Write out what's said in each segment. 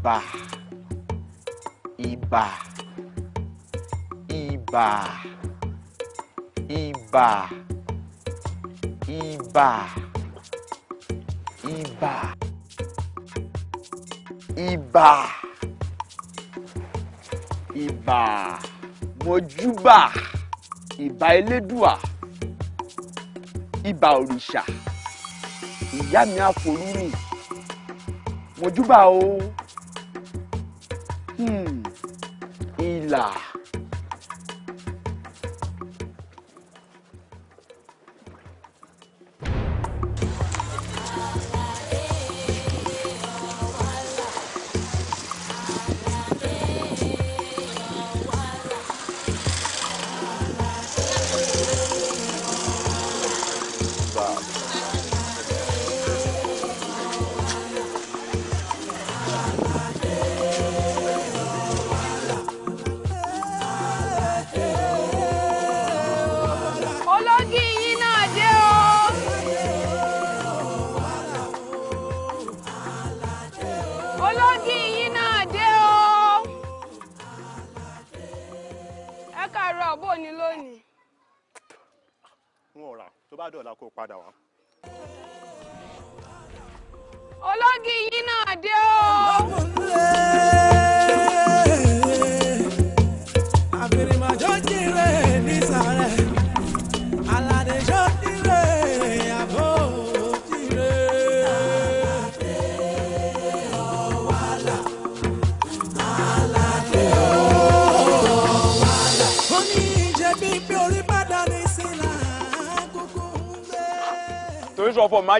Iba, iba, iba, iba, iba, iba, iba, ibà mojúbà ìbà elédùà ìbà òrìṣà ìyá mi àforúrìn mojúbà o. Oh. Hmm. ìlà. Hmm.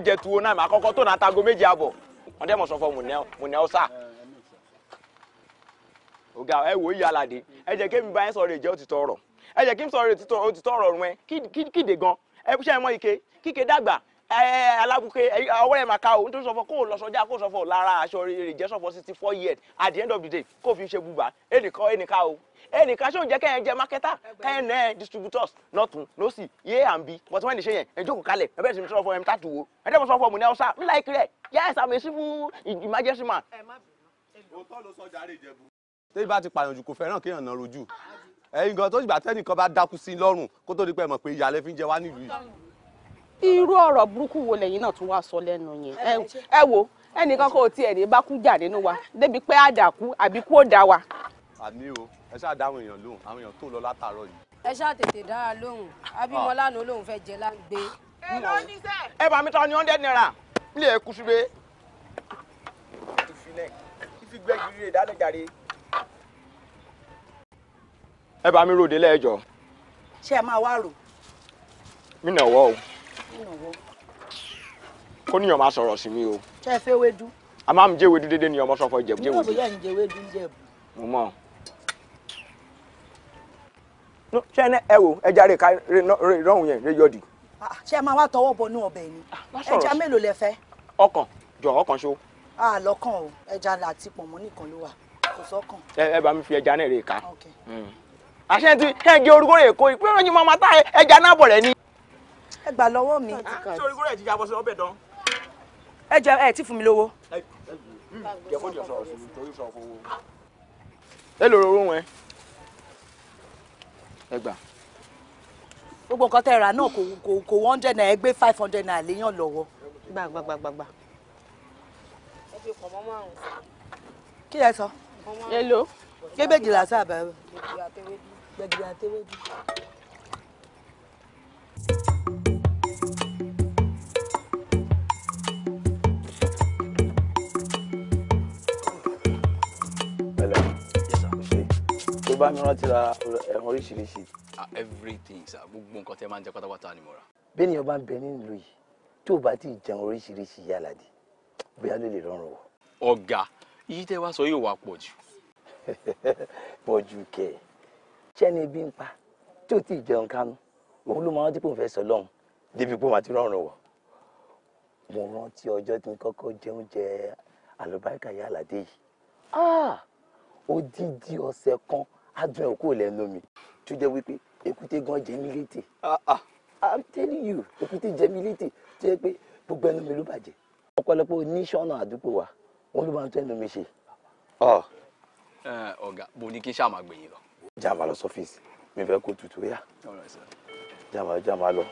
jẹ tuwo náà mà kọ́kọ́ tó náà tago méjì àbọ̀ wọ́n dẹ́ mọ̀ sọ fún mùnẹ́ ọ̀sà ọ̀gá ẹ wò ó yà ẹ jẹ́ kémi bá yẹn sọ̀rọ̀ ìjẹ́ òtítọ́ ọ̀rọ̀ ẹ jẹ́ kí n sọ̀rọ̀ òtítọ́ ọ̀rọ̀ rún ẹ kíde gan ẹ ṣe mọ ike kíke dàgbà alábùké ọwọ́ ẹ̀ máa ká o nítorí sọ̀fọ̀ kó o lọ sọjá kó o sọ̀fọ̀ lára aṣọ rẹ̀ jẹ́ sọ̀fọ̀ sixty four years at the end of the day kó o fi ṣe bùbá ẹnìkan ẹnìkan o ẹnìkan ṣóun jẹ́ kẹ́yìn jẹ́ marketer kẹ́yìn náà distributors lọ́tún lọ́sì yé à ń bi but wọ́n ní ṣe yẹn ẹ jókòó kalẹ̀ ẹ bẹ́ẹ̀ sì ń sọ fún ẹ tá tùwó ẹ dẹ́kun sọ fún ọmọ ní ọ̀sà mi láì kiri ẹ̀ yes I'm a civil emergency man. òótọ́ ló sọ jàre Ìjẹ̀bú. tẹ́bí bá ti pààyàn jù kò fẹ́ràn kéèyàn náà rojú ẹ̀yin gan tó dìgbà tẹ́nìkan bá dákú sí lọ́rùn kó tó di pé mọ̀ pé ìyàlẹ́ fi ń jẹ wá nílùú yìí. irú ọ̀rọ̀ burúkú wo lẹ́yìn náà tún wá sọ lẹ́nu yẹn ẹ wo ẹnìkan kò tiẹ̀ ní bá kú jà nínú wa débi pé àdàkú àbí kú ò dá wa àmì o ẹ ṣáà dá àwọn èèyàn lóhùn àwọn èèyàn tó lọ látàárọ̀ yìí. ẹ ṣáà tètè dára lóhùn abímọ ah. lánàá lòun fẹ́ jẹ láǹgbé. ẹ bá mi ta ni hundred naira nílé ẹ kú síbẹ̀. ìfilẹ̀ ìfigbẹ́ gírí rẹ̀ dáná jàre. ẹ bá mi ròde lẹ́ẹ̀jọ. ṣé ẹ máa wá rò. mi nà wọ́ o. kó níyàn máa sọ̀rọ̀ sí mi o. ṣé ẹ fẹ́ wédú. a máa ń jẹ́ wédú déédéé ni ọmọ sọ́fọ́ ìjẹ̀bú. mo mọ̀ bóyá ìjẹ̀wédú ń jẹ̀bú. mo mọ̀ ṣé ẹ wò ẹja rè ká rọrùn yẹn rè yọdì. Ah, ṣé ẹ máa wá tọwọ́ bọ inú ọbẹ̀ ni ah, ẹja mélòó lẹ fẹ́. ọkàn jọ ọkàn ṣó. a ah, o ẹja àti pọ̀nmọ́ nìkan ló wà kò sọ́kàn. ẹ bá mi fi ẹja náà rè ká. Hmm. àṣẹ ti ẹ gé orúkọ rẹ kó ìpín ìròyìn máa ta ẹja náà bọ̀ rẹ ni. ẹ gbà lọ́wọ́ mi. ṣé orúkọ rẹ ti yàgò sí ọbẹ̀ dán. ẹ jẹ ẹ ti fún mi lówó. Hmm, ẹ lò ó ẹ. ẹ gbogbo nǹkan tẹ́ ra náà kò kò kò ẹ gbé five hundred naira léèyàn lọ́wọ́. kí bá mi rántí ra ẹran oríṣiríṣi. Ah, everything sir gbogbo nǹkan tẹ́ máa ń jẹ pátápátá ni mo rà. bẹ́ẹ̀ ni ọba ń bẹ nílùú yìí tí ò bá ti jẹun oríṣiríṣi yálàdì bóyá ló lè rọrùn wọ. ọ̀gá iye tẹ́ wá sọ yóò wá pọ̀ jù. pọ̀ jù kẹ̀ ṣẹ́ni bí ń pa tí ò tí ì jẹun kánú òun ló máa rántí pé òun fẹ́ sọ lọ́hùn débi pé òun àti rọrùn wọ̀. mo rántí ọjọ́ tí n kọ́kọ́ jẹun jẹ àlùbáríkà yálàdì yìí ah! odidi ọ̀sẹ̀ kan adùn ẹ̀ kò lẹ́nu mi tó jẹ́ wípé èkúté gan jẹ mí létè ah, ah. i'm telling you èkúté jẹ mí létè tó jẹ́ pé gbogbo ẹnu mi ló bàjẹ́ ọ̀pọ̀lọpọ̀ oníṣọ́nà àdúgbò wa wọn ló máa ń tó ẹnu mi ṣe. Ah. ọ̀gá bó ní kí n ṣáà máa gbẹ̀yìn lọ. jàmbá lọ sọ́fíìsì mi fẹ́ kó tutù yá jàmbá jàmbá lọ.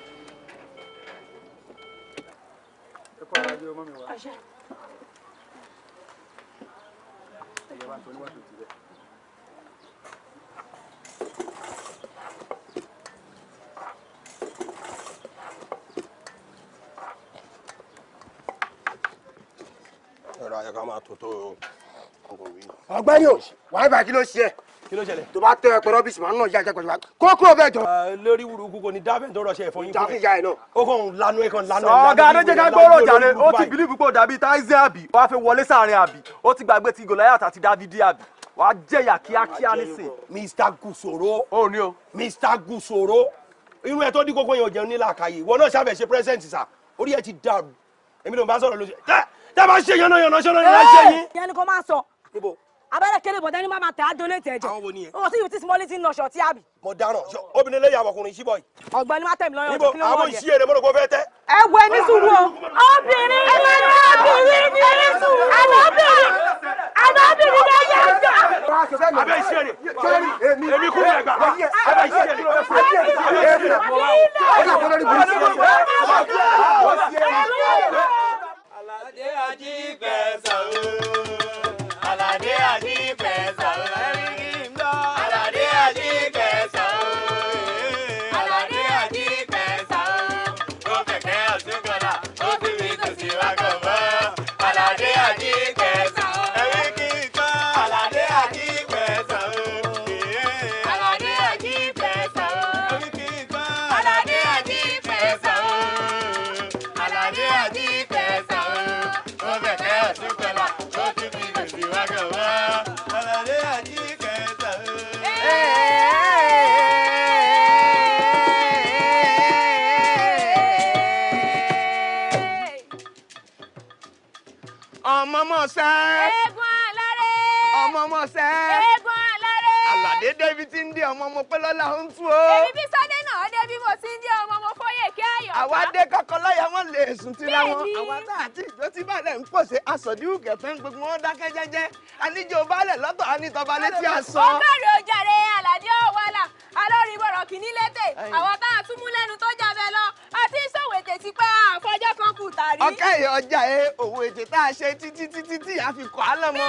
ẹ kọ́ ara jẹ́ ọmọ mi wá. ẹ yẹ bá ń tọ́ níwájú ti rẹ̀. rọra ẹ ká máa tó tó o. ọ̀gbẹ́ni o wàá bá kí ló ṣe ẹ kí ló ṣẹlẹ̀. tó bá tẹ ẹ pẹ̀lú ọ́fíìsì máa ń nà ya jẹgbẹjọba kókó bẹ́ẹ̀ jọ. lórí wúrúkú kò ní dábẹ́ tó rọṣẹ́ ẹ̀fọ́ yín. jáfi ya ẹ náà. ó kàn lanu ẹ kàn lanu ẹ. ọ̀gá adéjẹ́ ká gbọ́rọ̀ jàre ó ti bìlíìfù pé ó dàbí táìsì àbí wàá fẹ́ wọlé sáàrin àbí ó ti gbàgbé ti gòláyàtà àti dávidi àbí wàá jẹ̀yà kíákíá nísìn. mr gusoro. ó ní o. mr gusoro irú ẹ tó dín kókó yẹn ò jẹun nílà àkàyè ìwọ náà ṣàfẹ́ ṣe pírẹsẹ̀ǹtì sà orí ẹ ti dàrú èmi ló ń bá sọ̀rọ̀ lóṣù tẹ́ bá ṣe yànnà yànnà ṣọ́nà yànnà ṣe yín. yẹn ni kò máa sọ abẹ́rẹ́ kéré bọ̀dá ni máa tẹ̀ á donate ẹ̀jẹ̀ àwọn wo ni yẹn. o sì yóò ti small little nọ̀ṣọ̀ tí a bì. mo dáràn obìnrin lè yàwọ̀ ọkùnrin síbọ̀ yìí. ọ̀gbẹ́ni má tẹ̀mí lọ́yọ̀ ọ̀tún kí ló wọ́n yẹ. àwọn ìṣiyèrè mo rò kó fẹ́ tẹ́. ẹ wo ẹni sùúrù o. obìnrin ẹ máa ní obìnrin ní ẹni sùúrù. àná obìnrin àná obìnrin ní ẹyẹ ẹjọ. abẹ́ ìṣiyèrè èmi kú ẹgbà abẹ́ ìṣiyèrè dé ajígbẹ̀san o. mo pé lọ́la ń tú o. èmi bí Sunday náà dé mo ti ń j àwa dé kọ́kọ́ láyà wọn lè sùn tira wọn àwa tá àti ìjọ tí balẹ̀ ń pòṣe asọ̀díwù kẹfẹ́ ń gbogbo wọn dákẹ́ jẹ́jẹ́ aníjó balẹ̀ lọ́tọ̀ anítọ́ba létí aṣọ. ó bẹ̀rẹ̀ ojàre àlàdé ọ̀wàlà alórí bọ̀rọ̀ kìíní létè àwọn tá a tún mú lẹ́nu tó jábẹ́ lọ àti ìṣòwò ètè ti pẹ́ àfọjọ́ kan kù tàrí. ọkẹ́ ìyá ọjà ẹ òwò ètè tá a ṣe títí títí tí a fi kọ́ á lọ́mọ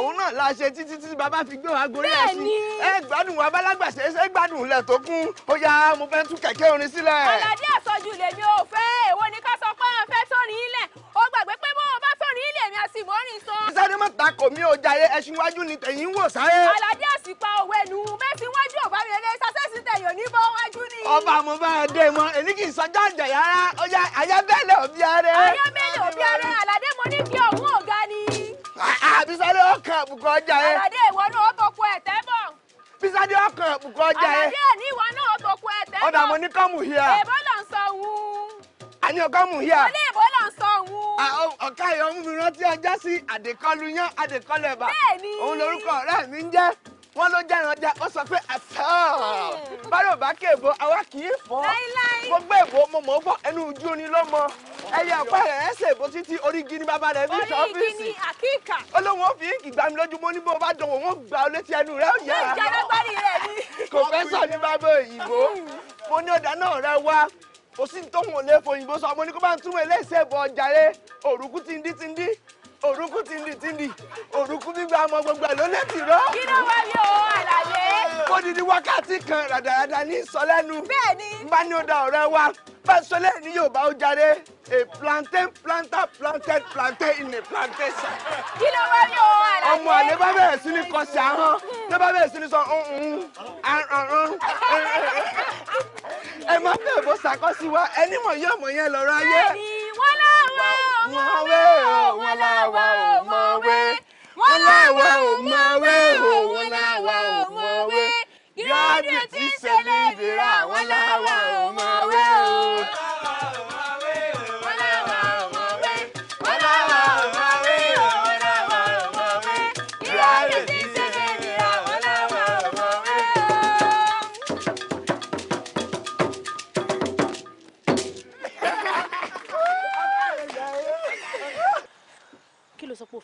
òun náà la ṣe títí títí bàbá fi gbé wa gorí ẹ̀ sí ẹ gbádùn wa bálágbàṣe ẹ gbádùn ilẹ̀ tó kún ó yá mo fẹ́ tún kẹ̀kẹ́ orin sílẹ̀. ọ̀làdí àsọjú lè èmi ò fẹ́ èwo ni ká sọ pé òun fẹ́ sórí ilẹ̀ ó gbàgbé pé bóun bá sórí ilẹ̀ mi àti ìmọ̀rin sọ. sáré má ta kò mí o jayé ẹṣin iwájú ni tẹ̀yìn wò sáré. aládé àsìpa òwe nu mẹ́sì iwájú ọ̀bá mi eré sasẹ́sì tẹ̀yìn òní bọ́ wájú ni. ọba mo bá a dé mọ èmi kì í sọjọ́ àjẹ́ yàrá ọjà ayábẹ́lẹ̀ òbí arẹ. ayábẹ́lẹ̀ òbí arẹ aládé mo ní bí ọ̀hún ọ̀gá ni. àbísọ́lé Písádé ọkàn ẹ̀kùnkọ́ ọjà ẹ. Àlàyé ní ìwà náà tó kú ẹ̀tẹ́ náà. Ọ̀dà mo ní kọ́mù híà. Èbó lọ ń sọ òun. Àní ọkọ́mù híà. Mo ní èbó lọ ń sọ òun. Ọ̀ka ìyọ̀mú mi rántí ọjọ́ sí àdèkọ́lu yán àdèkọ́lu ẹ̀bà. Bẹ́ẹ̀ni. Òun lorúkọ ọ̀rẹ́ mi ń jẹ́ wọ́n ló jẹ́ranjá wọ́n sọ pé àtọ́ bárò bá kéèbó àwa kì í fọ́ gbogbo èbó mo mọ̀ ọ́ fọ́ ẹnu ojú ni ló mọ ẹyẹ ọ̀pá rẹ̀ ẹ̀ ṣèbó títí orígi ni bàbá rẹ̀ fi ṣọ́fíìsì orígi ni àkíkà olóhùn ó fi ìgbà mi lójú mo ní bó bá dánwò wọ́n gbà ọ létí ẹnu rẹ̀ ó yẹ ara kò fẹ́ sọ ní bàbá òyìnbó mo ní ọ̀dà náà rẹ wá kò sí ní tóhùn ò lè fòyìnbó sọ mo ní kó bá ń túmọ̀ ilé ìṣèbọ̀ ọjà rẹ̀ òrùkú ti ń dí ti ń dí òrùkú tìǹdì tìǹdì òrùkú gbígbà ọmọ gbogbo ẹ̀ ló lè ti rọ́. kí ló wá bí o àlàyé. ó di ní wákàtí kan ràdàràdà ní ìsọlẹ́nu. bẹ́ẹ̀ni. bá ní ó da ọ̀rẹ́ wa fẹsọlẹ ní yorùbá ó jáde a plantain planter planted plantain in a plantation. kí ló wá ní o àlàyé. ọmọ àlè bá bẹ̀rẹ̀ sí ní kọsí ahọ́n tó bá bẹ̀rẹ̀ sí ní sọ ẹ má bẹ̀rẹ̀ bó ṣàkọsí wa ẹni mọ̀ yọ̀mọ̀ yẹn lọ́rọ̀ ayé. bẹ́ẹ̀ni wọ́n láwa ò mọ̀wé o wọ́n láwa ò mọ̀wé wọ́n láwa ò mọ̀wé o wọ́n láwa ò mọ̀wé gírádìẹ̀ tí ń ṣẹlẹ̀ ìbíra wọ́n láwa ò mọ̀wé o.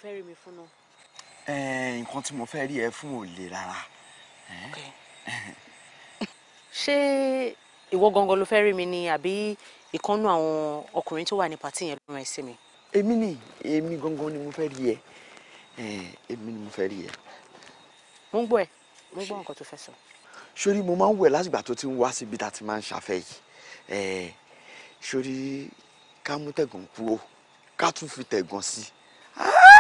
fẹ́ rí mi fún náà. Eh, nǹkan tí mo fẹ́ rí ẹ fún ò le rárá. ṣé ìwọ gangan ló fẹ́ rí mi ni àbí ìkànnú àwọn ọkùnrin tó wà ní pàtí yẹn ló rán ẹ sí mi. èmi ni èmi gangan ni mo fẹ́ rí ẹ eh, èmi ni mo fẹ́ rí ẹ. mo ń gbọ́ ẹ mo ń gbọ́ nǹkan tó fẹ́ sọ. sórí mo máa ń wẹ̀ látìgbà tó ti ń wá síbi tá a ti máa ń ṣàfẹ́ yìí eh, sórí ká mú tẹ̀gàn kúrò ká tún fi tẹ̀gàn sí i. Ah!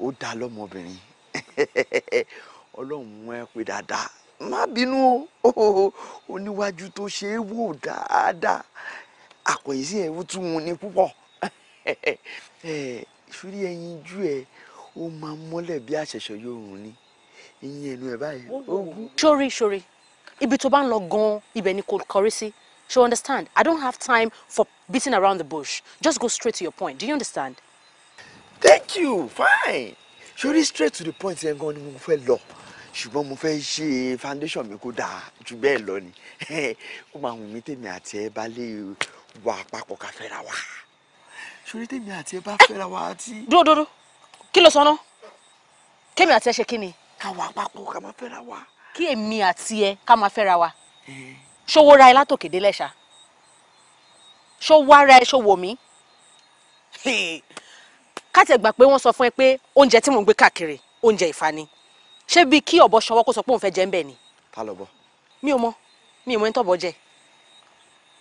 ó dáa lọ́mọbìnrin ọlọ́run mú ẹ pé dáadáa má bínú o oníwájú tó ṣe é wò dáadáa àkọ̀yèsí ẹ̀ ó tún wọn ni púpọ̀ ìṣúrí ẹyin jú ẹ ó máa ń mọ́lẹ̀ bí àṣẹṣọ yóò rùn ni ìyẹn ẹnu ẹ báyìí ogun. sori sori ibi tó bá ń lọ gan-an ni kò kọrí sí so understand i don't have time for beating around the bush just go straight to your point do you understand thank you fine sori straight to the point yẹn gan ni mo fẹ́ lọ ṣùgbọ́n mo fẹ́ ṣe foundation mi kó dáa jù bẹ́ẹ̀ lọ ni ó máa wù mí tèmi àti ẹ bá lè wà papọ̀ ká fẹ́ra wa sori tèmi àti ẹ bá eh! fẹ́ra wa àti. dúró dúró kí ló sọ kémi àti ẹ ṣe kí ni. ká wà papọ̀ ká máa fẹ́ra wa. kí èmi àti ẹ ká máa fẹ́ra wa eh. ṣòwò ra ẹ látòkè délẹ̀ ṣá ṣòwò ara ẹ ṣòwò mi kátẹ gbà pé wọ́n sọ fún ẹ pé oúnjẹ tí mò ń gbé káàkiri oúnjẹ ìfani ṣé bíi kí ọ̀bọ ṣọwọ́ kó sọ pé òun fẹ́ jẹ ń bẹ̀ ni. ta lọ bọ. mi ò mọ mi ò mọ ẹni tọ́bọ jẹ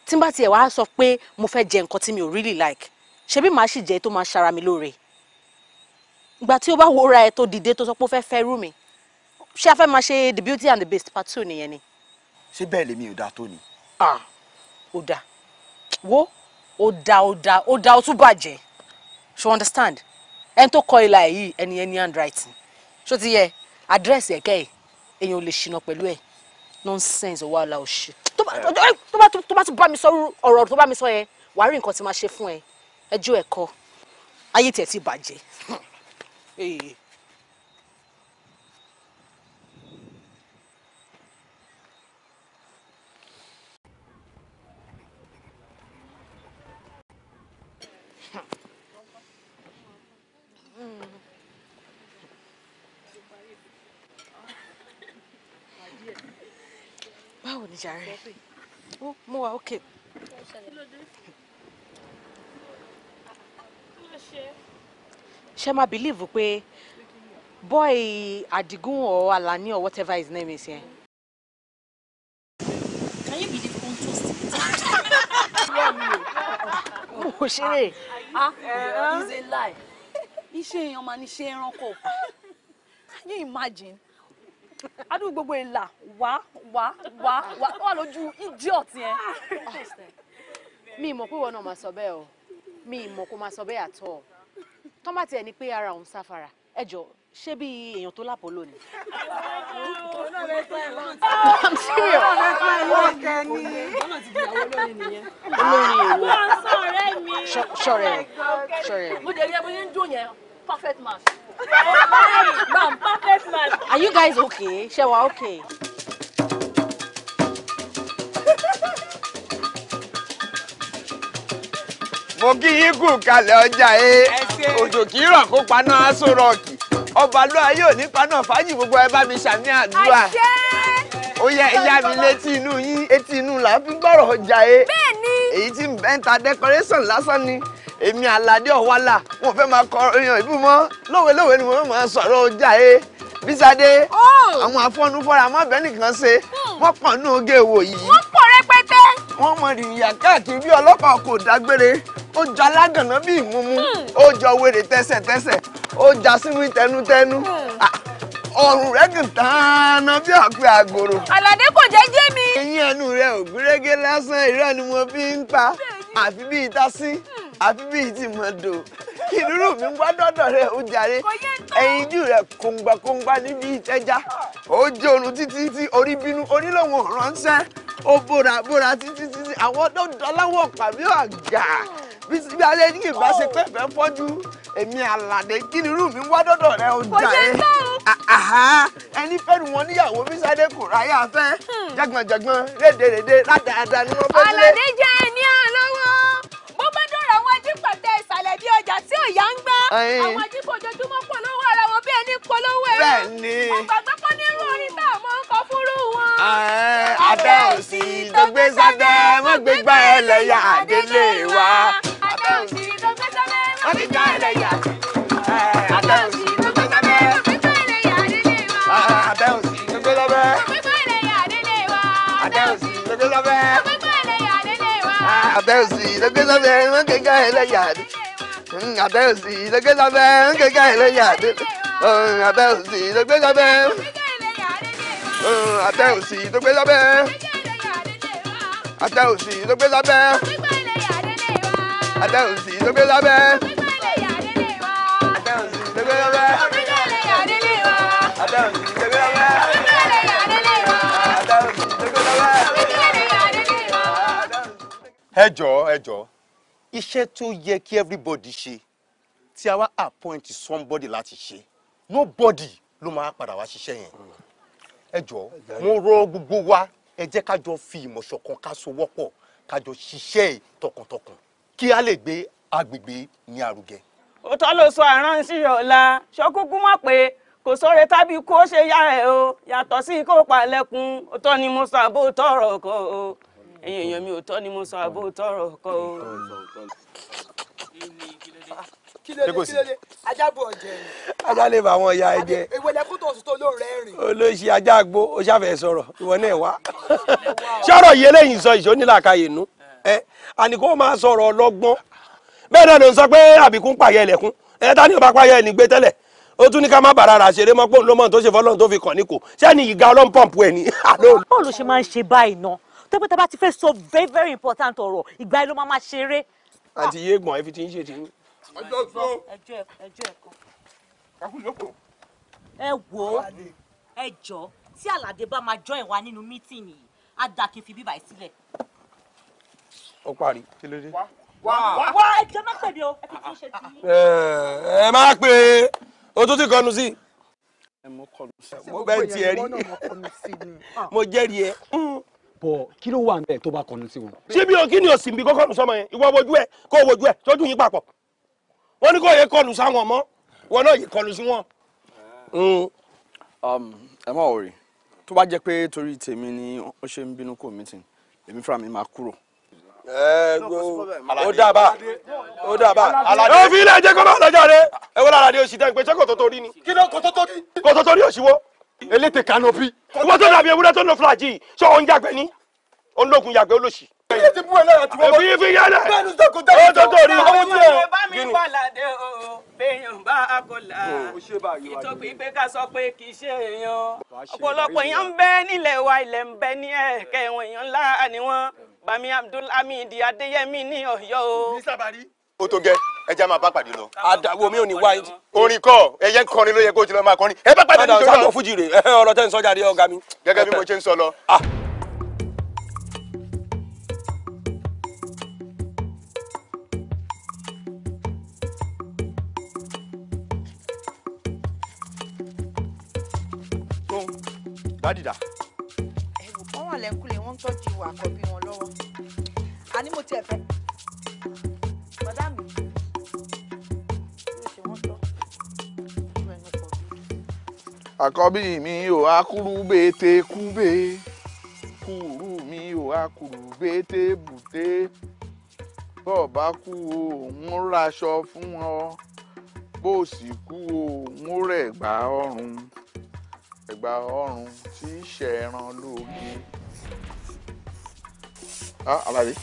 tí n bá tiẹ̀ wá sọ pé mo fẹ́ jẹ nǹkan tí mi ò really like ṣebí màá sì jẹ tó máa ṣara mi lóore ìgbà tí o bá wòra ẹ tó dìde tó sọ pé ó fẹ́ fẹ́ rú mi ṣé a fẹ́ máa ṣe the beauty and the best, part two nìyẹn ni. ṣé bẹ́ẹ̀ lèmi ò dáa tó ni. ah ó dáa wo ó dáa ó dáa ó dáa ó tún bàjẹ́. She understand ẹni tó kọ ilà yìí ẹni yẹn ní handwriting ṣó ti yẹ àdírẹ́sì ẹ̀kẹ́ ẹ̀ èèyàn ò lè ṣìnà pẹ̀lú ẹ̀ nonsense ọwọ́ àlà òṣì tó bá tún bá mi sọ ọ̀rọ̀ tó bá mi sọ yẹn wàá rí nǹkan tí máa ṣe fún ẹ ẹjọ́ ẹ̀kọ́ ayé tiẹ̀ ti bàjẹ́. jàre oh, mo wà ókè. ṣe máa believe pé boy Adigun or Alani or whatever his name is yẹn. can you be the compost. mo ṣeré. is ah, a lie. iṣẹ́ èèyàn máa ní ṣe é ránkọ̀ can you imagine adúgbò gbogbo ìlà wá wá wá wá wà lójú idiot yẹn mi mọ̀ pé wọn náà máa sọ bẹ́ẹ̀ o mi mọ̀ kó máa sọ bẹ́ẹ̀ àtọ́ tọ́mà tiẹ̀ ni pé ara òun sáfara ẹ jọ ṣé bí èèyàn tó lápò lónìí. I'm serious. olórin ìwọ ṣọrẹ ṣọrẹ. Oh mo jẹ́ perfect match. Bam, perfect man. Are you guys okay? Ṣé okay? mo kí yín kù kalẹ̀ ọjà e. ẹ òjò kì í rọ̀ kó paná aṣọ rọ̀ọ̀kì ọba lóra yóò ní paná fàájì gbogbo ẹ bá mi ṣàmì àdúrà ó yẹ ẹyá mi létí inú yín etí inú là fi gbọ́rọ̀ ọjà e. ẹ èyí tí ń bẹ́ńta decoration lásán ni èmi àlàdé ọ̀wálà wọn fẹ́ máa kọ èèyàn ìlú mọ́ lówelówe ni mo máa sọ̀rọ̀ ọjà e bísadé oh! àwọn afọ́nú fọ́ra má bẹ́ẹ̀ nìkan ṣe hmm. wọ́n pọ̀ nínú oge èwo yìí. wọ́n pọ̀ rẹpẹtẹ. wọ́n mọ ìrìyà káàkiri bí ọlọ́pàá kò dágbére ó jọ alágànná bí ìmúmú hmm. ó jọ wèrè tẹsẹ̀tẹsẹ̀ ó já sínú tẹnutẹnu hmm. ah, ọrùn rẹ kì tààna bí àpè àgòrò. àlàdé kò jẹ́ jẹ́ mi. eyín ẹnu rẹ ò lásán irọ́ ni mo fi ń pa àfi bí ìta sí àfi bí ìtì mọ̀ dò ìrúrù mi ń wá dọ́dọ̀ rẹ̀ ó jàre ẹyin ojú rẹ̀ kóńgbàkóńgbà níbi ìtẹ́já ó jẹ́ oorun títí tí orí bínú onílòwọ̀n ránṣẹ́ ó bóra bóra títí títí àwọn tó dọ́láwọ̀ pàmí àgbà bí ti bá yẹ kí n bá ṣe pé fẹ́ fọ́jú èmi àlàdé kí ni irú mi wá dọ́dọ̀ rẹ o jàre ẹni fẹ́nu wọn níyàwó bí Ṣadé kò ráyà fẹ́ hmm. jágbọ̀njàgbọ̀n rédèrèdè ládàáda ni wọ́n fẹ́ sílé. àlàdé jẹ́ ẹni àlọ́wọ́ àwọn dípò tẹ ìsàlẹ̀ bí ọjà tí òyà ń gbá àwọn dípò ojoojúmọ́ polówó ara wọn bí ẹni polówó ẹ̀rọ bẹ́ẹ̀ni ọgbàgbọ́ kọ́ ní irú orin tá a mọ̀ ń kọ fúnrú wọn. abẹ́ òsì tó gbé sábẹ́ wọ́n gbé gbá ẹlẹ́yà délé wa abẹ́ òsì tó gbé sábẹ́ wọ́n gbé gbá ẹlẹ́yà abẹ́ òsì. àbẹ́òsì lọ́gẹ́sàbẹ̀ ń kéka ẹlẹ́yà àdé àbẹ́òsì lọ́gẹ́sàbẹ̀ ń kéka ẹlẹ́yà àdé àbẹ́òsì lọ́gẹ́sàbẹ̀ àbẹ́òsì lọ́gẹ́sàbẹ̀ àbẹ́òsì lọ́gẹ́sàbẹ̀ àbẹ́òsì lọ́gẹ́sàbẹ̀ àbẹ́òsì lọ́gẹ́sàbẹ̀ àbẹ́òsì. ẹ jọ̀ọ́ ẹ jọ̀ọ́ iṣẹ́ tó yẹ kí everybody ṣe tí a wá appoint somebody láti ṣe nobody ló máa padà wá ṣiṣẹ́ yẹn ẹ jọ̀ọ́ mo rọ̀ gbogbo wa ẹ jẹ́ ká jọ fi ìmọ̀ ṣọ̀kan ká so wọ́pọ̀ ká jọ ṣiṣẹ́ tọkàntọkàn kí a lè gbé agbègbè ní àrùgẹ. òótọ́ ló sọ àránṣí ọ̀la ṣọ́kúkú mọ̀ pé kò sóore tábí kó ṣe yá ẹ̀ o yàtọ̀ sí kó palẹ̀kùn òótọ́ ni mo sàbò tọrọ kọ o ẹ̀yin èèyàn mi ò tọ́ ni mo sọ àbó tọrọ kọ o. kílódé kílódé ajá bò ọ̀jẹ̀ ni. ajá lè bá àwọn ìyá ẹ jẹ. ìwẹlẹ kó tó sùtò ló rẹ rìn. olóṣì ajá àgbo ó ṣàfẹ́ sọ̀rọ̀ ìwọ náà wá. sọ̀rọ̀ yìí eléyìí sọ ìṣó nílàkàyè nú ẹ àníkó máa sọ̀rọ̀ ọlọ́gbọ́n bẹ́ẹ̀ náà ló ń sọ pé àbíkú ń pààyẹ ilẹ̀kùn ẹ ta ni ò bá pààyẹ ẹni gbé tẹ́lẹ̀ ó tún ní ká má bàrà rà ṣeré mọ́ pé òun ló mọ̀ tó ṣe fọ́lọ́run tó fi kàn ní kò ṣé ni ìga ọlọ́run pọ̀mpù ẹ̀ ní. báwo ló ṣe máa ń ṣe báyìí náà tẹ́pẹ́ tẹ́pẹ́ ti fẹ́ so very very important ọ̀rọ̀ ìgbà yẹn ló máa ṣeré. àti iye gbọ̀n ẹfi ti ń ṣe ti ń. ẹjọ́ tó ẹjọ́ ẹjọ́ ẹ̀kọ́. kakúlọ́kọ̀. ẹ wò ó ẹ jọ tí Àlàdé bá máa join wa nínú mítìnì yìí á dà kí n fi bíbà sílẹ̀. ó parí kí ló dé. wá wá ẹjọ́ má pè mí o ẹfi ti ń ṣe ti. ẹ má pè é o tún ti kọnu sí i mo kọnu sí i mo bẹ tiẹ rí mo jẹ́rìí ẹ bọ kí ló wà ń bẹ tó bá kọnu sí wọn. síbi o kí ni òsì bí kọkọrù sọmọ yẹn ìwọ wojú ẹ kó wojú ẹ tójú yín papọ̀ wọn ní kó yẹ kọlù sáwọn mọ wọn náà yẹ kọlù sí wọn. Hmm. Um, ẹ má wọrí tó bá jẹ́ pé torí tèmi ni ó ṣe ń bínú kò mítìn èmi fúnra mi máa kúrò. ẹ ó dábàá ó dábàá aládé. ẹ fi ilé ẹjẹ kọ́ bá lọ́jọ́ rẹ. ẹ wọ́n aládé oṣù tẹ́ ń pe ṣé kò tó torí ni. kí ló kò tó torí. kò tó torí òṣìwọ́ eléte kanopi. owó tó dàbí ewúrẹ́ tó ń lo fúlàjì sọ òun yàgbẹ́ ní ológun yàgbẹ́ olóṣì. ilé ti bú ẹ lọ́yà tí wọ́n bọ́. èmi fi yálẹ̀. bẹ́ẹ̀ni ó tó tó owó tí ẹ. bá mi pàlàdé o béèyàn bá a kò là. ìtòkì pé ká sọ pé kì í ṣe èèyàn. ọ̀pọ̀lọpọ̀ èèyàn ń bẹ nílẹ̀ wa ilẹ̀ ń bẹ ní ẹ̀ẹ̀kẹ́ wọn èèyàn ńlá ni wọ́n. bami abdulhamid adeyemi ní ọ̀yọ́ o. ní sábàrí ó tó gẹ́ ẹja máa bá pàdé lọ. àdàwọ̀ mi ò ní wá. orin kọ ẹyẹ kọrin ló yẹ kó o ti lọ máa kọrin. ẹ bá pàdé nítorí náà. sábà fújì rè ọ̀rọ̀ tẹ́ ń sọ jáde ọ̀gá mi. gẹ́gẹ́ bí mo ṣe ń sọ lọ. gbádìdà. ẹ̀rù kan wà lẹ́kùlé wọ́n ń tọ́jú àkọ́bí wọn lọ́wọ́ àní mo tiẹ̀ fẹ́ àkọ́bí mi ò akúrú bété kúbé kúrú mi ò akúrú bété bùté bó o bá kú òun raṣọ fún ọ bó o sì kú òun rẹ̀ gbà ọrùn ẹ̀gbà ọrùn tí í ṣe ẹran lóge. Àlàyé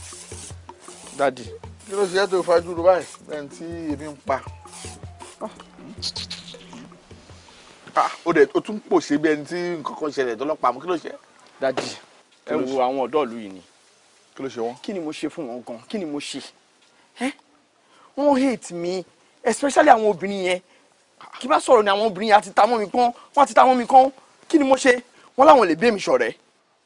dadi kí ló ṣe é tó fajú ro bẹ́ẹ̀ tí ebi ń pa. Ah. Ah. o dẹ̀ o tún pò ṣe bí ẹni tí nǹkan kan ṣẹlẹ̀ tọ́lọ́pàá mú kí ló ṣe. dadi ẹ wo àwọn ọ̀dọ́ ìlú yìí ni. kí ló ṣe wọn. kí ni mo ṣe fún wọn gan kí ni mo ṣe wọn hate mi especially àwọn obìnrin yẹn kí bá sọ̀rọ̀ ni àwọn obìnrin yẹn àti ta mọ́ mi kán wọ́n ti ta mọ́ mi kán kí mo ṣe wọ́n láwọn lè bẹ́ mi ṣọ̀rẹ́.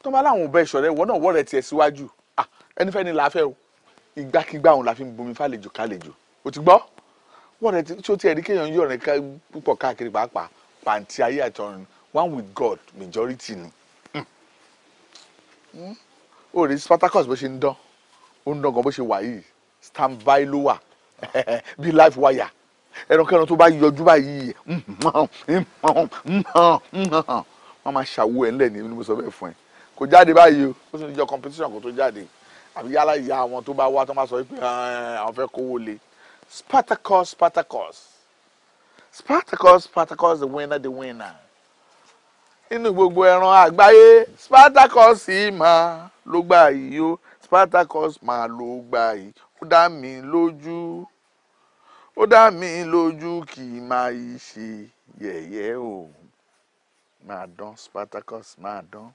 tó bá láwọn ò bẹ́ ṣọ̀rẹ́ wọ́n náà wọ́n rẹ̀ tiẹ̀ síwájú ah, ẹnifẹ́ ni làáfẹ́ o ìgbàkigbà òun la fi ń bomi fàlejò kálejò o ti gbọ́ wọ́n rẹ̀ tí ó ti ẹ̀rí kéèyàn yọ̀ rẹ̀ púpọ̀ káàkiri pàápàá pàǹtí ayé àtọ̀run one with God majority ni ó hmm. hmm. rí Spartacus bó ṣe ń dán ó ń dán gan bó ṣe wà yìí stand by ló wà bí life wire ẹrankẹ́ran tó bá yọjú báyìí wọ́n máa ṣàwo ẹ̀ ńlẹ̀ ní mo sọ bẹ́ẹ̀ fún ẹ kò jáde báyìí o ó sì ń jọ competition kó tó jáde àbí yálà ìyá àwọn tó bá wá tó máa sọ pé àwọn fẹ́ kówó le Spartacus Spartacus. Spartacus Spartacus the winner the winner nínú gbogbo ẹran àgbáyé Spartacus yìí máa ló gbà yìí o Spartacus máa ló gbà yìí ó dá mi lójú ó dá mi lójú kì í máa yí ṣe yẹ̀yẹ́ o máa dán Spartacus máa dán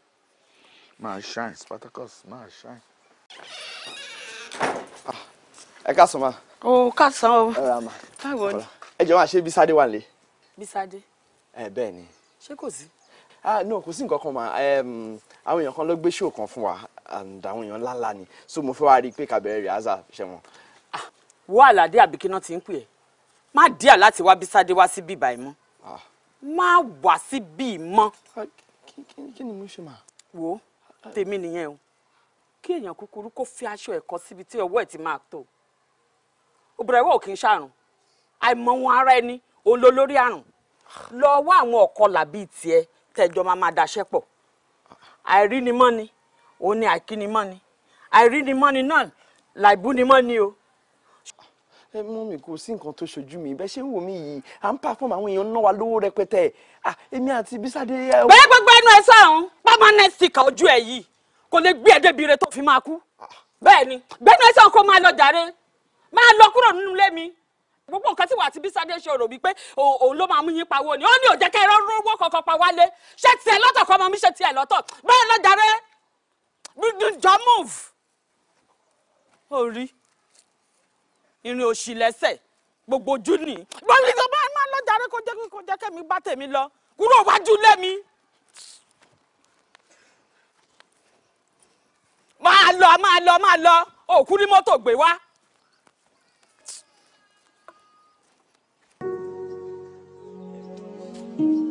máa shine Spartacus máa shine. Ah, ẹ ká sọ ma. o ká sọ o. ẹ ra ma. báwo ni ẹ jọ máa ṣe Bísádé wà lé. Bísádé. ẹ bẹ́ẹ̀ ni. ṣé kò sí. ah no kò sí nǹkan kan mà àwọn èèyàn kan ló gbé ṣó kan fún wa àwọn èèyàn ńláńlá ni so mo fẹ́ wá rí i pé kàbẹ̀rẹ̀ rìhásà ṣe wọn. wo àlàdé àbíkínà ti ń pè é má díà láti wá Bísádé wá sí bíbá ẹ mọ́ má wá sí bíi mọ́. kí ni mo ṣe mà. wo tèmi nìyẹn o kí èèyàn kúkúrú kó fi aṣọ ẹ̀kọ́ síbi tí ọwọ́ ẹ̀ ti máa tó òbúrò ẹ̀wọ̀ kì í ṣàrùn àìmọ̀ wọn ara ẹni òun ló lórí àrùn lọ wá àwọn ọ̀kọlà bíi tiẹ̀ tẹ̀jọ máa máa daṣẹ́ pọ̀ àìrínimọ́ni òun ni àìkínimọ́ni àìrínimọ́ni náà làìbúnimọ́ni o ẹ mú mi kò sí nǹkan tó ṣojú mi bẹ́ẹ̀ ṣé ń wò mí yìí à ń pàfọ́m àwọn èèyàn náà wà lówó rẹpẹtẹ èmi àti Bísádé. bẹ́ẹ̀ gbogbo ẹnu ẹ sọ̀rọ̀ pámánẹ́sì kan ojú ẹ̀ yìí kò lè gbé ẹdẹ bire tó fi máa kú bẹ́ẹ̀ ni bẹ́ẹ̀ ni ẹ sọ̀rọ̀ kó máa lọ jàre máa lọ kúrò nínú ilé mi gbogbo nǹkan tí wà àti bísádé ṣe rò wípé òun ló máa mú yín pawó ni ó ní òjẹ́ kẹrọ rówó kankan pa wálé ṣé tiẹ̀ lọ́tọ̀ kọ́ ọmọ mi ṣe tiẹ̀ lọ́tọ̀ bẹ́ẹ̀ lọ jàre jọ move orí irin òṣì lẹ́sẹ̀ gbogbo ojú nì gbọ́dọ̀ ìjọba ẹ máa lọ jàre kó jẹ́ kó jẹ́ kẹ́mi bá tèmi lọ kúrò wájú lẹ́mi. máa lọ máa lọ máa lọ òkú ní mọ́tò gbé wá. Mm-hmm.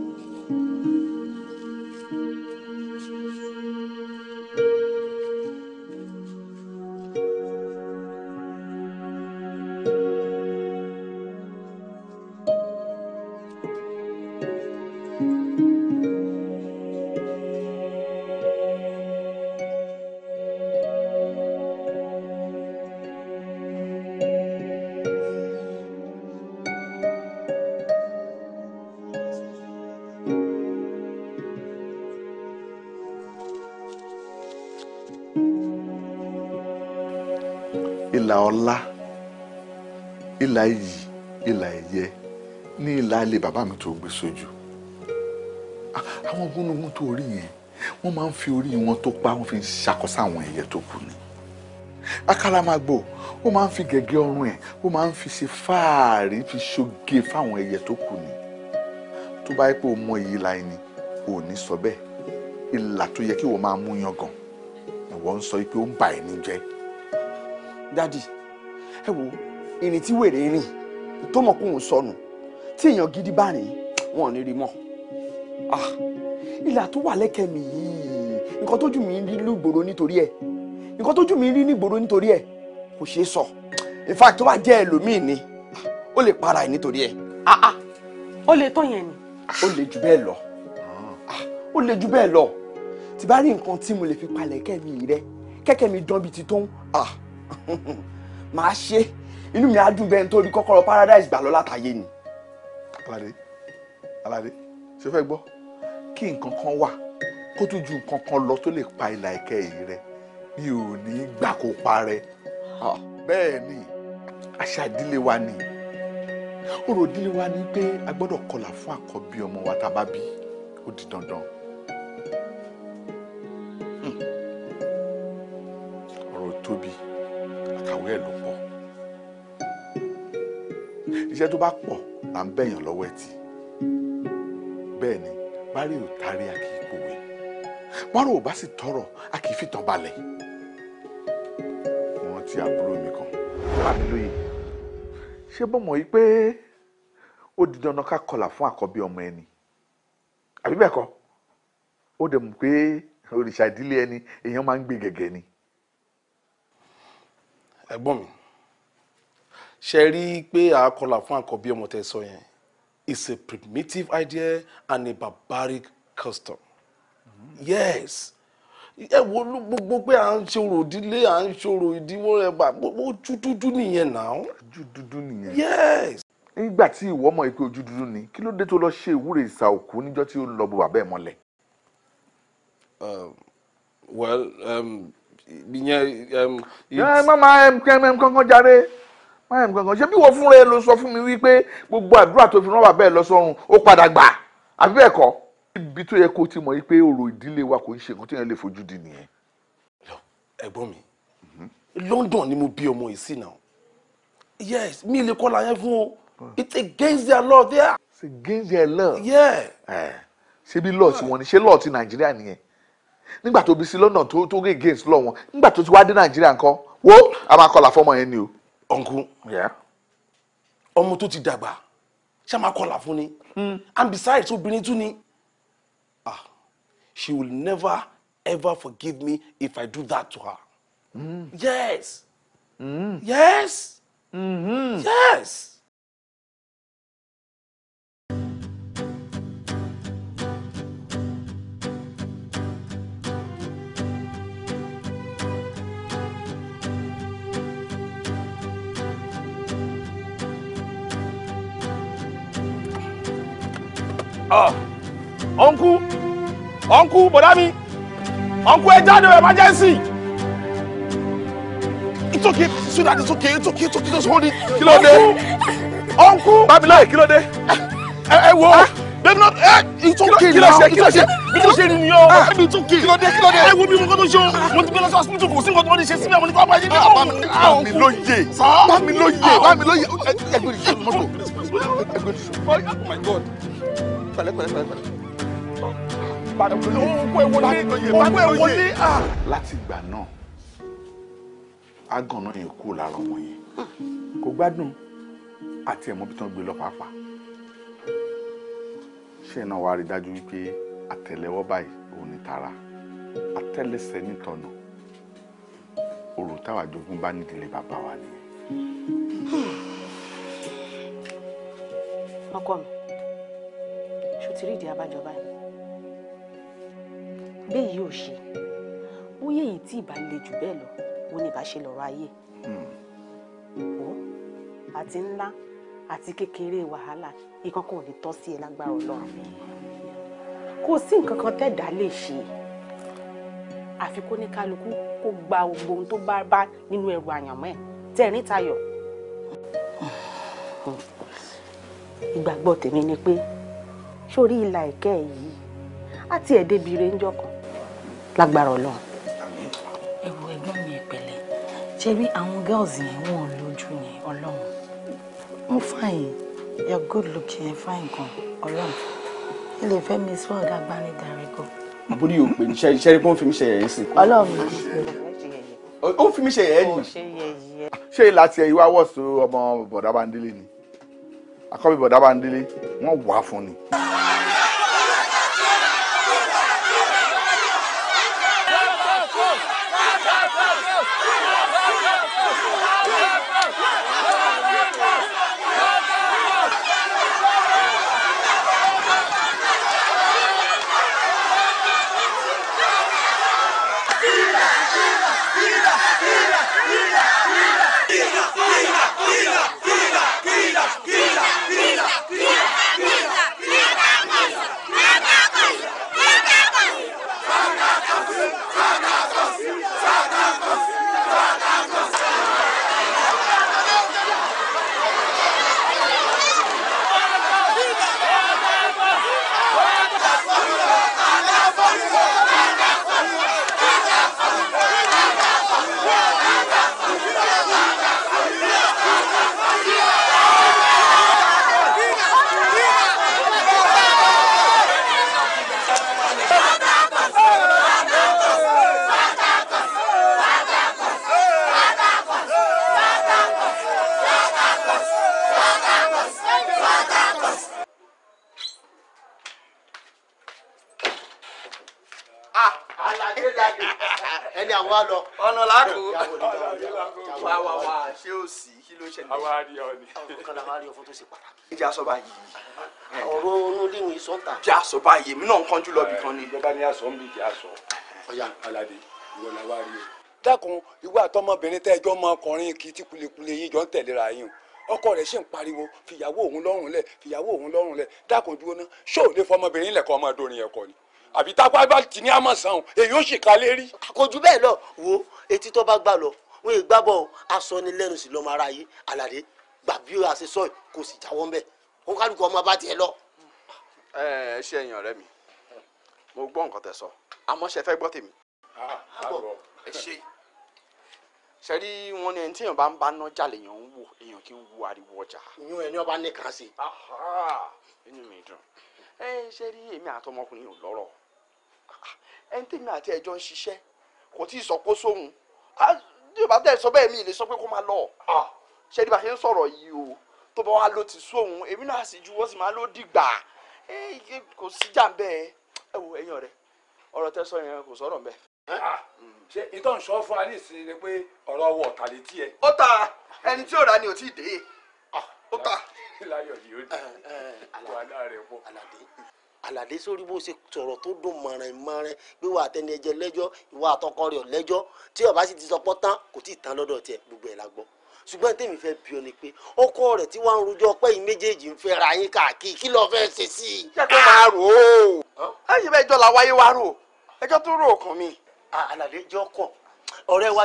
bàbá mi tó gbé sójú ah, àwọn gúnugún tó rí yẹn wọ́n máa ń fi orí wọn tó pa wọ́n fi ń ṣàkóso àwọn ẹyẹ tó kù ni àkàlàmàgbò ó máa ń fi gẹ̀gẹ́ ọrùn ẹ̀ ó máa ń fi ṣe fáàrí fi ṣoge fáwọn ẹyẹ tó kù ni tó bá yẹ pé o mọ èyí láì ni ò ní sọ bẹ́ẹ̀ ìlà tó yẹ kí wọ́n máa mú yangàn ìwọ ń sọ pé ó ń bà ẹ́ ní jẹ́. dádì ẹ wo ìrìn wèrè rìn tó mọ̀ kóun sọnù tí èèyàn gidi bá rìn wọn ò ní rí mọ́ ah, ìlà tó wà lẹ́kẹ̀ẹ́ mi yìí nǹkan tójú mi rí nígboro nítorí ẹ̀ nǹkan tójú mi rí nígboro nítorí ẹ̀ kò ṣeé sọ in fact tó bá jẹ́ ẹlòmíì ni ó lè para ẹ̀ nítorí ẹ̀. Ah, ah. ó lè tó yẹn ni. ó lè jù bẹ́ẹ̀ lọ ó lè jù bẹ́ẹ̀ lọ tí bá rí nǹkan tí mo lè fi palẹ̀ kẹ́mi rẹ kẹ́kẹ́ mi dán bíi ti tó ń màá ṣe inú mi á dùn bẹ́ẹ̀ nítorí kọ́kọ́rọ́ paradise gbà lọ látàyè ni aládé aládé ṣe fẹ́ gbọ́ kí nǹkan kan wà kó tún ju nǹkan kan lọ tó lè pa ìlà ẹ̀kẹ́ yìí rẹ mi ò ní gbà kó parẹ́ bẹ́ẹ̀ ni àṣà ìdílé wa ni ọ̀rọ̀ wa ni pé a gbọ́dọ̀ kọlà fún àkọ́bí ọmọ wa tá a bá bí ó di dandan. Hmm. tóbi iṣẹ́ tó bá pọ̀ là ń bẹ̀yàn lọ́wọ́ ẹ̀ tì bẹ́ẹ̀ ni bárẹ̀ ò tarí a kì í pòwe bárẹ̀ ò bá sì tọrọ a kì í fìtàn balẹ̀ wọn ti àbúrò mi kan Bámilóyè ṣé bọ́ yìí pé ó di dandan ká kọlà fún àkọ́bí ọmọ ẹni àbí bẹ́ẹ̀ kọ́ ó dẹ̀ mọ̀ pé òrìṣà ìdílé ẹni èèyàn máa ń gbé gẹ̀gẹ̀ ni. ẹ̀gbọ́n mi ṣe rí i pé àkọlà fún àkọ́bí ọmọ tẹ sọ yẹn is a primitive idea and a barbaric custom mm-hmm. yes ẹ wo gbogbo pé à ń ṣòro ìdílé à ń ṣòro ìdíwọ́ ẹ bá gbogbo ojú dúdú nìyẹn náà. ojú dúdú nìyẹn. yes. nígbà tí ìwọ mọ̀ pé ojú dúdú ni kí ló dé tó lọ ṣe ìwúre ìsà òkú níjọ́ tí ó ń lọ bo bàbá ẹ̀ mọ́lẹ̀. well ìyẹn. ẹ má máa ẹ kankan jáde mariam gangan ṣé bí wọ́n fúnra ẹ ló sọ fún mi wípé gbogbo àdúrà tó fi rán bàbá ẹ lọ sọ́run ó padà gbà àbí bẹ́ẹ̀ kọ́. ibi tó yẹ kó ti mọ̀ yìí pé ọ̀rọ̀ ìdílé wa kò ń ṣe nǹkan tí yẹn lè fojú di nìyẹn. ẹ̀gbọ́n mi London ni mo bí ọmọ yìí sí náà yes mi lè kọ́ la yẹn fún o it's against their law there. it's against their law. yeah. ṣé bí law ti wọn ni ṣé law ti nàìjíríà nìyẹn nígbà tó bí sí London tó tó gé against law wọn nígbà tó ti wá dé nàìjíríà nǹkan wo a máa kọlà uncle ọmọ tó ti dàgbà ṣá máa kọlà fún ni hmm. and besides obìnrin tún ni ah she will never ever forgive me if I do that to her mm. yes mm. yes mm -hmm. yes. Hmm. Mm-hmm. ọ̀nkú ah, ọ̀nkú bọ̀dá uncle, ọ̀nkú ẹ jáde emergency. it's okay so that it's okay it's okay it's okay just hold it. kí ló dé ọ̀nkú babilẹ̀ kí ló dé ẹ wo dem ah. not ẹ eh, it's okay now kí ló ṣe kí ló ṣe bí kí ló ṣe nìyọ ọ̀gá mi it's okay kí ló dé kí ló dé ẹ wo bí mo kọ́ tó ṣe o mo ti gbé lọ sí hospital kò sí nǹkan tó wọ́n ti ṣe síbẹ̀ mo ní kó ọmọ ẹ ṣe ní ah, ọ̀hún. bá mi lóye bá mi lóye bá mi lóye ẹgbẹ́ ìṣòro mọ́tò ẹgbẹ́ ìṣòro oh my god. Ah. láti ìgbà náà agànnà yẹn kú lára ọmọ yẹn kò gbádùn àti ẹ̀mọ́ bí tán gbé lọ pàápàá ṣé iná wa rí dájú wípé àtẹ́lẹwọ́ báyìí òun ni tara àtẹ́lẹsẹ̀ nítọ̀nà òrò táwa jogún bá nídìílé bàbá wa nìyẹn. ọkọ mi ti rí ìdí abájọ báyìí bẹ́ẹ̀ yìí ò ṣe bóyá èyí tí ìbá le jù bẹ́ẹ̀ lọ wo ni ìbá ṣe lọ́rọ̀ ayé ìwọ hmm. àti ńlá àti kékeré wàhálà ìkankan ò ní tọ́ sí ẹ lágbára Ọlọ́run kò sí nǹkan kan tẹ̀dá lè ṣe àfi kó ní kálukú kó gba gbogbo ohun tó bá bá nínú ẹrù àyànmọ́ ẹ̀ tẹ̀rín tayọ̀ ìgbàgbọ́ tèmi ni pé sórí ìlà ẹ̀kẹ́ yìí àti ẹ̀ẹ́dẹ́bìrẹ́ ń jọkọ̀ lágbára ọlọ́run. ẹ wo mi ẹ̀pẹ̀lẹ̀ ṣe bí àwọn girls yẹn wọn ò lójú yẹn ọlọ́run ń fàyìn you good looking and fine gan ọlọ́run ẹ lè fẹ́ miss world agbanidàrẹ́ gan. àbúrò yóò pè ní sẹ́yìn sẹ́yìn kó ń fi mí ṣe yẹ̀yẹ́ sí. ọlọ́run mi ó ń fi mí ṣe yẹ̀yẹ́ ni ṣé láti ẹ̀yìn wá wọ̀ ọmọ bọ̀dá bá ń délé ni akọ́bíbọ̀dá bá ń délé wọ́n wà á fún ni. nìkan la máa rí ọ fún tó ṣe pàtàkì. ẹ jẹ́ aṣọ báyìí. ọ̀rọ̀ onú lé mi o. dákun ìwé àtọmọbìnrin tẹ ẹjọ́ mọ ọkùnrin kì í ti kulikule yín jọ ń tẹ̀léra yín o ọkọ rẹ̀ ṣì ń pariwo fìyàwó òun lọ́rùn lẹ̀ fìyàwó òun lọ́rùn lẹ̀ dákun dúró ná ṣé ò lè fọmọbìnrin lẹ̀kọ́ ọmọ dorin ẹ̀kọ́ ni àbí tápá bá ti ní àmọ̀ sàn èyí ó sì ká lérí. àkójú bẹ́ẹ̀ lọ wo etí tó bá gbà lọ wọn ì gbábọ̀ asọ sí lọ́mọ aráyé àlàdé gbàbí ó àṣẹ sọ́ọ̀ kò sì jáwọ́ mbẹ́ òun kálukú ọmọ bá tiẹ̀ lọ. ẹ ẹ ṣe èèyàn ọ̀rẹ́ mi mo gbọ́ nǹkan tẹ́ sọ àmọ́ ṣe fẹ́ gbọ́ tèmi. ẹ ṣe ṣe rí wọn ni ẹni tí èèyàn bá ń bá ná jà lèèyàn ń wò èèyàn kì í wo ariwo ọjà. ìyún ẹni ọba ní kan sí. inú mi dùn ẹ ṣe rí èmi àtọmọkùnrin ò lọ́rọ̀ ẹni tèmi àti ẹjọ́ ń ṣiṣẹ́ kò tí ì sọ kó sóhun bí o bá tẹ̀ sọ bẹ́ẹ̀ mi ì lè sọ pé kó má lọ. Ah! ṣe ní bá ṣe ń sọ̀rọ̀ yìí o tó bá wá ló ti sú òun èmi náà sì juwọ́ sì máa ló dìgbà kò sí jà ń bẹ́ẹ̀ ẹ wo ẹ̀yin ọ̀rẹ́ ọ̀rọ̀ tẹ́ sọ yẹn kò sọ̀rọ̀ ń bẹ́ẹ̀ ṣe ìtọ́ ìṣọ́ fún wa ní ìsinmi ni pé ọ̀rọ̀ ọwọ́ ọ̀tà lè tí ẹ. ó ta ẹni tí ò rà ni ò tí ì dé ah, ó ta. láyọ̀ yìí ó di wàhálà rẹ̀ pọ̀. àlàdé sórí bó ṣe sọ̀rọ̀ tó dùn mọ̀rìn mọ̀rìn pé wà á tẹni ẹjẹ lẹ́jọ́ ìwà àtọkọ rẹ̀ lẹ́jọ́ tí ọba ṣùgbọ́n tèmi fẹ́ bí ọ ni pé ọkọ rẹ̀ tí wọ́n ń rojọ́ ọpẹ́ yìí méjèèjì ń fẹ́ ra yín káàkiri kí lọ́ọ́ fẹ́ ṣe sí i. ṣé kí n máa rò ó. bẹ́ẹ̀ rò ẹjọ́ tó rò ọkàn mi. àlàdé jọ́ ọ̀rẹ́ wa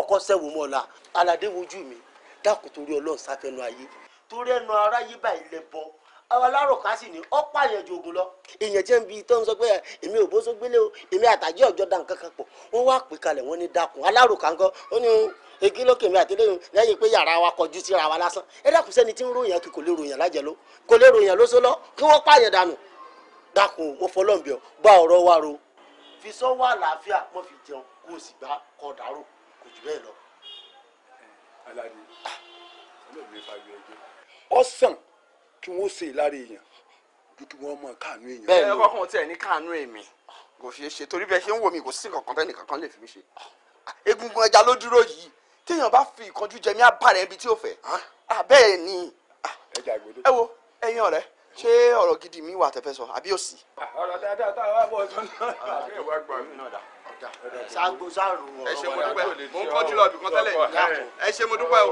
ọkọ sẹ́wọ̀n wojú mi dákun torí ọlọ́run sáfẹ́nu ayé torí ẹnu báyìí lẹ bọ́ àwọn sì ní egi lókè mi àti lẹ́yìn lẹ́yìn pé yàrá wa kọjú síra wa lásán ẹ dákun sẹ́ni tí ń ròyìn àti kò lè ròyìn lájẹ ló kò lè ròyìn lóso lọ kí wọ́n pààyàn dànù dákun mo fọlọ́ǹbì ọ bá ọ̀rọ̀ wa ro fi sọ́wọ́ àlàáfíà mo fi jẹun kó o sì gbá kọ dàrú kò jù bẹ́ẹ̀ lọ. aládé olóògbé fagbe ẹjọ́ ọsàn kí wọn ó ṣe ìlàrí èèyàn ju kí wọn mọ káànú èèyàn. bẹ́ẹ̀ ni ọkàn tiẹ̀ ní káànú èmi kò fi ṣe torí bẹ́ẹ̀ ṣe ń wò mí kò sí nǹkan kan tẹ́nìkan kan lè fi mí ṣe ah, egungun ẹja ló dúró yìí téèyàn bá fi ìkanjú jẹ mí abàrẹ ibi tí ó fẹ́ bẹ́ẹ̀ ni ẹ wo ẹ̀yin ọ̀rẹ́ ṣé ọ̀rọ̀ gidi mi wà tẹ́fẹ́ sọ àbí òsì. ọ̀rọ̀ dáadáa tá a wá bọ̀ ọ̀tún náà ẹ wá gbà mí náà dà. sáàgbó sáàrù ẹ ṣé mo dúpẹ́ mo ń kọ́jú lọ ibì kan ẹ ṣé mo dúpẹ́ o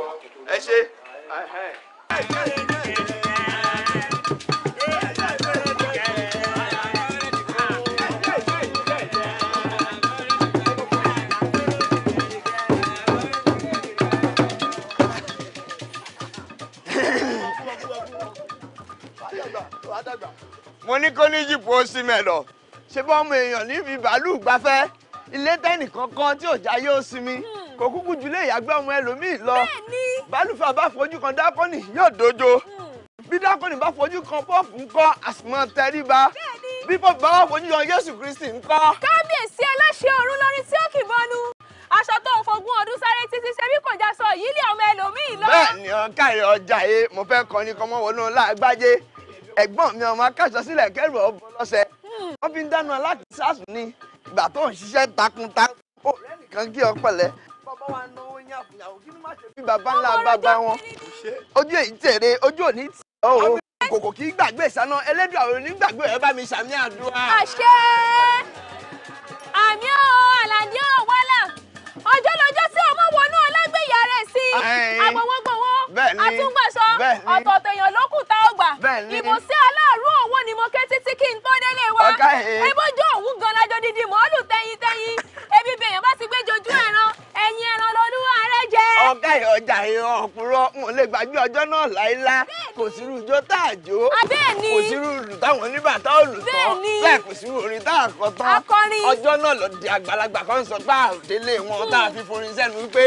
ẹ ṣé. mo ní kó ní jìpù ó sí mẹ́lọ ṣé bọ́ ọmọ èèyàn níbi bàálù gbafẹ́ ilé tẹ́nì kankan tí òjá yóò sinmi hmm. kò kúkú ju lé ìyàgbẹ́ ọmọ ẹlòmíì lọ bálùfẹ́ bá fojú kan dákọ́nì yóò dojo hmm. bí dákọ́nì bá fojú kan pọ́ọ̀fù ńkọ́ àsùnmọ́ tẹríba bí pọ́ọ̀fù bá wà fojú yan Jésù Kristi ńkọ́. kábíyèsí ẹlẹ́ṣẹ̀ ọ̀run lórí tí ó kì bọnu aṣọ tó ń fogún ọdún sáré títí ṣe bí kò já sọ yìí lé ọmọ ẹlòmíì lọ. bẹ́ẹ̀ ni ọkà ìrọjà yé mo fẹ́ kọ ní kọmọ wọnú láàgbájé ẹ̀gbọ́n mi ọmọ akáṣọ sílẹ̀ kẹrù ọ̀bọ lọ́sẹ̀ hmm. wọ́n fi ń dáná láti sars ní ìgbà tó ń ṣiṣẹ́ takuntakun ọ̀rẹ́ nìkan kí ọ pẹ̀lẹ́ bàbá wa náwó yàfùyàwó kí ni má ṣe bí bàbá ńlá bàbá wọn ojú èyí tèrè ojú òní tì ọ́ kòkò kì í gbàgbé ìsáná ẹlẹ́dùn àwọn onígbàgbé ẹ̀ bá mi ṣàmì àdúrà. àṣẹ àmì ò àlàní ò wálà ọjọ́ lọ́jọ́ tí ọmọ wọnú ọlágbèyà rẹ̀ sí àgbọ̀wọ́gbọ̀wọ́ ọ̀tọ̀ tèèyàn ló kù tá ó gbà ìbò sí aláàrú òwò ni mo ké títí kí n tó délé wa ebójú òwú gan lájọ dídí mọ́ọ́lù tẹyin tẹyin ebi bèèyàn bá ti gbé ẹran ẹyin ẹran lọ́dún ààrẹ jẹ. ọ̀gá ẹ̀ ọjà ìran ọ̀pùrọ̀ wọn lè gbàgbé ọjọ́ náà láíláá kò sí irú tá a jó ah, kò sí irú táwọn oníbàtà olù tán kò sí orin tá a kọ tán ọjọ́ náà lọ di àgbàlagbà kan sọ pé àdélé wọn tá a fi forin sẹ́nu pé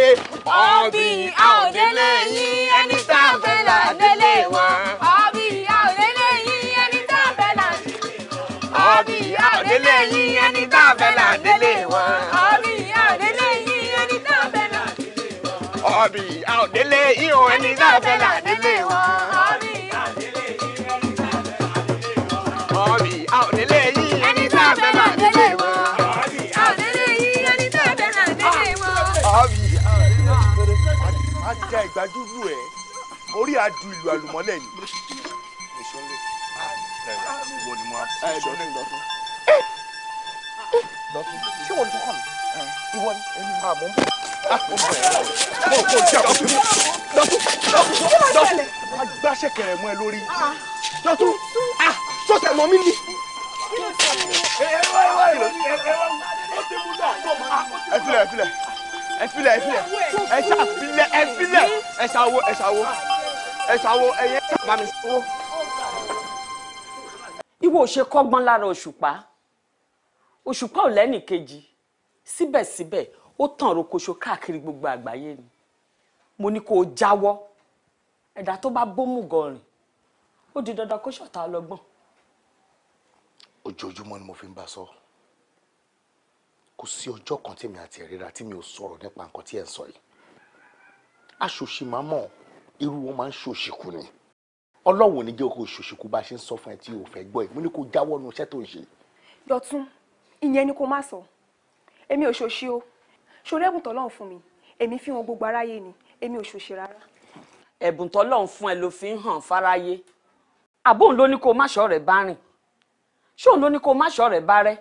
ọ̀bì àòdélé yín ẹni tá a fẹ́ la àdélé wọn. ọbí ìyá òdélé yín ẹni tá a fẹ́ là ń délé wọn. ọbí ìyá òdélé yín ẹni tá a fẹ́ là ń délé wọn. ọbí ìyá òdélé yín ẹni tá a fẹ́ là ń délé wọn. ọbí ìyá òdélé yín ẹni tá a fẹ́ là ń délé wọn. ọbí ìyá òdélé yín ẹni tá a fẹ́ là ń délé wọn. ọbí ìyá òdélé yín ẹni tá a fẹ́ là ń délé wọn. ajá ìgbájú lù ẹ́ orí adu ìlú àlùmọ́lẹ̀ ni. ṣé wọ́n ló kàn mí ìwọ ni èmi máa mú bọ́. mo kò jà kó tún dọ́tún dọ́tún dọ́tún agbáṣẹ́kẹ̀rẹ̀ mọ́ ẹ lórí dọ́tún sọ́sẹ̀ mọ́ mi ni. ẹ filẹ̀ ẹ filẹ̀ ẹ filẹ̀ ẹ filẹ̀ ẹ ṣàfilẹ̀ ẹ filẹ̀ ẹ ṣàwo ẹ ṣàwo ẹ ṣàwo ẹyẹ bá mi sanwó. ìwọ ò ṣe kọ́gbọ́n lára òṣùpá òṣùpá ò lẹ́nì kejì síbẹ̀síbẹ̀ ó tàn rokoṣo káàkiri gbogbo àgbáyé ni mo ní kó o jáwọ́ ẹ̀dá tó bá bómù gọ̀rìn ó di dandan kó ṣọ̀tá ọlọ́gbọ́n. ojoojúmọ́ ni mo fi ń bá a sọ kò sí ọjọ́ kan tèmi àti ẹ̀ríra tí mi ò sọ̀rọ̀ nípa nǹkan tí ẹ̀ ń sọ yìí aṣòṣì máa mọ̀ ọ́ irú wọn máa ń ṣòṣìkù ni ọlọ́wọ̀n ní jẹ́ kó ṣòṣìkù bá ṣe ń sọ fún ẹ tí o fẹ́ gbọ́ ẹ̀ mo ní kó jáwọ́ nu iṣẹ́ tó ń ṣe. Dọ̀tun ìyẹn ni kó má sọ èmi ò ṣòṣì o ṣòro ẹ̀bùn tọ́lọ́run fún mi èmi fi hàn gbogbo aráyé ni èmi ò ṣòṣì rárá. ẹ̀bùn tọ́lọ́run fún ẹ ló fi ń hàn fáráyé àbóun ló ní kó má ṣọ́ rẹ̀ bá rìn ṣóun ló ní kó má ṣọ́ rẹ̀ bá rẹ́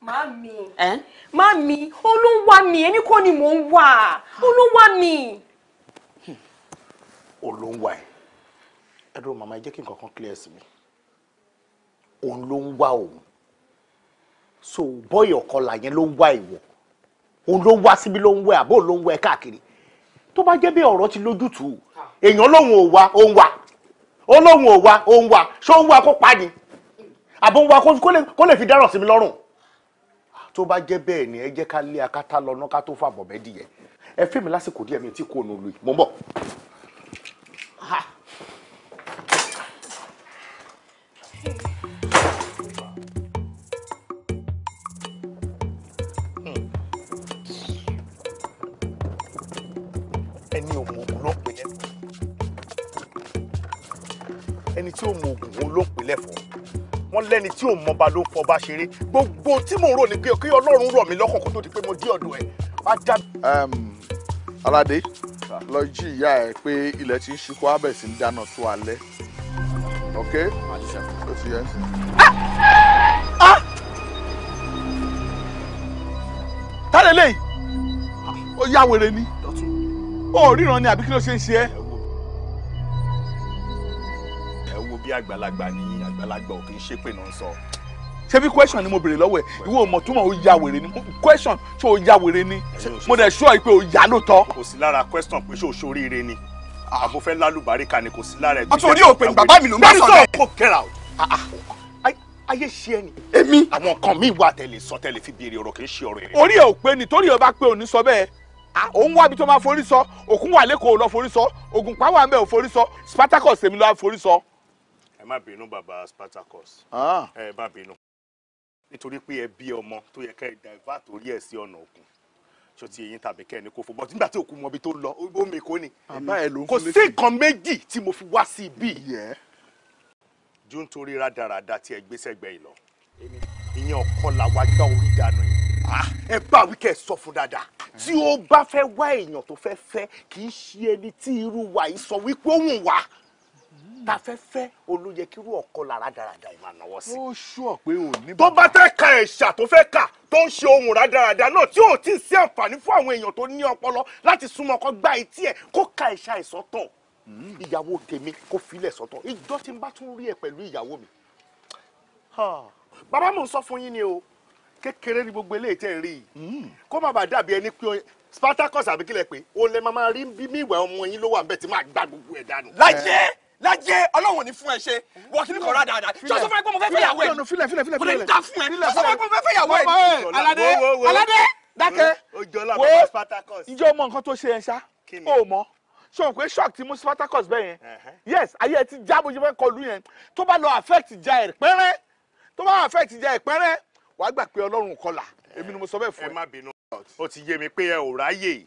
Mami. Eh? Mami, olúwa mi, èmi kọ́ ni mò ń wà. Olúwa mi òun ló ń wá ẹ ẹ dúró màmá ẹ jẹ́ kí nǹkan kan clear sí mi òun ló ń wá òun so bọ́ọ̀yì ọ̀kọlà yẹn ló ń wá ìwọ òun ló ń wá síbi ló ń wá àbó ló ń wá ẹ káàkiri tó bá jẹ́ bí ọ̀rọ̀ ti lójútùú èèyàn lóhùn ò wá ó ń wá ó lóhùn ò wá ó ń wá ṣó ń wá kó pa ni àbó ń wá kó lè fi dáràn sí mi lọ́rùn tó bá jẹ́ bẹ́ẹ̀ ni ẹ jẹ́ ká lé akátá lọ ná ká tó fàbọ̀ bẹ́ẹ̀ dìyẹ ẹ fẹ́ mi lásìkò díẹ̀ mi tí kò nù lùi mo ń bọ̀. tí ò mọ ògùn òun ló pè lẹ́fọ̀ọ́ wọ́n lẹ́ni tí ò mọba ló fọba ṣeré gbogbo tí mò ń rò ní pé kí ọlọ́run rọ̀ mí lọ́kàn kó tó di pé mo dé ọ̀dọ̀ ẹ̀ wá já. aládé lọ jí ìyá ẹ pé ilẹ̀ ti ń ṣíkú abẹ́ sí ń dáná tó alẹ́ ok ó ti yẹ ẹ sí. tá lélẹ́yìí ó yá wèrè ni ó ríran ni àbí kí ló ṣe ń ṣe ẹ́. bí àgbàlagbà ní àgbàlagbà ò kì í ṣépè náà sọ ṣebí question ni mo béèrè lọ́wọ́ ẹ̀ ìwọ ò mọ̀ ó ya wèrè ni question ṣé ya wèrè ni mo dẹ̀ ṣọ́ pé o ya lóòótọ́. kò sí lára question pé ṣé o ṣoríire ni àbò fẹ́ lálùbáríkà ni kò sí lára ẹgbẹ́ ọtún orí òpin bàbá mi ló ń bá sọ̀rọ̀ ẹ̀. get out ayé ṣe ẹni. èmi. àwọn kan mi wà tẹ́lẹ̀ sọ tẹ́lẹ̀ fi béèrè ọ̀rọ̀ kì í ṣe ọ̀rọ̀ èrè. orí ẹ ò pé nítorí ọba pé òní sọ bẹ́ẹ̀ òun wá ibi tó máa forí sọ òkun wà lẹ́kọ̀ọ́ lọ forí sọ ògùnpá wà ń ò forí sọ spartacus èmi lọ́ọ́ forí sọ má bínú bàbá Spartacus ah. ẹ má bínú nítorí pé ẹ bí ọmọ tó yẹ ká ẹ divert orí ẹ sí ọ̀nà òkun ṣó ti eyín tàbí kẹ́ni kò fò bọ́ nígbà tí òkú mọ ibi tó lọ ó mèkó ni kò sí nǹkan méjì tí mo fi wá sí ibi ju nítorí rádaràda tí ẹ gbé sẹ́gbẹ́ ìlọ ìyẹn ọkọ làwa gbá orí dànù yìí ah, ẹ bá wíkẹ́ sọ fún dáadáa tí ó bá fẹ́ wá èèyàn tó fẹ́ fẹ́ kì í ṣe ẹni tí irú wa yìí sọ wípé ó wùn wá tá a fẹ́ fẹ́ olóyè kírú ọkọ lára dáradára ìmọ̀ ànáwọ́ sí. ó ṣùọ́ pé ò ní. tó bá fẹ́ ka ẹ̀ṣà tó fẹ́ kà tó ń ṣe ohun rádaràda náà tí ò tí ì sí àǹfààní fún àwọn èèyàn tó ní ọpọlọ láti súnmọ́ ọkọ gba etí ẹ̀ kó ka ẹ̀ṣà ẹ̀ sọ́tọ̀ hmm. ìyàwó tèmi kó filẹ̀ sọ́tọ̀ ìjọ tí n bá tún rí ẹ pẹ̀lú ìyàwó mi. bàbá mò ń sọ fún yín ni o kékeré ni gbogbo eléyìí tẹ̀ ń rí yìí hmm. kó má bàa dàbí ẹni pé spartacus àbíkílẹ̀ pé ó máa rí bí mi ìwà ọmọ yín ló wà ń bẹ̀ tí máa gbá gbogbo ẹ̀ dànù. láyé lajẹ Ọlọ́run ní fún ẹ ṣe wọ kí ni kọra dáadáa sọ sọ fún ẹ pé mo fẹ́ fẹ́ yàwó ẹ kò ní ta fún ẹ sọ fún ẹ pé mo fẹ́ fẹ́ yàwó ẹ Aládé Aládé dákẹ́ wo ìjọ mọ nǹkan tó ṣe yẹn ṣá o mọ sọ pé shock ti mú Spartacus bẹ́ẹ̀ yẹn yes ayé ẹ ti já bó ṣe fẹ́ kọlu yẹn tó bá lọ affect ja ẹ pẹ́rẹ́ tó bá affect ja ẹ pẹ́rẹ́ wàá gbà pé Ọlọ́run kọlà èmi ni mo sọ bẹ́ẹ̀ fún ẹ. ẹ má bínú ó ti yé mi pé ẹ ò ráyè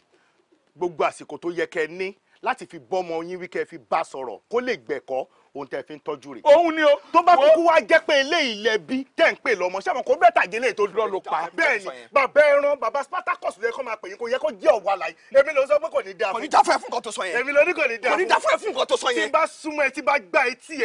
gbogbo àsìkò tó yẹ kẹ́ ní láti fi bọ́mọ yín wí kẹ́ fi bá sọ̀rọ̀ kó lè gbẹ̀kọ́ ohun tẹ́ fi ń tọ́jú rẹ̀. òun ni o. tó bá kúkú wá jẹ́ pé eléyìí lẹ bí tẹ̀ ń pè lọ́mọ ṣáà kó bẹ́ẹ̀ tàgé léyìí tó dúró ló pa. bẹ́ẹ̀ ni bàbá ẹran bàbá spartacus lè kọ́ máa pè yín kò yẹ kó jẹ́ ọ̀wà láyé èmi ló sọ pé kò ní dáa fún. kò ní dáa fún ẹ fún nǹkan tó sọ yẹn. èmi ló ní kò ní dáa fún. kò ní dáa fún ẹ fún nǹkan tó sọ yẹn. tí bá súnmọ́ ẹ tí bá gbá etí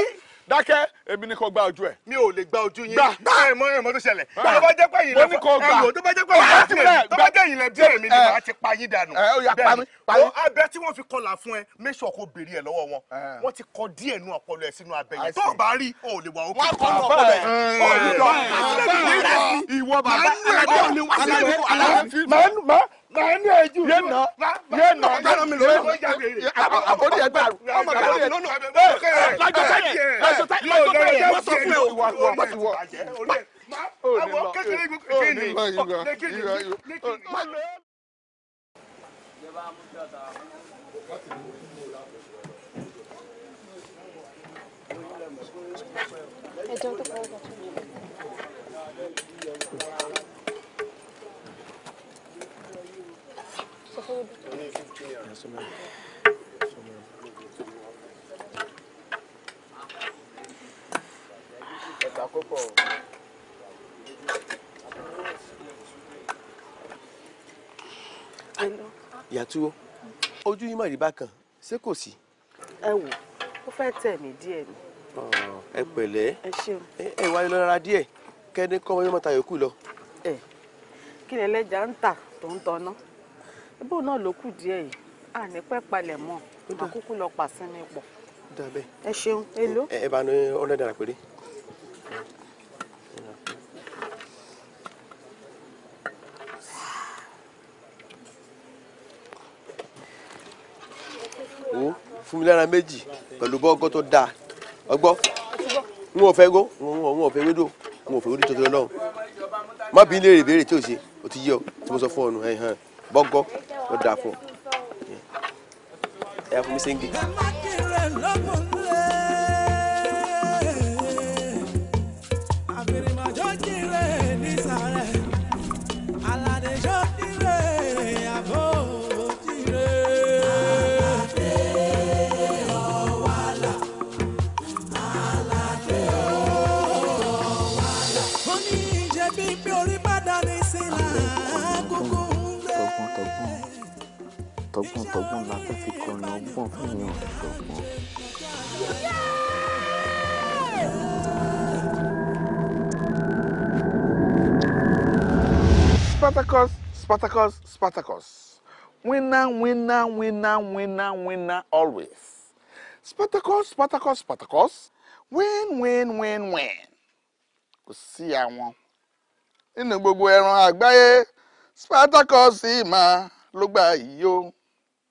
ẹ dákẹ́ èmi ni kò gba ojú ẹ̀. mi ò lè gba ojú yín. gbà gbà ẹ mọ ẹ mọ tó ṣẹlẹ̀. tó bá jẹ́ pé ẹ̀yin lẹ fọ ẹ wò tó bá jẹ́ pé ẹ̀yin lẹ tiẹ̀ tó bá jẹ́ ẹ̀yin lẹ bí èmi ni màá ti pa yín dànù. ẹ ó yà pa mí pa mí. abẹ tí wọ́n fi kọlà fún ẹ mẹsàn kò béèrè ẹ lọ́wọ́ wọn wọ́n ti kọ díẹ̀ nú ọpọlọ ẹ sínú abẹ yẹn tó o bá rí o lè wà ó kí. wọ́n kọ ọpọlọ ẹ o lè lọ. ìwọ bàánú ẹjú yé nà yé nà àbórí ẹgbẹ àrùn ọmọ àbórí ẹgbẹ àrùn ẹ lajọ sáyẹ lajọ sáyẹ lajọ sáyẹ wọn sọ fún mi ìwà ìwà ọmọ ti wọ. àwọn kékeré mi kékeré ni kékeré ni kékeré. Ẹjọ́ tó kọ́ ọ́ bàtú. food. Only 15 years. ojú yín mọ̀ rí bákan, ṣé kò sí? Ẹ wò, ó fẹ́ tẹ̀ mí díẹ̀ ni. Ẹ pẹ̀lẹ́. Ẹ ṣeun. Ẹ wáyé lọ rárá díẹ̀, kẹ́ni kọ́ ọmọ yóò mọ̀ ta yòókù lọ. Ẹ kí ni ẹlẹ́jà ń tà tó ń tọ́ná bó náà ló kù díẹ̀ yìí à ní pẹ́ palẹ̀ mọ́ àkókò lọ pàṣẹ ní ipò. ẹ ṣeun èlò. ẹ bá ní ọ̀rẹ́ dára péré. wo fún mi lára méjì pẹ̀lú bọ́gọ́ tó dáa ọgbọ́ n ò fẹ́ gó n ò fẹ́ wédò n ò fẹ́ wédò tó tó lọ́hùn má bí léèrè béèrè tí o ṣe o ti yé ọ tí mo sọ fún ọ nù ẹ̀ hàn bọ́gọ́ ló dáa fún ẹ fún mi tọgbọ́ntọgbọ́n la fi kọrin ọgbọ́n fún ìyàn ọ̀dọ́gbọ́n. Spartacus, Spartacus, Spartacus. Winner, winner, winner, winner, winner always. Spartacus, Spartacus, Spartacus. Win, win, win, win. Kò sí àwọn. Nínú gbogbo ẹran àgbáyé, Spartacus sì máa ló gbà yìí o.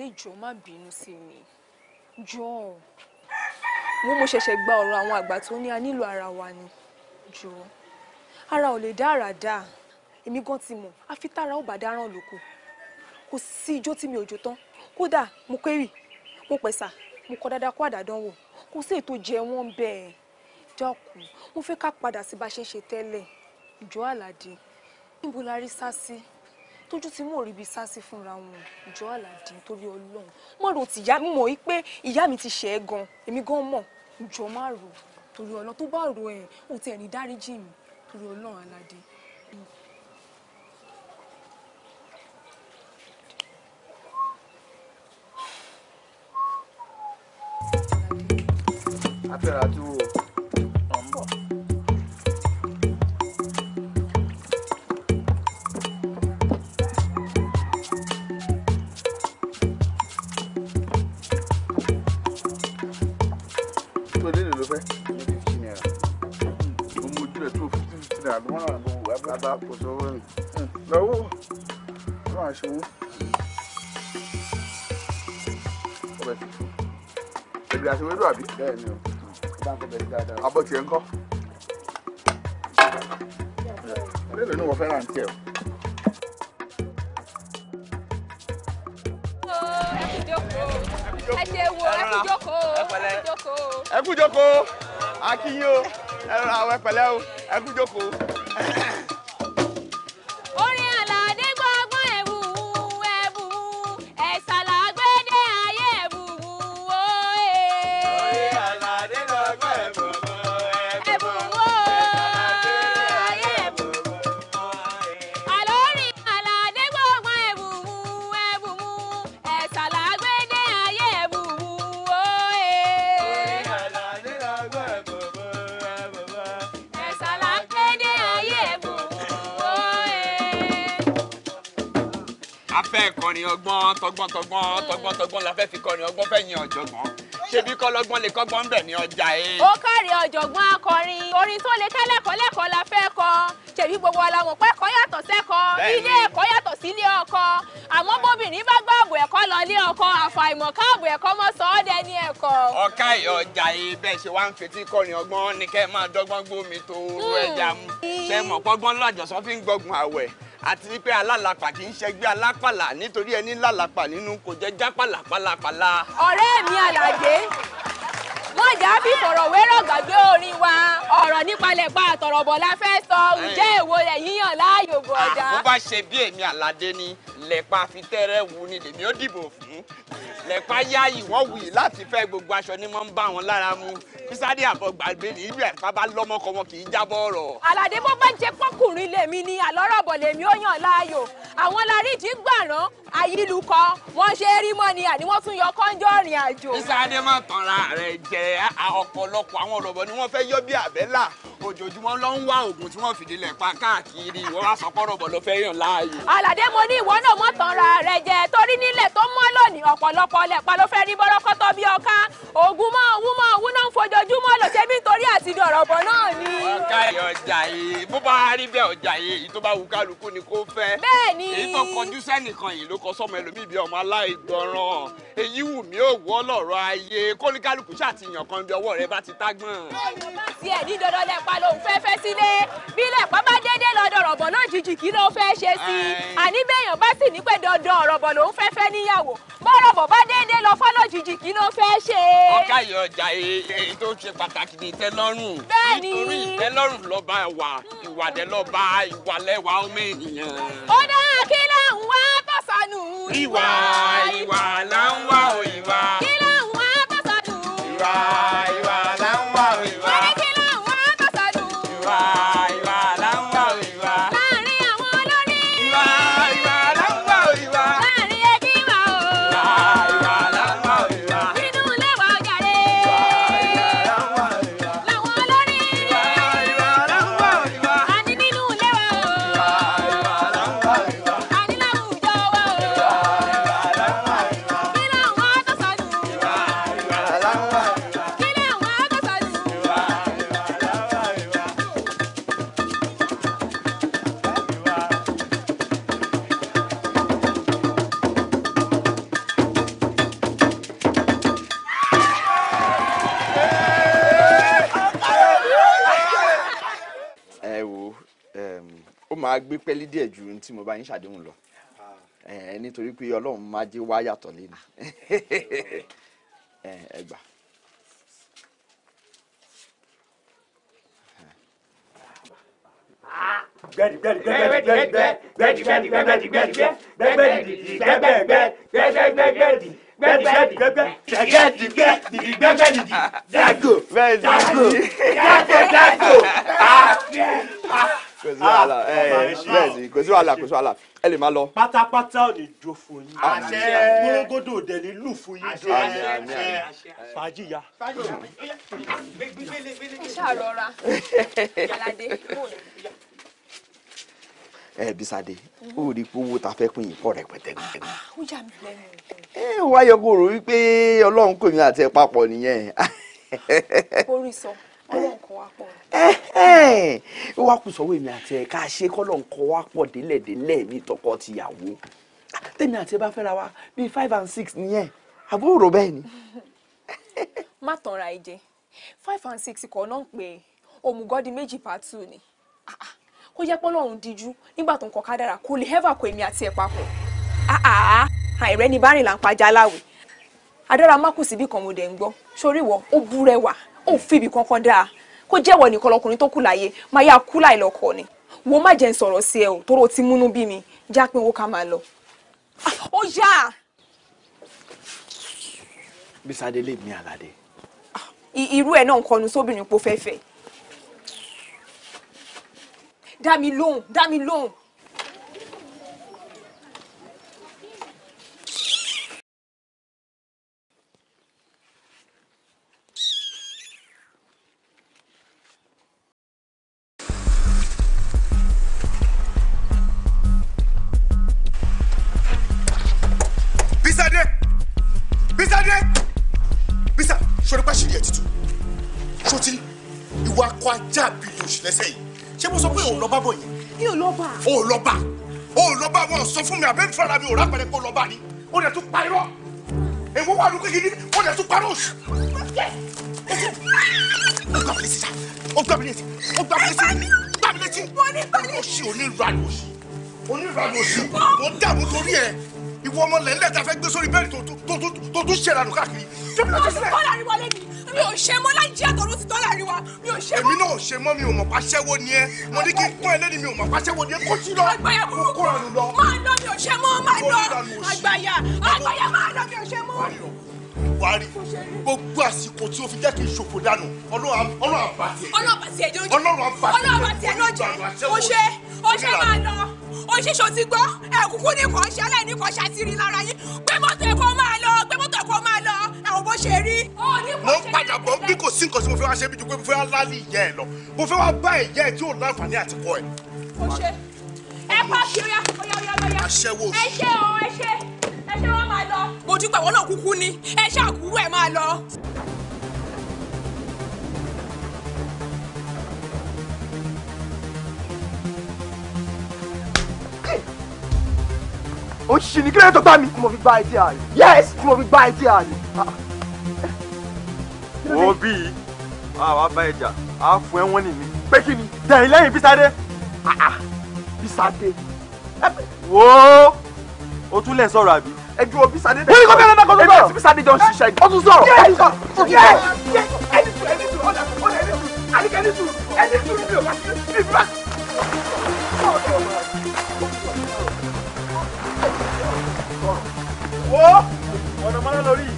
Adé jọ̀ọ́ má bínú sí mi jọ̀ọ́ wọ́n mo ṣẹ̀ṣẹ̀ gba ọ̀rọ̀ àwọn àgbà tó ní a nílò ara wa ni jọ̀ọ́ ara ò lè dá ara dá èmi gan ti mọ̀ àfi ó bá dáràn lóko kò sí ijó tí mi ò jó tán kódà mo kéré mo pẹ̀sà mo kọ dáadáa kó àdádánwò kò sí ètò jẹ wọ́n bẹ́ẹ̀ dákun mo fẹ́ ká padà sí bá ṣe ṣe tẹ́lẹ̀ jọ̀ọ́ Àlàdé níbo la rí sá sí. Si tójú tí mò ń ríbi fúnra wọn ìjọ àlàdé torí ọlọ́run mo rò tí ìyá mi mọ̀ pé ìyá mi ti ṣẹ̀ ẹ́ gan èmi gan mọ̀ ìjọ má rò torí ọlọ́run tó bá rò ẹ̀ ò tẹ̀ ní dáríjì mi torí ọlọ́run àlàdé. afẹ́ra tó ọbẹ̀ àṣewédú àbí. bẹ́ẹ̀ni o bá ń kọ bẹ́ẹ̀ dáadáa. abọ́ tiẹ̀ ń kọ́. lélẹ̀ ní wọ́n fẹ́ràn tiẹ̀ o. ẹ jókòó ẹ jókòó akínyó ẹ àwọn ẹ pẹ̀lẹ́ o ẹ kú jókòó. tọgbọ́n hmm. tọgbọ́n tọgbọ́n la fẹ́ fi kọrin ọgbọ́n fẹ́ yin ọ̀jọ̀gbọ́n ṣebí kọ́lọ́gbọ́n lè kọ́gbọ́n bẹ̀ ní ọjà ẹ. E? ó kárí ọ̀jọ̀gbọ́n akọrin orin tó lè kẹ́lẹ́kọ̀ọ́ lẹ́kọ̀ọ́ la fẹ́ kọ ṣebí gbogbo ọlọ́mọ pé ẹ̀kọ́ yàtọ̀ sẹ́kọ̀ọ́ ilé ẹ̀kọ́ yàtọ̀ sílé ọkọ àmọ́ bóbìnrin bá gbọ́ ààbò ẹ̀kọ́ lọ lé ọkọ àfàìmọ̀ káàbò ẹ̀kọ́ mọ́ sọ ọ́ dẹni ẹ̀kọ́. ọ̀ka ìyọjà ibẹ̀ e, ṣe wá ń fetí kọrin ọgbọ́n ni kẹ́ máa dọ́gbọ́n gbómi tó hmm. ẹja mu ṣe mọ̀ pọ́gbọ́n lọ́jọ́sọ́ fi ń gbọ́gun àwẹ̀ àti wípé alálàpà kì í ṣẹgbẹ́ alápàlà nítorí ẹni lálàpà nínú kò jẹ́ jápàlà pálapàla. ọ̀rẹ́ mi àlàyé mọ̀jà fi fọ̀rọ̀wérọ̀ gbàgbé orin wa ọ̀rọ̀ nípalẹ̀ pa àtọ̀rọ̀bọ̀ la fẹ́ sọ ǹjẹ́ èwo rẹ̀ yíyàn láàyò ah, bọ̀dá. bó bá ṣe bí èmi àládé ni lẹ́pa fi tẹ́rẹ̀ wu ni lèmi ó dìbò fún lẹ́pa yá ìwọ́n wuyì láti fẹ́ gbogbo aṣọ ni mo ń bá wọn lára mu bísádé àbọ̀gbàgbé ní ìlú ẹ̀fà bá lọ́mọkọ wọn kì í jábọ̀ ọ̀rọ̀. àlàdé bó bá jẹ pọ́kùnrin lèmi ni àlọ́rọ̀bọ̀ lèmi ó yàn láàyò àwọn láríjì gbàrán ayílukọ wọn ṣe é rí mọ́ ni àní wọ́n tún yọ kọ́ńjọ́ rìn àjò. bísádé má tanra rẹ jẹ ọ̀pọ̀lọpọ̀ àwọn ọ̀rọ̀bọ ni wọ́n fẹ́ yọ bí àbẹ́là ojoojúmọ́ ló ń wá oògùn tí wọ́n fìdílé pa káàkiri ìwọ wá sọpọ́ ọ̀rọ̀bọ ló fẹ́ yàn láàyò. aládé mo ní ìwọ náà mọ̀ tán ra rẹ jẹ torí nílẹ̀ tó mọ́ lónìí ọ̀pọ̀lọpọ̀ lẹ̀pa ló fẹ́ rí bọ́rọ́kọ́tọ́ bí ọká oògùn mọ́ òun mọ́ òun náà ń fojoojúmọ́ lò ṣe bí nítorí àtidọ̀ ọ̀rọ̀bọ náà ni. ọ̀ka ẹ̀ ọjà yìí bó bá rí bẹ́ẹ̀ ọjà yìí èyí tó bá wù kálukú ni kò fẹ́. bẹ́ẹ̀ni. èyí tó kọjú sẹ́nìkan yìí ló kọ sọ́mọ ẹlòmíì bíi ọmọ aláìgbọràn èyí wù mí òwú ọlọ́rọ̀ ayé kólíkálukú ṣáà èèyàn kan bí ọwọ́ rẹ bá ti tágbọ̀n. tiẹ̀ ní dandan lẹ́pa lòun fẹ́ fẹ́ sílé bí lẹ́pa bá dédé lọ́dọ̀ ọ̀rọ̀bọ̀ náà jìjì kí ló fẹ́ ṣe sí i àní béèyàn bá sì ní pé dandan ọ̀rọ̀bọ̀ lòun fẹ́ fẹ́ níyàwó bọ́rọ̀bọ̀ bá dédé lọ fọ́lọ́ jìjì kí ló fẹ́ ṣe. ọkà ìyọjà èyí tó ṣe pàtàkì ní ìtẹ́lọ́rùn nítorí ìtẹ́lọ́rùn lọ́ba ìwà ìwàdẹ́ lọ́ba ìwàlẹ́wà ènìyàn. ó dáa kí láwọn wá tọ̀sánù. ìwà ìwà là wá o ìwà. kí Bye. gbé pẹ́lí díẹ̀ ju ní tí mo bá yín ṣàdéhùn lọ nítorí pé ọlọ́run máa jẹ́ wá yàtọ̀ lẹ́nu ẹ gbà. Dago, dago, dago, dago kò sí ah, wàhálà bẹ́ẹ̀ ni kò sí wàhálà kò sí wàhálà ẹ lè máa lọ. pátápátá ò ní jó fún yín gbórógódò òde ní lù fún yín jó fàájì ya. ṣàrọra yàládé ẹ eh, bisade ó rí i pé owó ta fẹ́ pín yìí pọ̀ rẹpẹtẹ ní. Ah, ah, ó yà mí lẹ́nu. ẹ eh, wá yọ kó wípé ọlọ́run kò ní àti ẹ papọ̀ nìyẹn. orí sọ. Eh, eh. ó wá kù sọ́wọ́ èmi àti ẹ̀ ká ṣe kọ́lọ̀ nǹkan wá pọ̀ délẹ̀délẹ̀ mi tọkọ tìyàwó tèmi àti ẹ bá fẹ́ra wa bíi five and six nìyẹn àbúrò bẹ́ẹ̀ ni. má tanra ẹ jẹ five and six kọ náà pé òmùgọ́dí méjì part two ni ah, ah. kó jẹ́ pé Ọlọ́run díjú nígbà tó ń kọ kádàrà kò lè hẹ́fà kó èmi àti ẹ̀ papọ̀ ah, àìrẹ́ni bá rìn là ń pajá láwè adára má kù síbí kan mo dẹ̀ ń gbọ́ sórí wọ ó búrẹ́wà ó fi ibì kankan dáa kó jẹ́wọ́ nìkan lọkùnrin tó kù láyé máa yá kú láì lọ́kọ ni wo má jẹ́ ń sọ̀rọ̀ sí ẹ o tóró ti múnú bí mi já pé owó ká máa lọ. Ah, ó yá. bisade lè mí àlàdé. Ah, irú ẹ náà ń kọnu sóbìnrin pò fẹ́fẹ́. dá mi lóhùn dá mi lóhùn ò rápẹrẹ kó lọ bá ni ó dẹ̀ tún pa irọ́ èwo wà lókè yìí ni ó dẹ̀ tún pa irọ́ òsì. ó gbà mí létí sá ó gbà mí létí ó gbà mí létí gbà mí létí òsì onírànù òsì onírànù òsì mo dààmú torí ẹ ìwọ ọmọ lẹ́lẹ́ta fẹ́ gbé sórí bẹ́ẹ̀ tó tún ṣẹlẹ̀ àdùn káàkiri. kọ́lá ni wọlé mi mi ò ṣe mọ́ láì jí àtọ̀run ti tọ́ láàrin wa mi ò ṣe mọ́. èmi náà ò ṣe mọ́ mi ò mọ̀ pàṣẹwó ni ẹ mo ní kí n tán ẹlẹ́ni mi ò mọ̀ pàṣẹwó ni ẹ kó tí lọ mo kó ra nù lọ. máa lọ mi ò ṣe mọ́ máa lọ àgbàyà àgbàyà máa lọ mi ò ṣe mọ́. buhari gbogbo àsìkò tí o fi jẹ́ kí n ṣòfò dànù ọlọ́run àbàtì ẹ̀jẹ̀ ọlọ́run àbàtì ẹ̀jẹ̀ ló jẹ́ ó ṣe máa lọ ó ṣe ṣòtí gbọ́ ẹ̀kúkú ní kò ń ṣe aláìní kò ṣàtìrì lára yín pé mọ́tò ẹ̀kọ́ máa lọ mọ bó ṣe rí. mo ń padà bọ̀ bí kò sí nǹkan tí mo fẹ́ wá ṣe bí ju pé mo fẹ́ wá lálẹ́ ìyá ẹ lọ mo fẹ́ wá bá ìyá ẹ tí ò láǹfààní àti kọ ẹ. o ṣe ẹ pa kí oya oya oya oya ẹ ṣe o ẹ ṣe ẹ ṣe wọn máa lọ. mo dúpẹ́ wọn náà kúkú ni ẹ ṣàkúrú ẹ máa lọ. ó ṣì ní kí tó gbá mi. mo fi gbá etí ààrẹ. yes mo fi gbá etí ààrẹ. Ah wo bí àwa bá ẹja a fún ẹ wọn nìyí pé kí ni dẹ̀yìn lẹ́yìn bísádé bísádé wo o tún lẹ̀ sọ̀rọ̀ àbí ẹ ju o bísádé. èyí kò bẹ́ẹ̀ bẹ́ẹ̀ kò tó bọ̀ èyí bísádé jọ ń ṣiṣẹ́ o tún sọ̀rọ̀ o tún sọ̀rọ̀. ẹni tù ẹni ọ̀dà ọ̀dà ẹni tù àdìgẹ́ ẹni tù ẹni tù ní bí bá. wo ọ̀nà mọ́lá lórí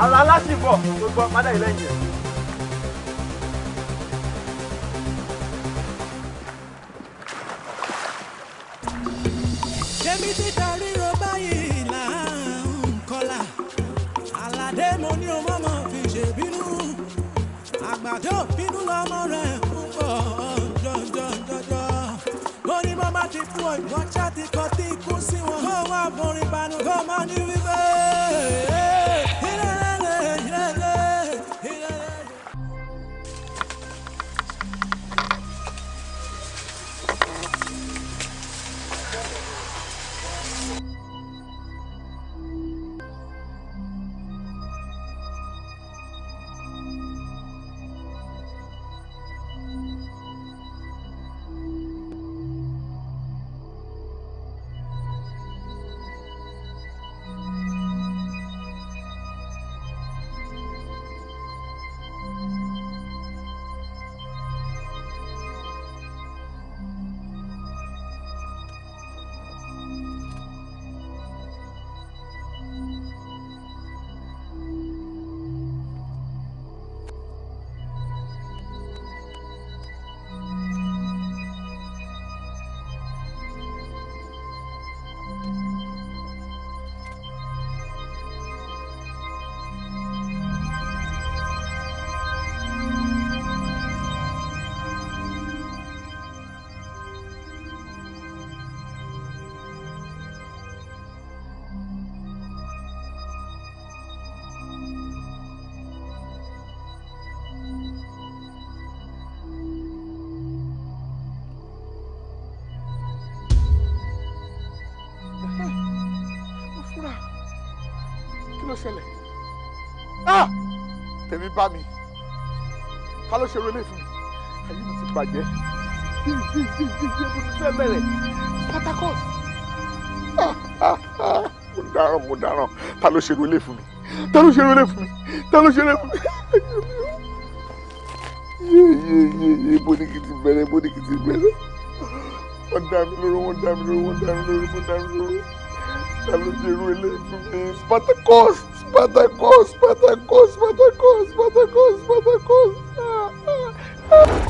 àwọn aláṣìbọ̀ gbogbo padà ìlẹ́yìn ẹ̀. èmi ti darí ro báyìí là ń kọlà àlàdé mo ní ọmọ mọ fi ṣèbínú àgbàdo bínú lọmọ rẹ ń bọ̀ jọjọjọjọ mo ní mo ti fún ọ ìwọ ṣáà ti kọ tí ikú sí wọn kó wá borin banu kó má ní wípé. ṣẹlẹ̀ ah tèmi bá mi ká ló ṣe rẹlẹ fún mi ayé mi ti bàjẹ́ bíi bíi bíi bíi bíi mo ti fẹ́ bẹ̀rẹ̀ Spartacus mo dáràn mo dáràn ta ló ṣe rẹlẹ fún mi ta ló ṣe rẹlẹ fún mi ta ló ṣe rẹlẹ fún mi yeyeyeye bonikiti bẹ̀rẹ̀ bonikiti bẹ̀rẹ̀ wọ́n dá mi lóró wọ́n dá mi lóró wọ́n dá mi lóró wọ́n dá mi lóró ta ló ṣe rẹlẹ fún mi Spartacus. Господа, Господа, Господа, Господа, Господа, Господа. А, а, а.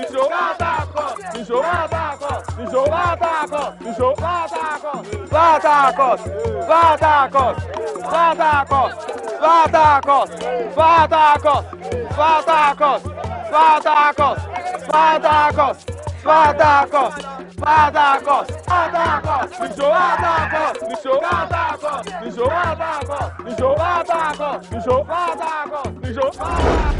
nìṣó látàkọ̀ nìṣó látàkọ̀ nìṣó látàkọ̀ nìṣó látàkọ̀ látàkọ̀ látàkọ̀ látàkọ̀ látàkọ̀ látàkọ̀ látàkọ̀ látàkọ̀ látàkọ̀ látàkọ̀ látàkọ̀ látàkọ̀ nìṣó látàkọ̀ nìṣó látàkọ̀ nìṣó látàkọ̀ nìṣó látàkọ̀ nìṣó látàkọ̀ nìṣó látàkọ̀.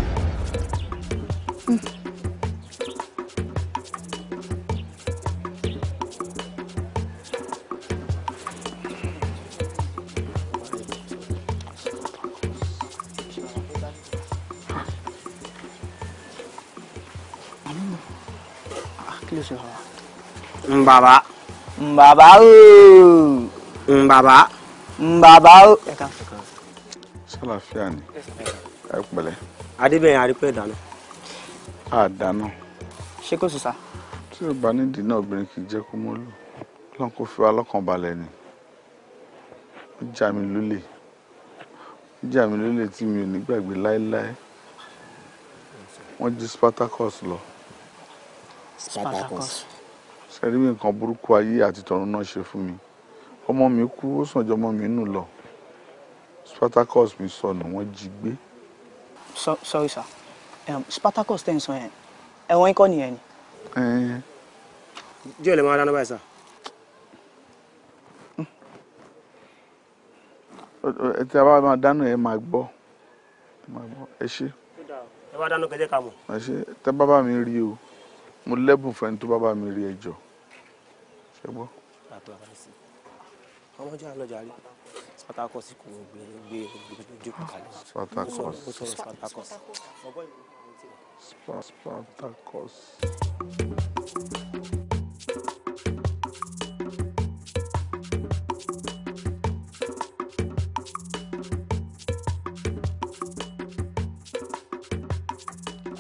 Mbaba. Mbaba ooo. Mbaba. Mbaba ooo. Ṣàlàfíà ni. Ẹ pẹ̀lẹ́. Adébẹ̀yìn Adépẹ́ ìdáná. Àdáná. Ṣé kò sùn sá? Tí ò bá nídìí náà obìnrin kì í jẹ́ kó mọ́ lò. Ọlọ́run kò fi wa lọ́kàn balẹ̀ ni. Ó já mi lólè. Ó já mi lólè tí mi ò ní gbàgbé láéláé. Wọ́n jí Spartacus lọ. Spartacus ṣẹ́rí mi nǹkan burúkú ayé àti tọ̀run náà ṣe fún mi ọmọ mi kú ó sàn jọ ọmọ mi nù lọ spartacus mi sọnù wọ́n jí gbé. sorry sir um, spartacus tẹ̀ ń sọ yẹn ẹ̀wọ̀n ikọ́ nìyẹn ni. díẹ̀ lè máa dáná báyìí sá. tí a bá máa dáná ẹ máa gbọ́ ẹ ṣe. ẹ wá dáná kẹjẹ ká mọ̀. ẹ ṣe tẹ bàbá mi rí o mo lẹ́bùn fẹ́ni tó bàbá mi rí ẹjọ́. E ṣe gbọ́. àbọ̀ àìsí ọmọ jẹ́ àlọ́jà rí Spartacus kò gbé gbé ojú kalẹ̀. Spartacus Spartacus. Spartacus.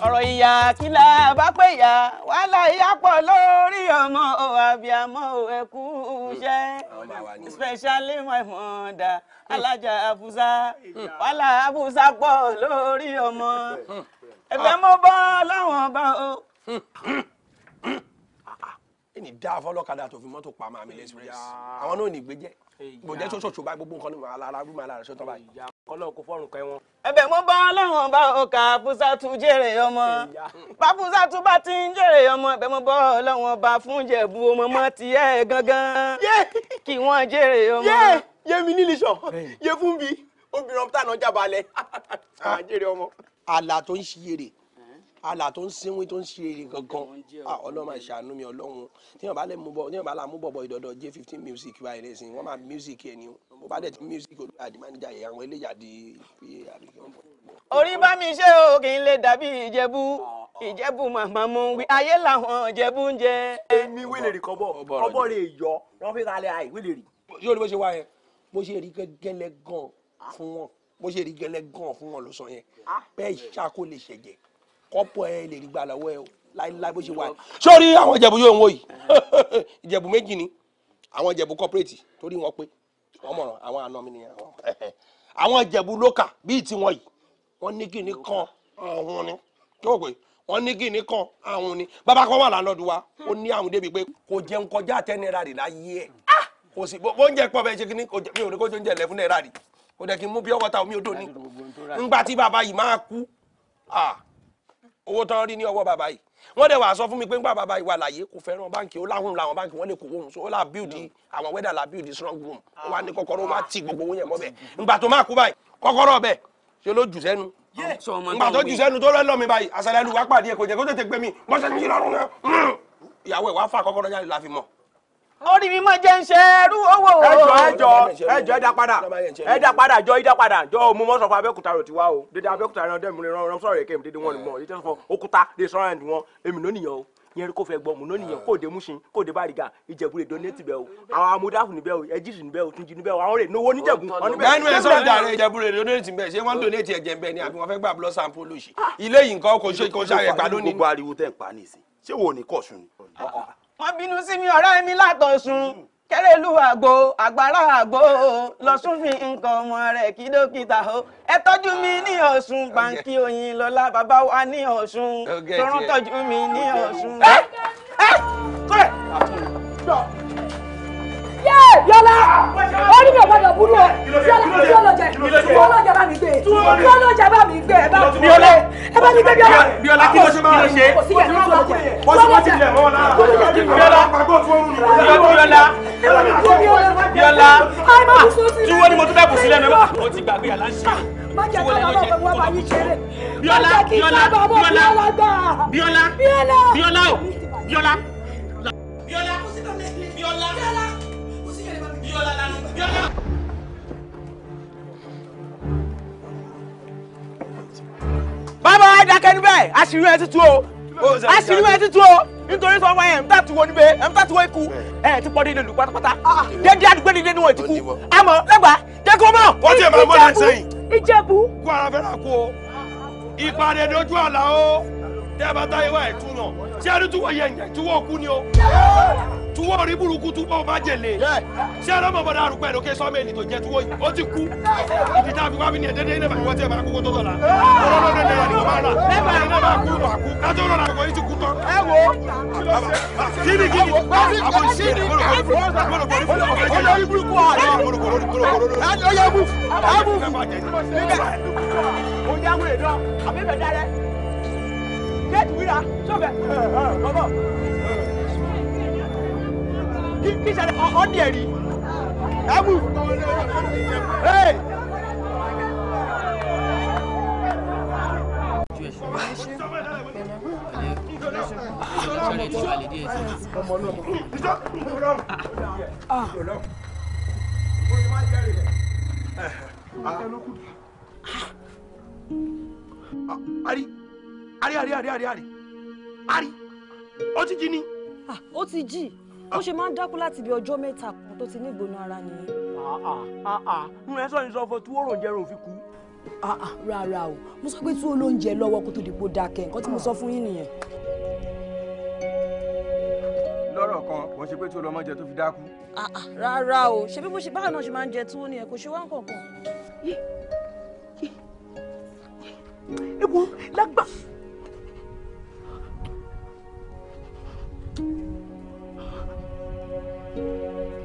ọ̀rọ̀ ìyá kí la bá pé ìyá wàhálà ìyá pọ̀ lórí ọmọ o àbíàmọ́ o ẹ kú iṣẹ́ especially my mother alájà abusa wàhálà abusa pọ̀ lórí ọmọ ẹ̀fẹ̀ mo bọ́ láwọn ọba o ní dá fọlọ́kadà tó fi mọ́tò pa máa mi lẹ́sìn rẹ̀ àwọn náà ní gbẹ́jẹ́ gbòjẹ́ tó báyìí gbogbo nǹkan ní màá lára rúmọ̀ lára ṣọ́tọ́ báyìí. ọlọ́run kò fọ́rùn kẹ́ wọn. ẹ̀bẹ̀ mo bá ọlọ́run bá ọkà fúsàtú jèrè ọmọ bá bá ti ń jèrè ọmọ ẹ̀bẹ̀ mo bá ọlọ́run bá fún ọmọ mọ́ ti gangan kí wọ́n jèrè ọmọ. yé mi nílì sọ yé fún mi obìnrin ọ̀pútà náà jábalẹ̀ ah. àjèrè ọmọ. àlà tó ń ṣiyèrè àlà tó ń sínwín tó ń ṣe èrè gangan ọlọ́run ah, máa ṣàánú mi ọlọ́run tí wọ́n bá lè mú bọ̀ tí wọ́n bá là mú bọ̀ bọ̀ ìdọ̀dọ̀ j fifteen music wa ẹ̀rẹ́ sí wọ́n máa music ẹni o bó bá dẹ̀ ti music olùkọ́ àdì máníjà yẹ àwọn eléyà di pé àbíkẹ́ wọn. orí bá mi ṣe o kì í lè dàbí ìjẹ̀bú ìjẹ̀bú màmá mo ń wí ayé làwọn ìjẹ̀bú ń jẹ. èmi wílèrè kọ́bọ̀ kọ́bọ̀ rè yọ wọ́n fi kalẹ̀ àì wílèrè. yóò ní bó ṣe wá yẹn bó ṣe rí gẹ́gẹ́lẹ́ gan fún wọn bó ṣe rí gẹ́gẹ́lẹ́ gan fún wọn ló sọ yẹn ah. bẹ́ẹ̀ ṣáko ṣẹ̀jẹ̀ kọ́pọ̀ ẹ lè rí gbà lọ́wọ́ ẹ o láíláí bó ṣe wà. sórí àwọn ìjẹ̀bù yóò wọ̀ yìí ìjẹ̀bù méjì ni àwọn ìjẹ̀bù corporate torí wọn pé wọn mọ̀ràn àwọn àna mi nìyẹn àwọn ìjẹ̀bù local bíi tiwọn yìí wọn ní kìíní kan ọ̀hún ni kí wọ́n pè é wọn ní gíní kan àwọn ni bàbá kan wà lálọ́dún wa ó ní àwọn débi pé kò jẹun kọjá ten naira rè láyé ẹ̀ ah! kò sí bó ń jẹ pọ̀ bẹ́ẹ̀ ṣe kíní mi ò ní kó jẹun jẹ eleven naira rè kò dẹ̀ kí n mú bí ọwọ́ ta omi odò ni ńgbà bàbá yìí máa kú ah! owó tán rí ní ọwọ́ bàbá yìí wọ́n dẹ̀ wàá sọ fún mi pé nígbà bàbá yìí wà láyé kò fẹ́ràn báǹkì ó láhùn làwọn báǹkì wọ́n lè kó wọ́n so ó là bíùdì àwọn wẹ́dà là bíùdì strong room ó wà ní ah. kọ́kọ́rọ́ wá tì gbogbo owó yẹn mọ́ bẹ́ẹ̀ ah. ńgbà tó máa kú báyìí kọ́kọ́rọ́ bẹ́ẹ̀ ṣe ló jù sẹ́nu ńgbà tó jù sẹ́nu tó rẹ́ lọ́ mi báyìí àṣàlẹ́ lu wá pàdé ẹ̀ mi bọ́sẹ̀ mi lọ́rùn náà hmm. ìyàwó ẹ̀ wá fà kọ́kọ́rọ́ jáde orí mi máa jẹ́ ń ṣe ẹrú owó. ẹjọ ẹjọ ẹjọ ẹdá padà ẹdá padà jọ ẹdá padà jọ mo mọ sọ fún abẹ́òkúta rẹ̀ ti wá o dédé abẹ́òkúta rẹ̀ ọdẹ mi rán ọ̀rọ̀ sọ̀rọ̀ èké mi dédé wọn ni mọ̀ ètò ìfọ̀ òkúta lè sọ̀rọ̀ ẹ̀dùn wọn èmi ló nìyẹn o yẹn rí kó fẹ́ gbọ́ mọ̀ ló nìyẹn kó dé Mùṣín kó dé Bàrígà Ìjẹ̀bú rẹ̀ donate bẹ́ẹ̀ o àwọn amúdáhùn níbẹ̀ o ẹjísì níbẹ̀ o Túnjí níbẹ̀ o àwọn rẹ̀ nowó níjẹ̀bú. bẹ́ẹ̀ni ẹ sọ̀rọ̀ ìjà rẹ̀ Ìjẹ̀bú rẹ̀ donate bẹ́ẹ̀ ṣé wọ́n donate ẹ̀jẹ̀ bẹ́ẹ̀ ni àbí wọ́n fẹ́ gbà blood sample lòṣì ilé yìí nǹkan kò ṣe kò ṣàyẹ̀gbá lónìí. gbogbo ariwo tẹ̀ ń pa nìsín ṣé wo ni kọ̀ọ̀ṣun ni. Ah, ah, ah wọ́n bínú sí mi ọ̀rẹ́ mi látọ̀sùn kẹrẹ́lú àgbo àgbàrá àgbo lọ́sùn fi nǹkan ọmọ rẹ̀ kí dókítà o ẹ tọ́jú mi ní Ọ̀ṣun bàǹkì òyìn lọ́la bàbá wa ní Ọ̀ṣun tọrọ tọ́jú mi ní Ọ̀ṣun. ẹ ẹ kúrẹ̀ yọlá orí mi ò gbọdọ̀ burú o tí ọlọ́jà tí ọlọ́jà bá mi gbé tí ọlọ́jà bá mi gbé ẹ bá mi gbé ẹ bá mi gbé bíọ́lá bíọ́lá kí ló ṣe máa ṣe kò sí ẹ̀rọ ọlọ́jà ọlọ́jà bíọ́lá bíọ́lá bíọ́lá tí wọ́n ní mo tún fẹ́ bù sílẹ̀ náà mo ti gbàgbé àlá ṣe ah, májẹ̀ ká bàbá ọ̀gbẹ̀ wọn bá yí ṣeré májẹ̀ kí ká bàbá bíọ́lá gbà bíọ́lá bíọ́lá Bíọ́lá lanu Bíọ́lá. bàbá wa dákẹ́ níbẹ̀ àṣírí ẹ tútù o àṣírí ẹ tútù o nítorí sọ wọn ẹ ń tàtúwọ níbẹ̀ ẹ ń tàtúwọ ikú ẹ ti pọ́ dédé lù pátápátá ah, ah. dédé àdúgbò dédé ni wọn ti kú àmọ́ lẹ́gbàá jẹ́ kó mọ̀. wọ́n ti ẹ̀ máa mọ́ ẹ̀ sẹ́yìn. Ìjẹ̀bú. kó ara fẹ́ràn kú o ìpàdé dojú àlà o tẹ́ ẹ bá táyé wá ẹ̀ tún nà ṣé ẹni túwọ̀ yẹ̀yẹ̀ túwọ̀ kú ni o túwọ̀ rí burúkú túwọ̀ má jèlè ṣé ẹni ọmọ bọ̀dá arúgbó ẹ̀dọ́kẹ́ sọ́mẹ́lì tó jẹ́ túwọ̀ yìí ó ti kú ibi tá a fi wá fi ní ẹ̀dẹ́dẹ́ iná ìwọ́ tí ẹ máa kú kó tó dọ̀la ọlọ́dọ̀ náírà ni wọ́n máa rà ẹ̀dẹ́ máa kú máa kú kájọ́ lọ́la àgbọ̀ yìí ti kú tán. ẹ wo kíni kíni àbò ìṣèlè olórí burúkú ọ̀rẹ́ géètì wíra sọ́fẹ̀ bọ́bọ̀ kí sẹ́ni ọ̀ọ́dì ẹ̀rí ẹ̀mú. Ari ari ari ari ari ari ari O ti jí ni. Ah, ó ti jí ó ṣe máa ń dákú láti ibi ọjọ́ mẹ́ta kan tó ti ní ìgbóná ara nìyẹn. n ah, ah, ẹ sọ ní sọ fún tí wọ́n rò jẹ́ rò fi kú. rárá o mo sọ pé tí olóúnjẹ lọ́wọ́ kó tó dìbò dákẹ́ nǹkan tí mo sọ fún yín nìyẹn. lọ́rọ̀ kan wọ́n ṣe pé tí olómọ jẹ tó fi dákú. rárá o ṣe bí mo ṣe báwọn náà ṣe máa ń jẹ tuwo nìyẹn kò ṣe wá nǹkan kan. ewu lágbàá. あっ。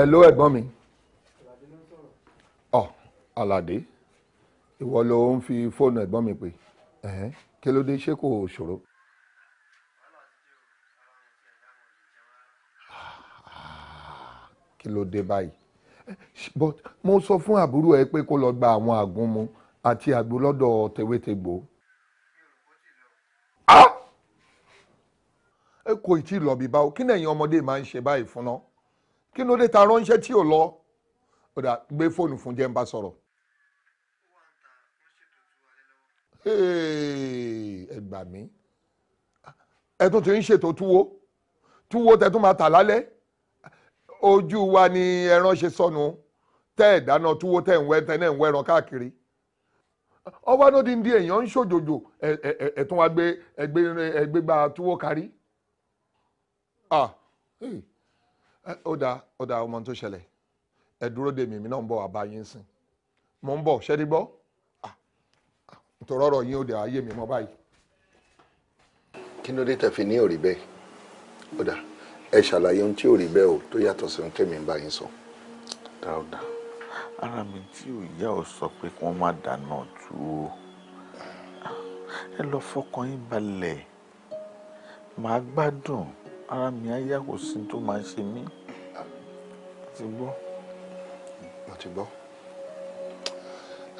hello ẹ̀gbọ́n mi ọ aládé ìwọ ló ń fi fóònù ẹ̀gbọ́n mi pè ẹ̀hẹ́n kí ló dé ṣé kò ṣòro. kí ló dé báyìí but mo sọ fún àbúrò ẹ pé kó lọ gba àwọn àgúnmu àti àgbo lọ́dọ̀ tewétegbò. Ah! ẹ kò tí ì lọ bí báwo kí ni ẹ̀yin ọmọdé máa ń ṣe báyìí fún náà kí ló dé ta ránṣẹ́ tí ò lọ ó dà gbé fóònù fún jẹ́ ń bá sọ̀rọ̀. ẹ gbà mí ẹ tún ti ń ṣètò túwó túwó tẹ tún máa tà lálẹ́ ojú wa ni ẹran ṣe sọnù tẹ́ ẹ̀ dáná túwó tẹ́ ẹ̀ ń wẹ́ tẹ́ ẹ̀ ń wẹ́ran káàkiri ọwọ́ náà di ń di èèyàn ń ṣòjòjò ẹ̀tún wa gbé ẹgbẹ́ gba túwó kárí. Ah, hey ó dáa ó dáa ọmọ tó ṣẹlẹ̀ ẹ dúró de mìmí náà ń bọ̀ wá bá yín sìn mò ń bọ̀ ṣẹ́ni gbọ́ nítorí ọ̀rọ̀ yín ó dẹ̀ ayé mi mọ́ báyìí. kí ló dé tẹ̀ fi ní òrí bẹ́ẹ̀ ó dáa ẹ ṣàlàyé ohun tí ò bẹ́ẹ̀ o tó yàtọ̀ sí ohun tẹ̀mí ń bá yín sọ. dáadáa ara mi tí ò yá ò sọ pé kí wọ́n má dáná tú o ẹ lọ fọkàn yín balẹ̀ màá gbádùn ara mi á yá kò sí tó máa ṣe mí ti gbọ́. mo ti gbọ́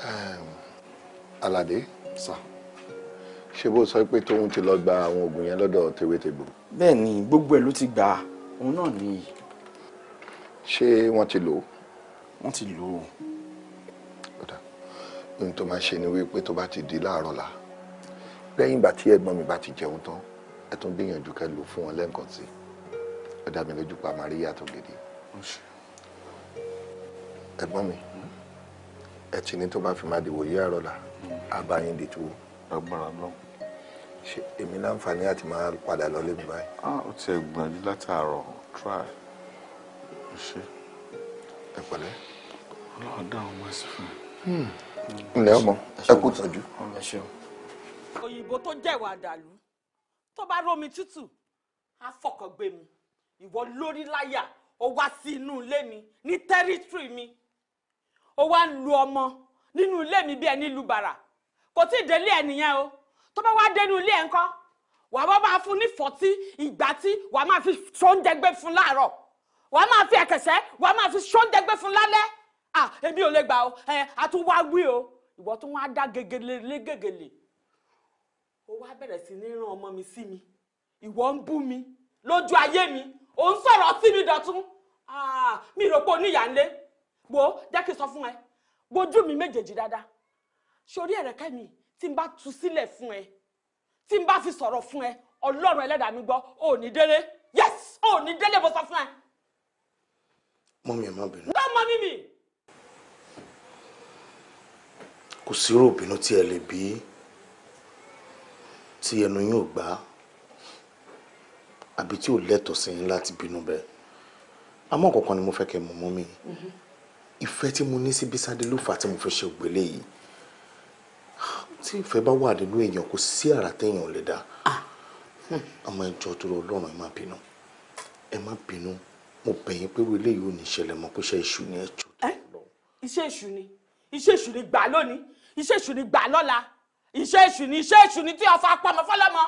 ehm, aládé sà ṣé bó sọ pé tóun ti lọ gba àwọn oògùn yẹn lọ́dọ̀ tewétegbò. bẹ́ẹ̀ ni gbogbo ẹ̀ ló ti gbà òun náà nìyí. ṣé wọ́n ti lò ó. wọ́n ti lò ó. ohun tó máa ṣe ni wípé tó bá ti di láàárọ̀ la lẹ́yìn ìgbà tí ẹ̀gbọ́n mi bá ti jẹun tán ẹ tún gbìyànjú kẹ́ lò fún wọn lẹ́ǹkan sí ó dá mi lójú pa màrí yàtọ̀ gidi. ẹ̀gbọ́n mi ẹ ti ní tó bá fi máa dìwòye àrọ́là àbáyín dìtú. agbára náà ṣe èmi láǹfààní àti máa padà lọlé mi báyìí. ah ó ti ẹ̀ gbìyànjú látàárọ̀ try ó ṣe. ẹ pẹ̀lẹ́. ọlọ́run dá àwọn ọmọ ẹ̀sìn fún mi. Hmm. ǹlẹ́ ọmọ ẹ kú tọ́jú. òyìnbó tó jẹ́ ìwà àdàlú tó bá romi tútù á fọkàngbé mu ìwọ lórí láyà ó wá sí inú ilé mi ní tẹ́rítírì mi ó wá ń lu ọmọ nínú ilé mi bí ẹni lu bàrà kò tí ì délé ẹnìyẹn o tó bá wá dénú ilé ẹ̀ ńkọ́ wàá bá máa fún ní fọ̀tí ìgbà tí wàá máa fi ṣóúnjẹgbé fún láàárọ̀ wàá máa fi ẹ̀kẹ̀sẹ̀ wàá máa fi ṣóúnjẹgbé fún lálẹ́ à èmi ò lè gbà o ẹ̀ àtúwá wí o ìwọ tún wá dá gègèlè lé gègèlè ó wá bẹ̀rẹ̀ sí ní rán ọmọ mi sí mi ìwọ ń bú mi lójú ayé mi ò ń sọ̀rọ̀ sí mi dọ̀tún ah, mi rò pé oníyà ń lé wo jẹ́ kí n sọ fún ẹ gbójú mi méjèèjì dáadáa sórí ẹ̀rẹ̀kẹ́ mi tí n bá tú sílẹ̀ fún ẹ tí n bá fi sọ̀rọ̀ fún ẹ ọlọ́run ẹlẹ́dàá mi gbọ́ ò ní délé yes ò ní délé mo sọ fún ẹ. mọ́mí ẹ̀ má bínú. lọ́ mọ́ mímì. kò sí irú òbínú tí ẹ lè bí tí ẹnu yín ò gbà àbí tí ò lẹ́tọ̀ọ́ sí yín láti bínú bẹ́ẹ̀ àmọ́ kọ̀ọ̀kan ni mo fẹ́ kẹ́ mọ̀ mọ́ mi ìfẹ́ tí mo ní sí Bísádé ló fà á tí mo fẹ́ ṣe ògbélé yìí tí ìfẹ́ bá wà nínú èèyàn kò sí àrà téèyàn lè dá ah. àmọ́ ẹ jọ̀ọ́ torí Ọlọ́run má bínú ẹ má bínú mo bẹ̀ pé wọlé yìí ò ní ṣẹlẹ̀ mọ́ pé iṣẹ́ èṣù ni ẹ jọ̀ọ́. Eh? iṣẹ́ èṣù ni iṣẹ́ èṣù ni gbà lónìí iṣẹ́ èṣù ni gbà lọ́la iṣẹ́ èṣù ni iṣẹ́ èṣù ni tí a fa pamọ́ fọlọ́mọ.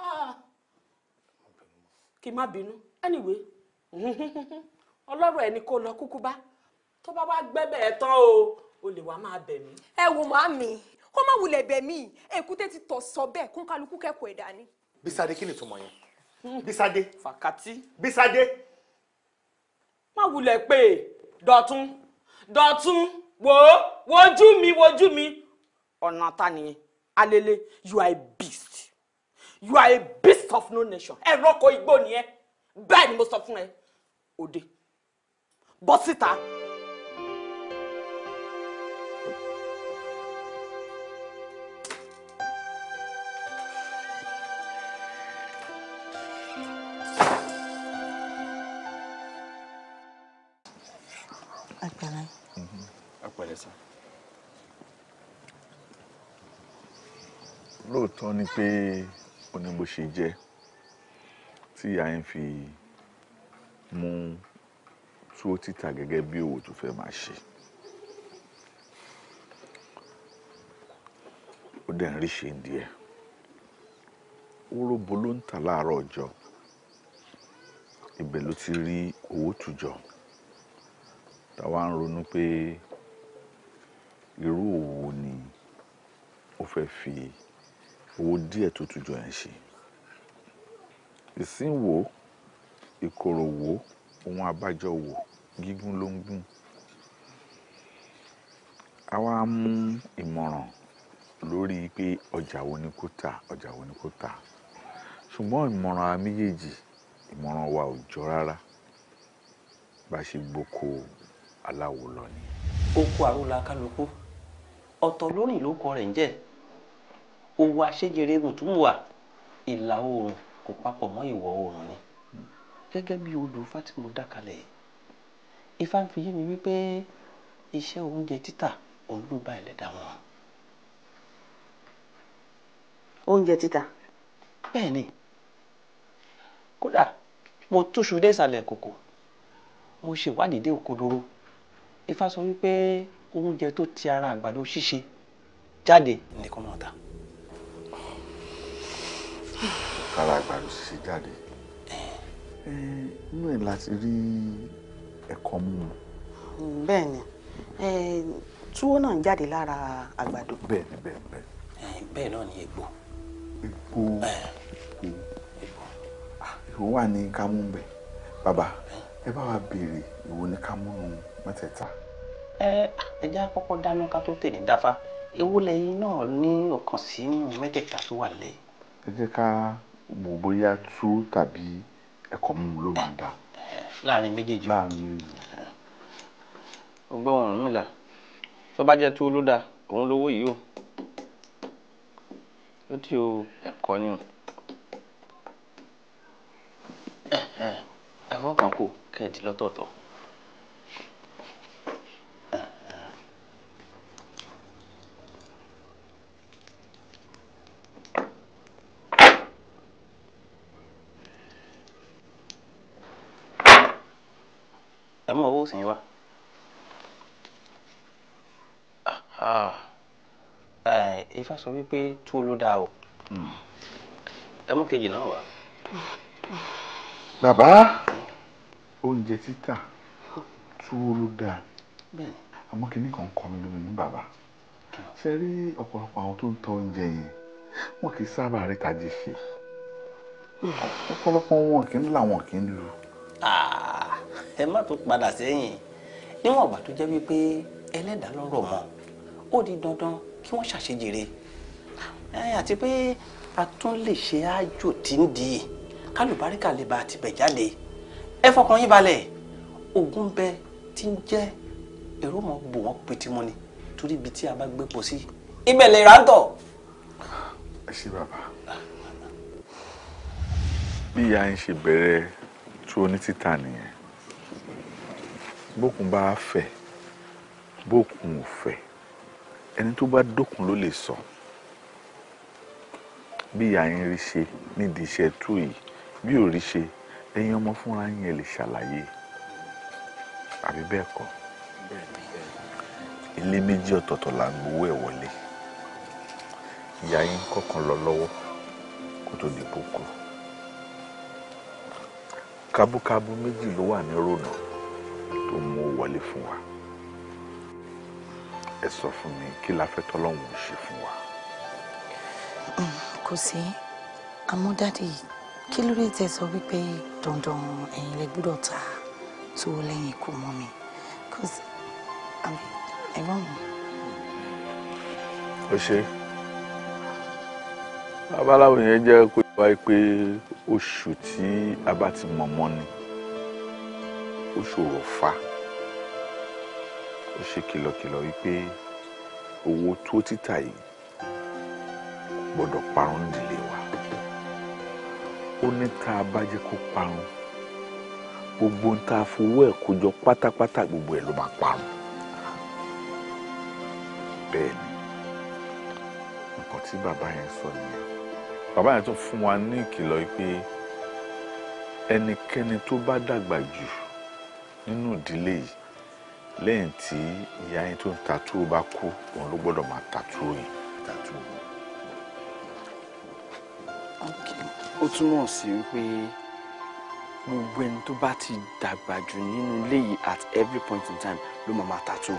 Ah. kí n má bínú anyway ọlọ́rọ̀ ẹni kò lọ kúkú bá tó bá wá gbẹ́bẹ̀ ẹ̀ tán o o lè wá máa bẹ̀ mí. ẹ wò màámi kó má wulẹ̀ bẹ̀ mí èkúté ti tọ̀ sọ bẹ́ẹ̀ kó kálukú kẹ́kọ̀ọ́ ẹ̀ dání. Bísádé kí ni ìtumọ̀ yẹn Bísádé. fàkàtì. Bísádé. má wulẹ̀ pé dọ̀tún dọ̀tún wò wojú mi wojú mi ọ̀nà ta nìyẹn alele you are a beast you are a beast of no nation ẹranko igbó nìyẹn bẹ́ẹ̀ ni mo sọ fún ẹ òde bọ́ síta pé ó ní bó ṣe jẹ́ tí ìyá yẹn fi mú tuwo títà gẹ́gẹ́ bí òwò tó fẹ́ máa ṣe. ó dẹ̀ ń rí ṣe díẹ̀ wóróbo ló ń tà láàárọ̀ ọjọ́ ibẹ̀ ló ti rí owó tùjọ táwa ń ronú pé irú òwò ni ó fẹ́ fi owó díẹ̀ tó tún jọ yẹn ṣe ìsín wo ìkorò wo ohun abájọ wo gígùn ló ń gùn a wá mú ìmọ̀ràn lórí pé ọjà wo ni kó tà ọjà wo ni kó tà ṣùgbọ́n ìmọ̀ràn àwọn méjèèjì ìmọ̀ràn wa ò jọ rárá bá ṣe gboko aláwo lọ ni. oko àrùn la kálukú ọ̀tọ̀ lórìn lóko rẹ̀ ń jẹ́ owó aṣẹ́jẹrẹ rùtúmùwà ìlà oòrùn kò papọ̀ mọ́ ìwọ̀ oòrùn ni gẹ́gẹ́ bí odò Ifá tí mo dá kalẹ̀ Ifá ń fi yé mi wípé iṣẹ́ oúnjẹ títà òun ló bá ẹlẹ́dà wọn. oúnjẹ títà. bẹ́ẹ̀ ni kódà mo túṣu dé ìsàlẹ̀ kòkò mo ṣèwádìí dé òkodoro Ifá sọ wípé oúnjẹ tó ti ara àgbàdo ṣíṣe jáde nìkan mọ̀ta kára àgbàdo ṣiṣẹ jáde inú ẹ̀ láti rí ẹ̀kọ́ mú mu. bẹ́ẹ̀ ni túwó náà ń jáde lára àgbàdo. bẹ́ẹ̀ ni bẹ́ẹ̀ bẹ́ẹ̀. bẹ́ẹ̀ náà ni egbò. egbò egbò ìwọ ah, wà ní kámú bẹ bàbá ẹ bá wa béèrè ìwọ ní kámú nù mẹ́tẹ̀ẹ̀ta. ẹ ẹja kọ́kọ́ dáná ká tó tèmi dáfá ewu lẹ́yìn náà ní ọkàn sí mẹ́tẹ̀ẹ̀ta tó wà lẹ́yìn ẹ jẹ́ ká wò bóyá tú tàbí ẹ̀kọ́ mú ló máa dà. láàrin méjèèjì láàrin méjèèjì. ọgbọ́n ọ̀run mi là tó bá jẹ́ tú ló dáa òun lówó yìí o ó ti o ẹ̀kọ́ ni o. ẹ̀fọ́ kan kò kẹ́ẹ̀dì lọ́tọ̀ọ̀tọ̀. mú ọwọ́ òsì yín wá. Ah, ah, eh, ifá sọ wípé tú ló dáa o hmm. ẹ mú kejì náà wá. bàbá oúnjẹ títà tú ló dáa àmọ́ kìíní kan kọ́ mi lómi ní bàbá ṣe rí ọ̀pọ̀lọpọ̀ àwọn tó ń tọ́ oúnjẹ yìí wọn kì í sábà rí tàjé ṣe hmm. ọ̀pọ̀lọpọ̀ wọn kì í là wọn kì í lu. Ah ẹ má tó padà sẹ́yìn níwọ̀n ìgbà tó jẹ́ wípé ẹlẹ́dàá lọ́rọ̀ mọ́ ó di dandan kí wọ́n ṣàṣejèrè àti pé a tún lè ṣe ájò tí ń di kálùbáríkà lè ba àtibẹ̀ jáde ẹ fọkàn yín balẹ̀ ogun bẹ tí ń jẹ́ èrò mọ́ bò wọ́n petimu ni torí ibi tí a bá gbé pọ̀ sí ibẹ̀ lè rántọ̀. ẹ ṣe bàbá bí ìyá ń ṣe bẹ̀rẹ̀ tó ní nìyẹn bókun bá fẹ̀ bókun ò fẹ̀ ẹni tó bá dókun ló lè sọ bí ìyá yín rí ṣe nídìí iṣẹ́ tú yìí bí ò rí ṣe ẹ̀yin ọmọ fúnra yín ẹ lè ṣàlàyé àbí bẹ́ẹ̀ kọ́ ilé méjì ọ̀tọ̀ọ̀tọ̀ là ń gbowó ẹ̀ wọlé ìyá yín lọ lọ́wọ́ kó tó dìbò kù kábúkábú méjì ló wà ní rònà tó mú owó wọlé fún wa ẹ sọ fún mi kí la fẹ́ tọ́lọ́hún ò ṣe fún wa. Um, kò sí àmọ́ dáàdi kí ló dé tẹ sọ wípé dandan ẹ̀yin lè gbọ́dọ̀ ta tó lẹ́yìn ikú mọ́ mi cause àbí ẹ̀gbọ́n mi. ó ṣe babaláwo yẹn jẹ́ kó wáyé pé oṣù tí a bá ti mọ̀ mọ́ ni ó ṣòro fa ó ṣe kìlọ̀kìlọ̀ wípé owó tó títà yìí gbọ́dọ̀ parun nídìlé wa ó ní tá a bá jẹ́ kó parun gbogbo ohun tá a fowó ẹ̀ kó jọ pátápátá gbogbo ẹ̀ ló máa parun bẹ́ẹ̀ ni nǹkan tí bàbá yẹn sọ nìyẹn bàbá yẹn tún fún wa ní ìkìlọ̀ pé ẹnikẹ́ni tó bá dàgbà jù nínú ìdílé yìí lẹ́yìn tí ìyá yín tó ń tatú bá kú òun ló gbọ́dọ̀ máa tatú yín tatú. ó túmọ̀ sí pé gbogbo ẹni tó bá ti dàgbà jù nínú ilé yìí at every point in time ló máa máa tatú.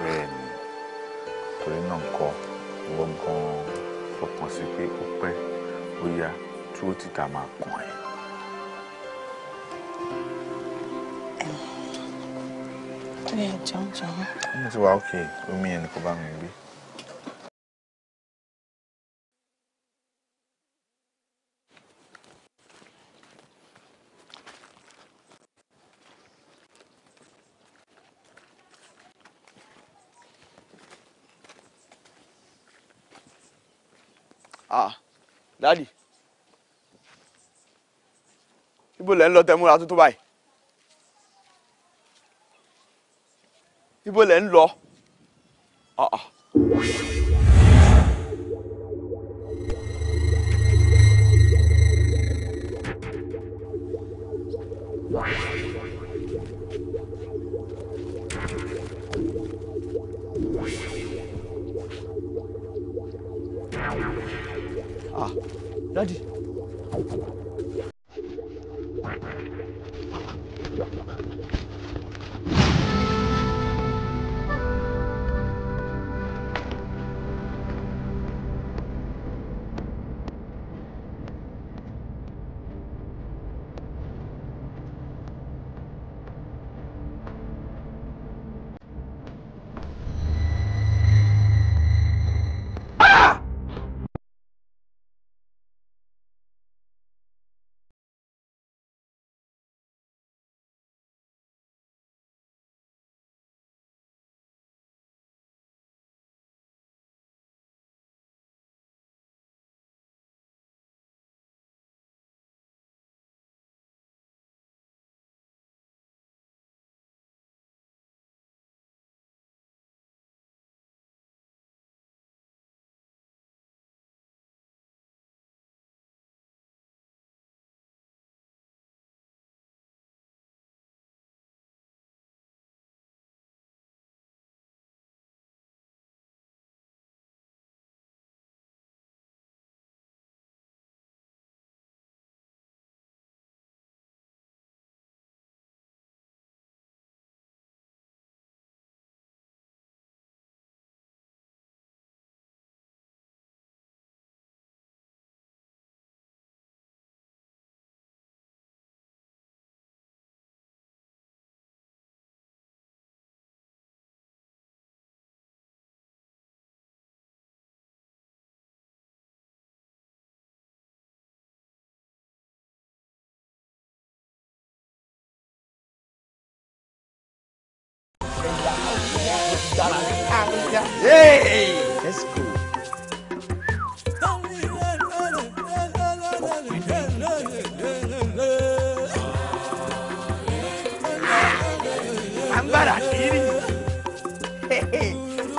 bẹ́ẹ̀ ni torí náà nǹkan wọ́n gan-an fọkàn sí pé ó pẹ́ ó yá tí ó ti ta máa pọ̀ ẹ́. ẹ jẹun jẹun. mo ti wà ókè omi yẹn ah Daddy, ibo lẹ ń lọ tẹ múra tó 你不能落。啊啊！啊，哪里？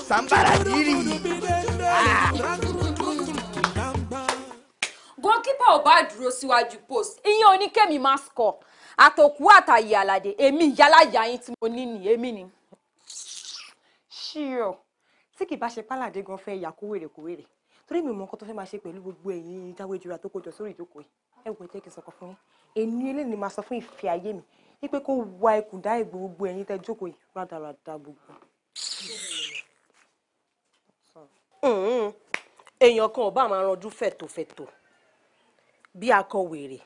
sàǹbàràdìrì. Ah. gòkípà ò bá dúró síwájú post ìyẹn oníkẹ́mi máa score àtòkú àtàyè àlàdé èmi ìyálàyà yín tí mo ní ni èmi ni. ṣíọ tí kì bá ṣe pálàdé gan fẹ́ yà kó wèrè kó wèrè torí mi mọ nǹkan tó fẹ́ máa ṣe pẹ̀lú gbogbo ẹ̀yin jáwéjura tó kójọ sórí ìjókòó ẹ wò jẹ́ kí n sọ̀kan fún yín èmi eléyìí ni máa sọ fún ìfẹ́ ayé mi wípé kó wa ikùn dá ìgbò gbogbo ẹ̀yin tẹ́ jókòó yìí rádaràda gbogbo. Mm-hmm. èèyàn kan ò bá máa ranjú fẹ̀tòfẹ̀tò bí akọ wèrè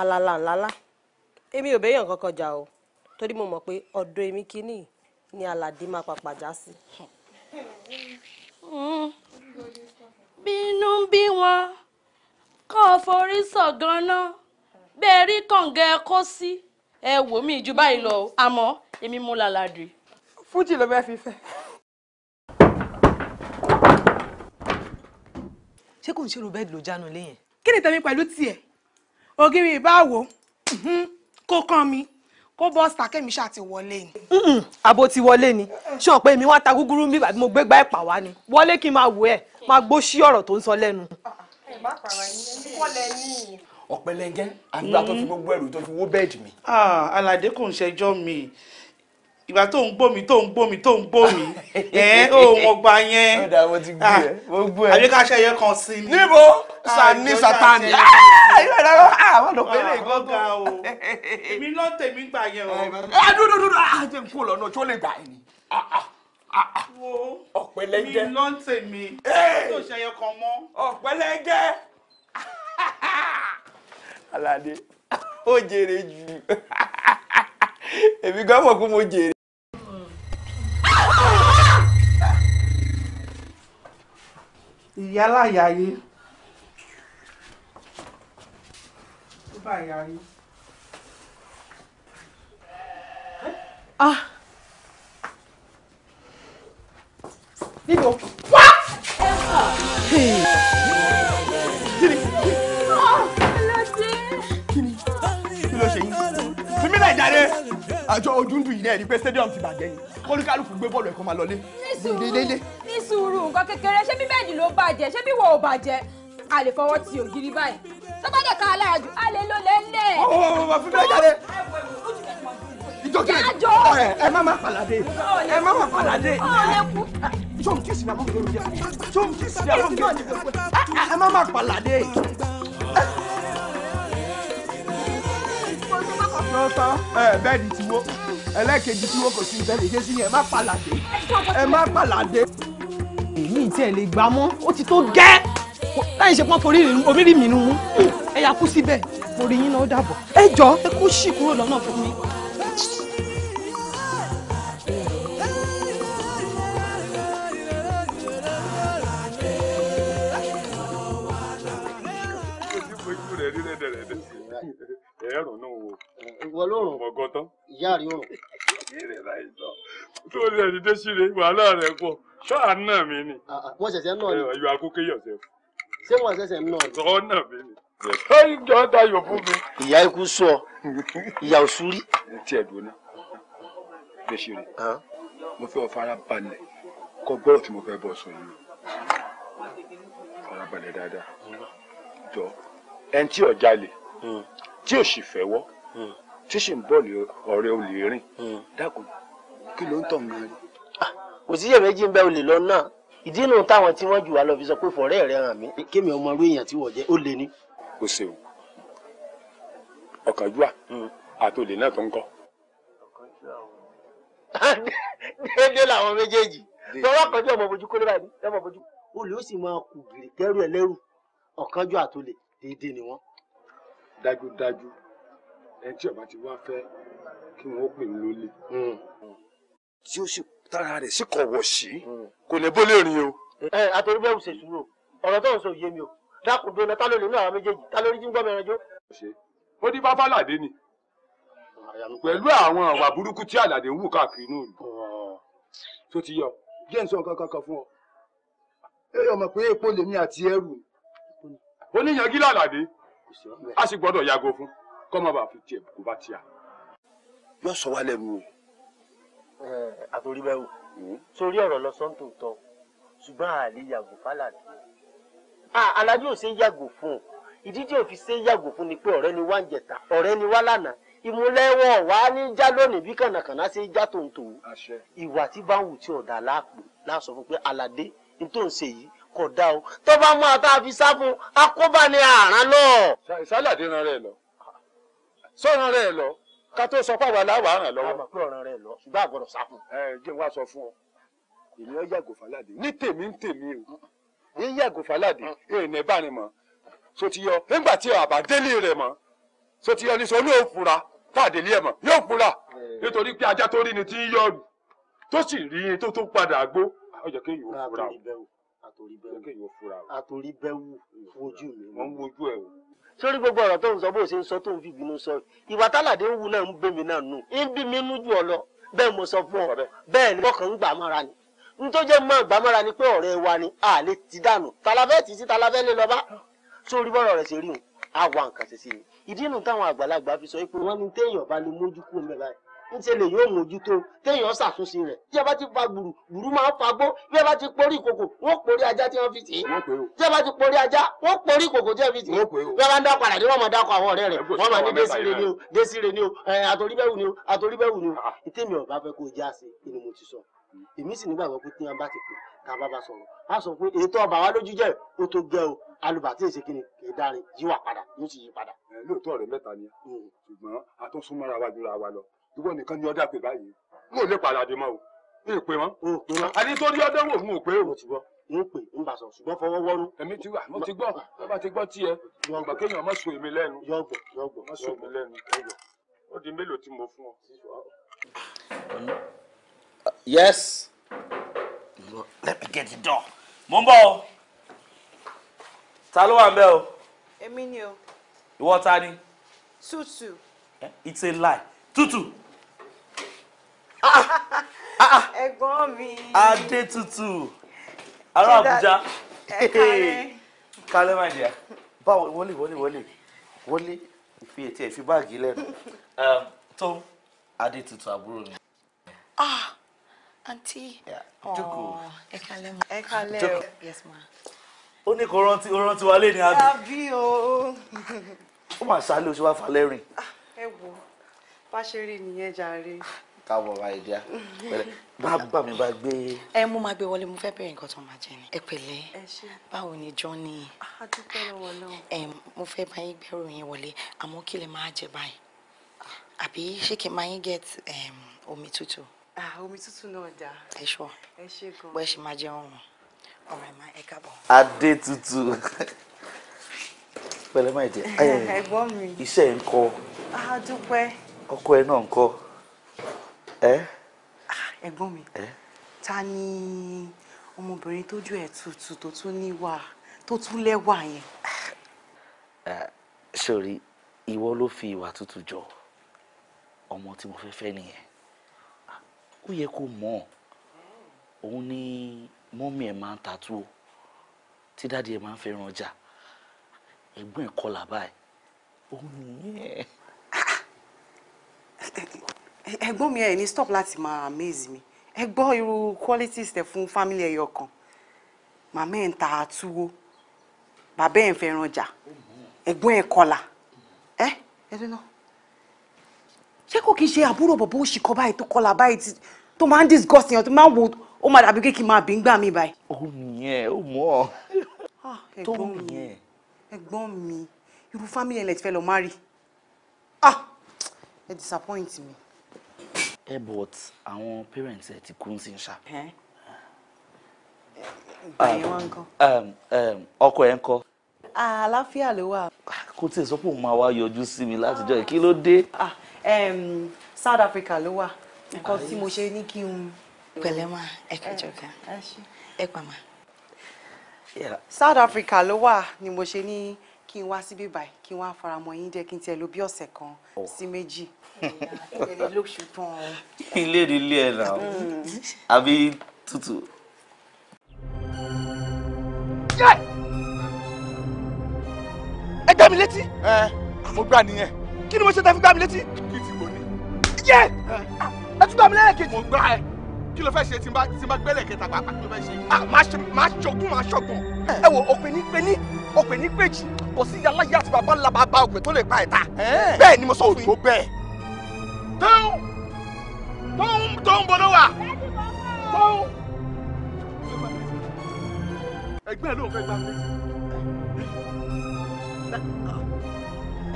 alala ńláńlá èmi ò béèyàn kankan jà o torí mo mọ̀ pé ọ̀dọ̀ èmi kínní ni aládé máa papà já sí. Mm-hmm. bínú bí wọn kọ́ forí sọ ganan bẹ́ẹ̀ rí kànga kó sí ẹ wò mí jù báyìí lọ àmọ́ èmi mú lálàdì. fújì ló bẹ́ẹ̀ fi fẹ́. ṣé kò ń ṣerú bẹ́ẹ̀ ló jánu léyìn. kí ni tèmi pẹ̀lú tiẹ̀ ògiri ìbáwo kó kàn mi kó bọ́ọ̀sì kẹ́mi ṣáà ti wọlé ni. àbò ti wọlé ni ṣé wọn pé èmi wá ta gúgúrú mi àbí mo gbé gbá ẹ̀pà wá ni wọlé kí n máa wò ẹ́ máa gbọ́ sí ọ̀rọ̀ tó ń sọ lẹ́nu. ọ̀pẹ̀lẹ̀ngẹ́ àgbà tó fi mm. gbogbo ẹrù tó fi wó bẹ́ẹ̀dì mi. Ah, aládé kò ń ṣẹjọ́ mi ìgbà tó ń gbómi tó ń gbómi tó ń gbómi ẹ ó wọn gba yẹn. ó dà mo ti gbé ah, ẹ mo gbé ẹ. àbí ká ṣe ẹyẹ kan sí ni. níbo sani ah, satani. Ah, ìwé ìdáwọ́ àwọn ọ̀dọ́ pẹ̀lẹ́ ìgbọ́ ga o èmi náà tèmi gbà yẹn o. ẹ eh, dúdú dúdú a jẹ nkú lọ náà tí ó lè gbà yín. ọ̀pẹ̀lẹ́jẹ́ mi náà tèmi tó eh! ṣe ẹyẹ kan mọ́. ọ̀pẹ̀lẹ́jẹ́ alade ó jèrè jù èmi gan mọ̀ pé mo jèrè. yálà yáyé tó bá yáyé. Ah. ah. Níbo? Wá! Kíni? Ah, Kíni? Kí ló ṣe yín? Fimi náà jáde. Àjọ ojú ń dùn yìí náà ẹni pé stadium ti bàjẹ́ ni. Kólúkálùkù gbé bọ́ọ̀lù ẹ̀kọ́ máa lọ lé. Lé lé lé sùúrù nǹkan kékeré ṣé bí bẹ́ẹ̀dì ló bàjẹ́ ṣé bí wọ́n ò bàjẹ́ a lè fọwọ́ ti ògiri báyìí tọ́gbọ́dẹ̀ ká alára a lè lò lẹ́lẹ̀. ọwọ́ ọwọ́ ọwọ́ fífẹ́ jáde ìjọkẹ́ ẹ má má pàlàdé ẹ má má pàlàdé ṣó ń kíìsì ní abọ́ yẹn ṣó ń kíìsì ní abọ́ yẹn ẹ má má pàlàdé. bẹ́ẹ̀ni tí wo ẹlẹ́kejì tí wo kò sí ìtẹ́lẹ̀ ìjẹ́sí ni ẹ má pàlàdé ẹ má pàlàdé tiẹ̀ lè gbà mọ́ ó ti tó gẹ́ láì ṣe pọ́n forí omírí mi nù ẹ yà kú síbẹ̀ mo yín náà ó dàbọ̀ ẹ jọ ẹ kú sí kúrò lọ́nà fún mi. ìyá rí òrùn. tó lẹ́ni dé síre wàhálà rẹ̀ pọ̀ ṣọ́ àná mi ni. wọ́n ah, ah, ṣẹ̀ṣẹ̀ náà ni. Eh, you are cooking yourself. ṣé wọ́n ṣẹ̀ṣẹ̀ náà ni. sọ náà mi ni. ẹyí jọ da yọ fún mi. ìyá ikú sọ ìyá òsúrí. tí ẹ dùn náà bẹ ṣe rè ah. mo fẹ́ ọ fara balẹ̀ kọ bọ́ọ̀lù tí mo fẹ́ bọ̀ sùn yìí fara balẹ̀ dáadáa jọ ẹni tí ò jalè hmm. tí ò sì fẹ́ wọ́ hmm. tí ó sì ń bọ́ọ̀lù ọ̀rẹ́ olè rìn hmm. dákun kí ló ń tọ̀ ń gan-an kò síyèméjì ń bẹ olè lọ náà ìdí inú táwọn tí wọ́n jù wá lọ fi sọ pé fọ̀rẹ́ rẹ hàn mí kémi ọmọ orí èèyàn tí wọ́n jẹ́ ó lé ní. o ṣeun ọ̀kánjúwà hmm. àtòlè náà tó ń kọ́. déédéé làwọn méjèèjì tọwọ́ kan tí ọmọ bojú kó lébàá ní ọmọ bojú. olè ó sì máa kù kẹrù ẹ lẹ́rù ọ̀kánjúwà àtòlè déédéé ni wọ́n. dájúdájú ẹni tí ọba ti wá fẹ́ kí wọ́n pè ní lólè. Hmm. tí ó sì kú tára rẹ̀ sì kọ̀ wọ̀ sí mm. kò ní bó lè o. ẹ àtẹ̀rí bẹ́ẹ̀ ṣe sùúrù ọ̀rọ̀ tó ń sọ yé mi o dákun dóná tá ló lè nú àwọn méjèèjì tá lórí jíǹgbọ́ mẹ́rin jó. ó di bá fàlàdé ni pẹ̀lú àwọn àwà burúkú tí àlàdé ń wù káàkiri náà ni tó ti yọ jẹ́ nsọ nǹkan kankan fún ọ ẹ ọmọ pé epo lèmi àti ẹrù oníyangí làlàdé a sì gbọ́dọ̀ yàgò fún kọ́mọba fi tiẹ̀ kó bá tiẹ̀. yóò sọ wá lẹ́nu o. Eh, àtòríbẹ̀wò hmm. sórí ọ̀rọ̀ lọ sọ́ńtò tọ́ ṣùgbọ́n àlè yàgò fálàdì aládé ò ṣe é yàgò fún un ìdí tí ò fi ṣe é yàgò fún ni pé ọ̀rẹ́ ni wá ń jẹ̀ta ọ̀rẹ́ ni wá lánàá ìmúlẹ́wọ̀n wá ní já lónìí bí kànàkànà ṣe já tòǹtò ìwà tí bá ń wù tí ọ̀dà láàpò láàsọ fún pé aládé ní tó ń ṣe yìí kò dá o tó bá mú ata fi sá fún akóbá ni àrán lọ. ìsálàdé ran rẹ lọ sọ́ran rẹ lọ ká tó sọ pàwọn aláwọ̀ àràn lọ́wọ́. àmọ́ pé ọ̀ràn rẹ̀ lọ ṣùgbọ́n àgọ́dọ̀ sáfù. ẹ jẹ́ wá sọ fún ọ èmi ọ yàgò fàlàdé ní tèmi ń tèmi o mm. ní yàgò fàlàdé èèyàn mm. ẹ bá rin mọ so ti yọ nígbà tí àbá délé rẹ mọ so ti yọ ní sọ ní òfura tá àdélé ẹ mọ yóò fura eh. nítorí pé ajá tó rí ni ti ń yọrù tó sì rí ni tó tó padà gbó ọjọ́ kéèyàn òfura o àtòrí bẹ́wù àtòrí bẹ́wù wojú mi. wọ́n ń wojú ẹ̀ wò. sórí gbogbo ọ̀rọ̀ tó ń sọ bó ṣe ń sọ tó ń fi ìbínú sọ ìwà tálàdé ń wu náà ń bèmí náà nù ń bí mi nú jù ọ lọ bẹ́ẹ̀ mo sọ fún ọ bẹ́ẹ̀ ni bọ́kàn ń gbà mọ́ra ni n tó jẹ́ mọ́ ìgbàmọ́ra ni pé ọ̀rẹ́ wa ni a lè ti dànù talafẹ́ ti sí talafẹ́ lè lọ bá sórí bọ́rọ̀ rẹ̀ ṣe rí hùn á wà nǹkan ṣe sí ni ìdí nù táwọn àgbàlagbà fi sọ pé wọ́n ní téèyàn bá lè mójú kúrò mẹ́ta yìí ńṣe lè yóò mójútó téèyàn ṣàtúnṣe rẹ̀ tí a bá ti fa gbùrù gbùrù máa ń fagbó bí a bá ti porí ìkòkò wọ́n porí ajá tí wọ́n fi tì í tí a bá ti porí ajá wọ́n porí ìkòkò tí wọ́n fi tì í bí a bá ń dákọ̀ àlàdé wọ́n máa dákọ̀ àwọn ọ̀rẹ́ rẹ̀ wọ́n máa ní désìrè ni o désìrè ni o àtòríbẹ̀wù ni o àtòríbẹ̀wù ni o ah. ìtẹ́mi ọ̀bá fẹ́ kó já sí ni mo ti sọ èmi sì nígbàgbọ́ pé tí wọ́n bá ti pè ká bá ba sọ̀rọ̀ a sọ pé ètò ọba wa lójú jẹ́ o tó gẹ o alùbàtí èsì kìíní kì í dárin yíwà padà yóò sì yí padà. lóòótọ́ ọ̀rẹ́ mẹ́ta ni hmm. ṣùgbọ́n a wa jùlọ àwa lọ ìwọ nìkan ni ọdá pè báyìí n ò lè paradì mọ́ o n ò pè wọn. n ò pè wọn. àti torí ọdẹ wò fún òpè o. mo ti gbọ́ n ò pè n bà sọ ṣùgbọ́n fọwọ́ wọ́rú. èmi ti wà mo ti gbọ́ tó bá ti gbọ́ tiẹ̀ yọgbọ̀ kéèyàn má so èmi lẹ́nu. yọgbọ̀ yọgbọ̀ má so èmi lẹ́nu. ó di mélòó tí mo fún ọ. yes let me get the door. mo ń bọ̀ o ta ló wà ń o. èmi ni o. ìwọ ta ni. tútù. Eh, it's a lie Tutu ẹ̀gbọ́n mi. Adétutù ará Àbújá kálẹ̀ máa jẹ́ báwo wọlé wọlé wọlé wọlé ìfi ètí ẹ̀ fi báàgì lẹ́nu um, tó Adétutù àbúrò mi. àǹtí ah, jókòó oh, ẹ kálẹ̀ mọ́ ẹ kálẹ̀ o yes ma. ó ní kó rántí ó rántí wa lé ní adùn. àbí o. ó mà sálé oṣù wa falẹ́ rìn. Ah, ẹ wo bá ṣe rí nìyẹn jàre káàbọ̀ máa dí a pẹ̀lẹ́ má bà mí bá gbé. ẹ mú máa gbé wọlé mo fẹ́ bẹ̀rẹ̀ nǹkan tó máa jẹ ni. ẹ pẹ̀lẹ́ báwo ni johnny. a dúpẹ́ lọ́wọ́ náà. ẹ mo fẹ́ bá yín gbẹ́rù yín wọlé àmọ́ kí lè máa jẹ báyìí àbí ṣé kí n máa yín get omi tútù. omi tútù náà dá. ẹ ṣọ ẹ ṣe gan. bọ́ ẹ ṣe máa jẹ ọrùn ọ̀rọ̀ ẹ̀ máa ẹ káàbọ̀. adé tútù pẹ̀lẹ́ máa jẹ. ẹ̀gbọ́n mi. iṣẹ́ ń kọ. ọkọ ẹ náà ń kọ. Ah, ẹ̀gbọ́n mi ta ni ọmọbìnrin tójú ẹ̀ tutù tó tún níwà tó tún lẹ́wà yẹn. Ah, sori ìwọ ló fi ìwà tútù jọ ọmọ tí mo fẹ́ fẹ́ nìyẹn ah, ó yẹ kó mọ̀ òun ni mọ́mí ẹ̀ máa ń tatú o tí dáàdi ẹ̀ máa ń fẹ́ràn ọjà ẹ̀gbọ́n ẹ̀ kọlà báyìí òun nìyẹn ẹ̀gbọ́n mi ẹ̀ ní stop láti máa amaze mi ẹ gbọ́ irú qualities tẹ fún family ẹyọ kan màmá ẹ̀ ń ta àtúwó bàbá ẹ̀ ń fẹ́ràn ọjà ẹ̀gbọ́n ẹ̀ kọlà ẹ ẹ dúná ṣé kò kí n ṣe àbúrò bọ̀bọ̀ ó ṣì kọ́ báyìí tó kọlà báyìí tó máa ń disgust yẹn tó máa ń wo ó máa dàbí kéèkì máa bí ń gbà mí báyìí. ó nìyẹn ó mú ọ ah, tó nìyẹn. ẹ̀gbọ́n mi irú family ẹ̀ lẹ ti fẹ́ lọ marry ah ẹ disappoint mi ẹ but àwọn parents ẹ ti kú sí ṣá. Ah, um, um, ọkọ ẹ ń kọ. Ah, àlàáfíà ló wà. kò tiẹ̀ sọ pé òun máa wá yọjú sí mi látijọ́ kí ló dé. Ah, um, South Africa ló wà nǹkan tí mo ṣe ní kí n. pẹ̀lẹ́ máa ẹ kẹjọ kan ẹ pa máa. South Africa ló wà ni mo ṣe ní. Ni kí n wá síbí báyìí kí n wá faramọ́ yín jẹ́ kí n tiẹ̀ lò bí ọ̀sẹ̀ kan oh. sí méjì ìyẹn lóṣù tán. ilé ni ilé ẹ̀ náà hmm. àbí tútù. ẹ gbá mi létí. ẹ mo gbá nìyẹn. kí ni mo ṣe ta fi gbá mi létí. kí ti kò ní. yẹ ẹ tún gbá mi lẹ́ẹ̀kejì. mo gbá ẹ kí ló fẹ́ ṣe tí n bá gbẹ́lẹ̀ kẹta pàápàá kí ló fẹ́ ṣe. Ah, máa ṣọgbọ́n máa ṣọgbọ́n. ẹ wo òpin ní pe ní ọ̀pẹ ní péjì kò sí aláyé àti bàbá ńlá bàbá ọ̀pẹ tó lè pa ẹ̀ta bẹ́ẹ̀ ni mo sọ fún yín. tóun tóun tóun bọ́ wà. tóun. ẹgbẹ́ ló ń fẹ́ gbà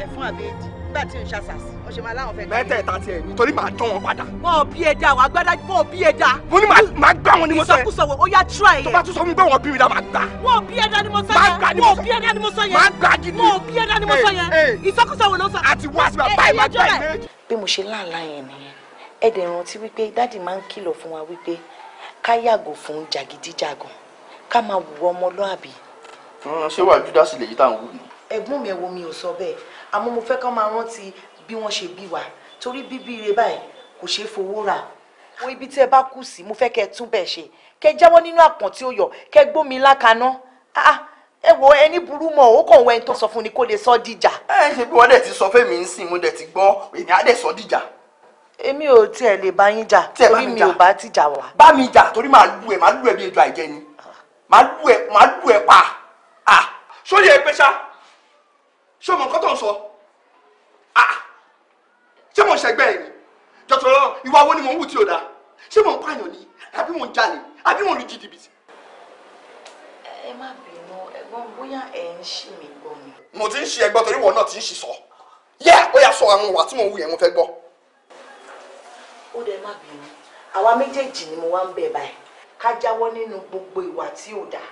ẹ fún àbẹ́ẹ̀dì nígbà tí n ṣàṣàṣì ó ṣe máa láwọn fẹ́. mẹ́tẹ̀ẹ̀ta tiẹ̀ nítorí màá dán wọn padà. mọ bí ẹ da àwọn agbádá mọ bí ẹ da. mo ní màá gbá wọn ni mo sọ yẹn. ìsọkúsọ wo ó yá try yẹn. tó bá tún sọ fún mi pé wọn bí mi dá màá gbà. mọ bí ẹ da ni mo sọ yẹn. mọ bí ẹ da ni mo sọ yẹn. màá gbà gidi. mọ bí ẹ da ni mo sọ yẹn. ìsọkúsọ wo ló sọ. àti wá sí bàbá ìmọ̀ gbà yẹn. bí mo ṣe láàlá yẹn nìyẹn ẹ dẹ̀ rántí wípé dáàdì máa ń kìlọ̀ fún wa wípé ká yàgò fún jàgídíjàgàn ká máa wù ọmọlúàbí. ṣé wàá júdásì lèyí tá à ń wù ní. ẹ̀gbọ́n mi ẹ̀ wo mi ò sọ bẹ́ẹ̀ àmọ́ mo fẹ́ kán máa rántí bí wọ́n ṣe bí wa torí bíbí ire báyìí kò ṣeé fowó rà wo ibi tí ẹ bá kù sí mo fẹ́ kẹ́ ẹ tún bẹ̀ ṣe kẹ́ ẹ jáwọ́ nínú àpọ̀n tí ó yọ kẹ́ ẹ gbómi lákaná ah, ah, ẹ wo ẹni burú mọ ó kàn wọ ẹni tó sọ fún ni kó lè sọ dìjà. ẹ ṣe bí wọn dẹ ti sọ fẹmi ń sìn mo dẹ ti gbọ́ èmi á dẹ sọ dìjà. èmi ò tiẹ̀ lè bá yín jà torí mi ò bá ti jà wá. bá mi jà torí màá lù ẹ màá lù ẹ bí ejò àìjẹni màá lù ẹ màá lù ẹ pa à sórí ẹ pé ṣé o mọ nǹkan tó ń sọ ah! ṣé mo ṣẹgbẹ́ ẹ̀ ni jọ̀tọ̀ lọ́rọ̀ ìwà wo ni mò ń wù tí o dá ṣé mo ń pààyàn ni àbí mo ń jalè àbí mo ń lu jìdìbìtì. ẹ má bínú ẹ̀gbọ́n bóyá ẹ ń ṣì mí gbọ́ ni. mo ti ń ṣe ẹgbọ́n torí wọn náà ti ń ṣì sọ yẹ ó yà sọ àwọn ìwà tí mo ń wù yẹn mo fẹ́ gbọ́. ó dẹ má bínú àwa méjèèjì ni mo wá ń bẹ̀ báyìí ká jáwọ́ nínú gbogbo ìwà tí ò dáa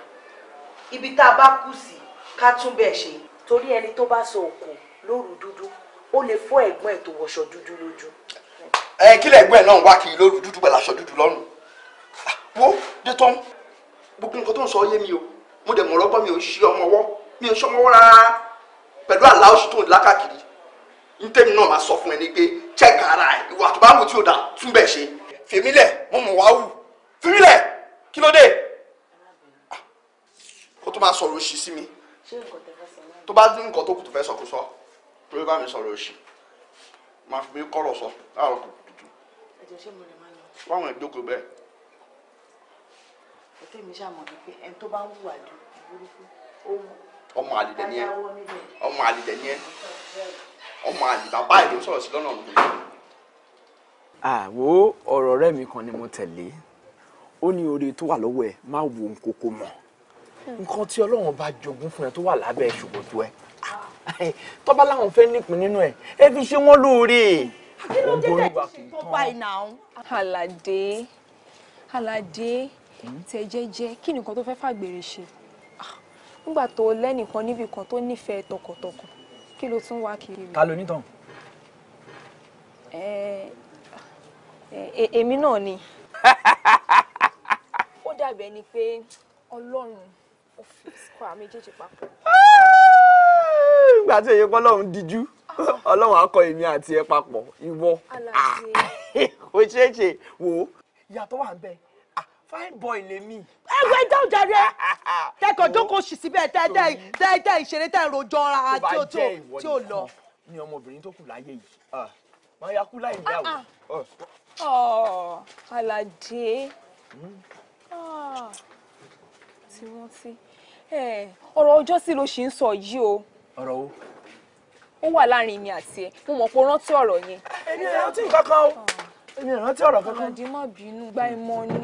ibi tá a bá kù sí ká tún bẹ́ẹ̀ ṣe torí ẹni tó bá sọ òkò lóru dúdú ó lè fọ́ ẹ̀gbọ́n ẹ̀ tó wọṣọ dúdú lójú. ẹ kí lẹ̀gbọ́n ẹ̀ náà wá kiri lóru dúdú pẹ̀lú aṣọ dúdú lọ́rùn wo dé tán gbogbo nǹkan tó ń sọ yé mi o mo dẹ̀ mọ̀ lọ́gbọ́n mi ò ṣe ọmọ ọwọ́ mi ò ṣe ọmọ ọwọ́ rárá pẹ̀lú àlá oṣù tó ń lákàkiri ntẹ́mi náà máa sọ fún ẹni pé chẹ́ẹ̀kì ara ẹ̀ ìwà tó bá wù tí ò dà tún bẹ̀ ṣe fèmílẹ̀ mo mọ̀ wá wù fèmílẹ̀ kí ló dé ah, ó tún máa sọ̀rọ̀ òṣì sí mi. ṣé nǹkan tẹ tó bá dín nǹkan tó kù tó fẹ́ sọ kó sọ tó bá mi sọ̀rọ̀ òṣì máa fi mi kọ̀rọ̀ sọ láàárọ̀ kò tutù. ẹ̀jọ̀ ṣé mo lè máa lọ. fáwọn ìjókòó bẹ́ẹ̀. ọ̀tẹ̀ mi ṣàmọ̀ ni pé ẹni tó bá ń hùwà ju burúkú ó wù. ọmọ àlìdẹ ni ẹ ọmọ àlìdẹ ni ẹ ọmọ àlìdẹ bàbá ìlú sọ̀rọ̀ sí lọ́nà òkùnkùn. àwo ọ̀rọ̀ ọ̀rẹ́ mi kan ni mo tẹ̀lé ó ní oore tó wà lọ́wọ́ ẹ̀ má wo nǹkan kó mọ̀ nǹkan tí ọlọ́run bá jogún fún ẹ tó wà lábẹ́ ṣòkòtò ẹ tọ́ba láwọn fẹ́ nípìn nínú ẹ ẹ fi ṣe wọ́n lóore. kí ló dé dẹ̀ ṣe tó báyìí náà. aládé aládé hmm? tẹ jẹ́jẹ́ kí nìkan tó fẹ́ fàgbèrè ṣe ah, nígbà tó lẹ́nìkan níbì kan tó nífẹ̀ẹ́ tọkàntọkàn kí ló tún wá kiri. ta ló nítàn. èmi náà ni ó dàbẹ̀ ni pé ọlọ́run kọ́ àmì jẹ́jì papọ̀. ìgbà tí èyí pọ́ díjú ọlọ́run á èmi àti ẹ papọ̀ ìwọ ó ah! ṣeé ṣe wò ó. ìyàtọ̀ wà ń ah, fine boy lèmi. ẹ wẹ dáhùn jáde kẹkọọ jókòó sì síbẹ̀ tẹ ìṣeré tẹ rojọ ara tí ó tí ó lọ. ni ọmọbìnrin tó kù láyé yìí ah, máa ya kú láì dáwọ. ọ Aládé ti rántí ọ̀rọ̀ ọjọ́ sí ló ṣì ń sọ yìí o. ọ̀rọ̀ wo. ó wà láàrin mi àti ẹ mo mọ̀ pé ó rántí ọ̀rọ̀ yẹn. èmi ò rántí kankan o èmi ò rántí ọ̀rọ̀ kankan. ọ̀rọ̀ dì má bínú gba ìmọ̀ ni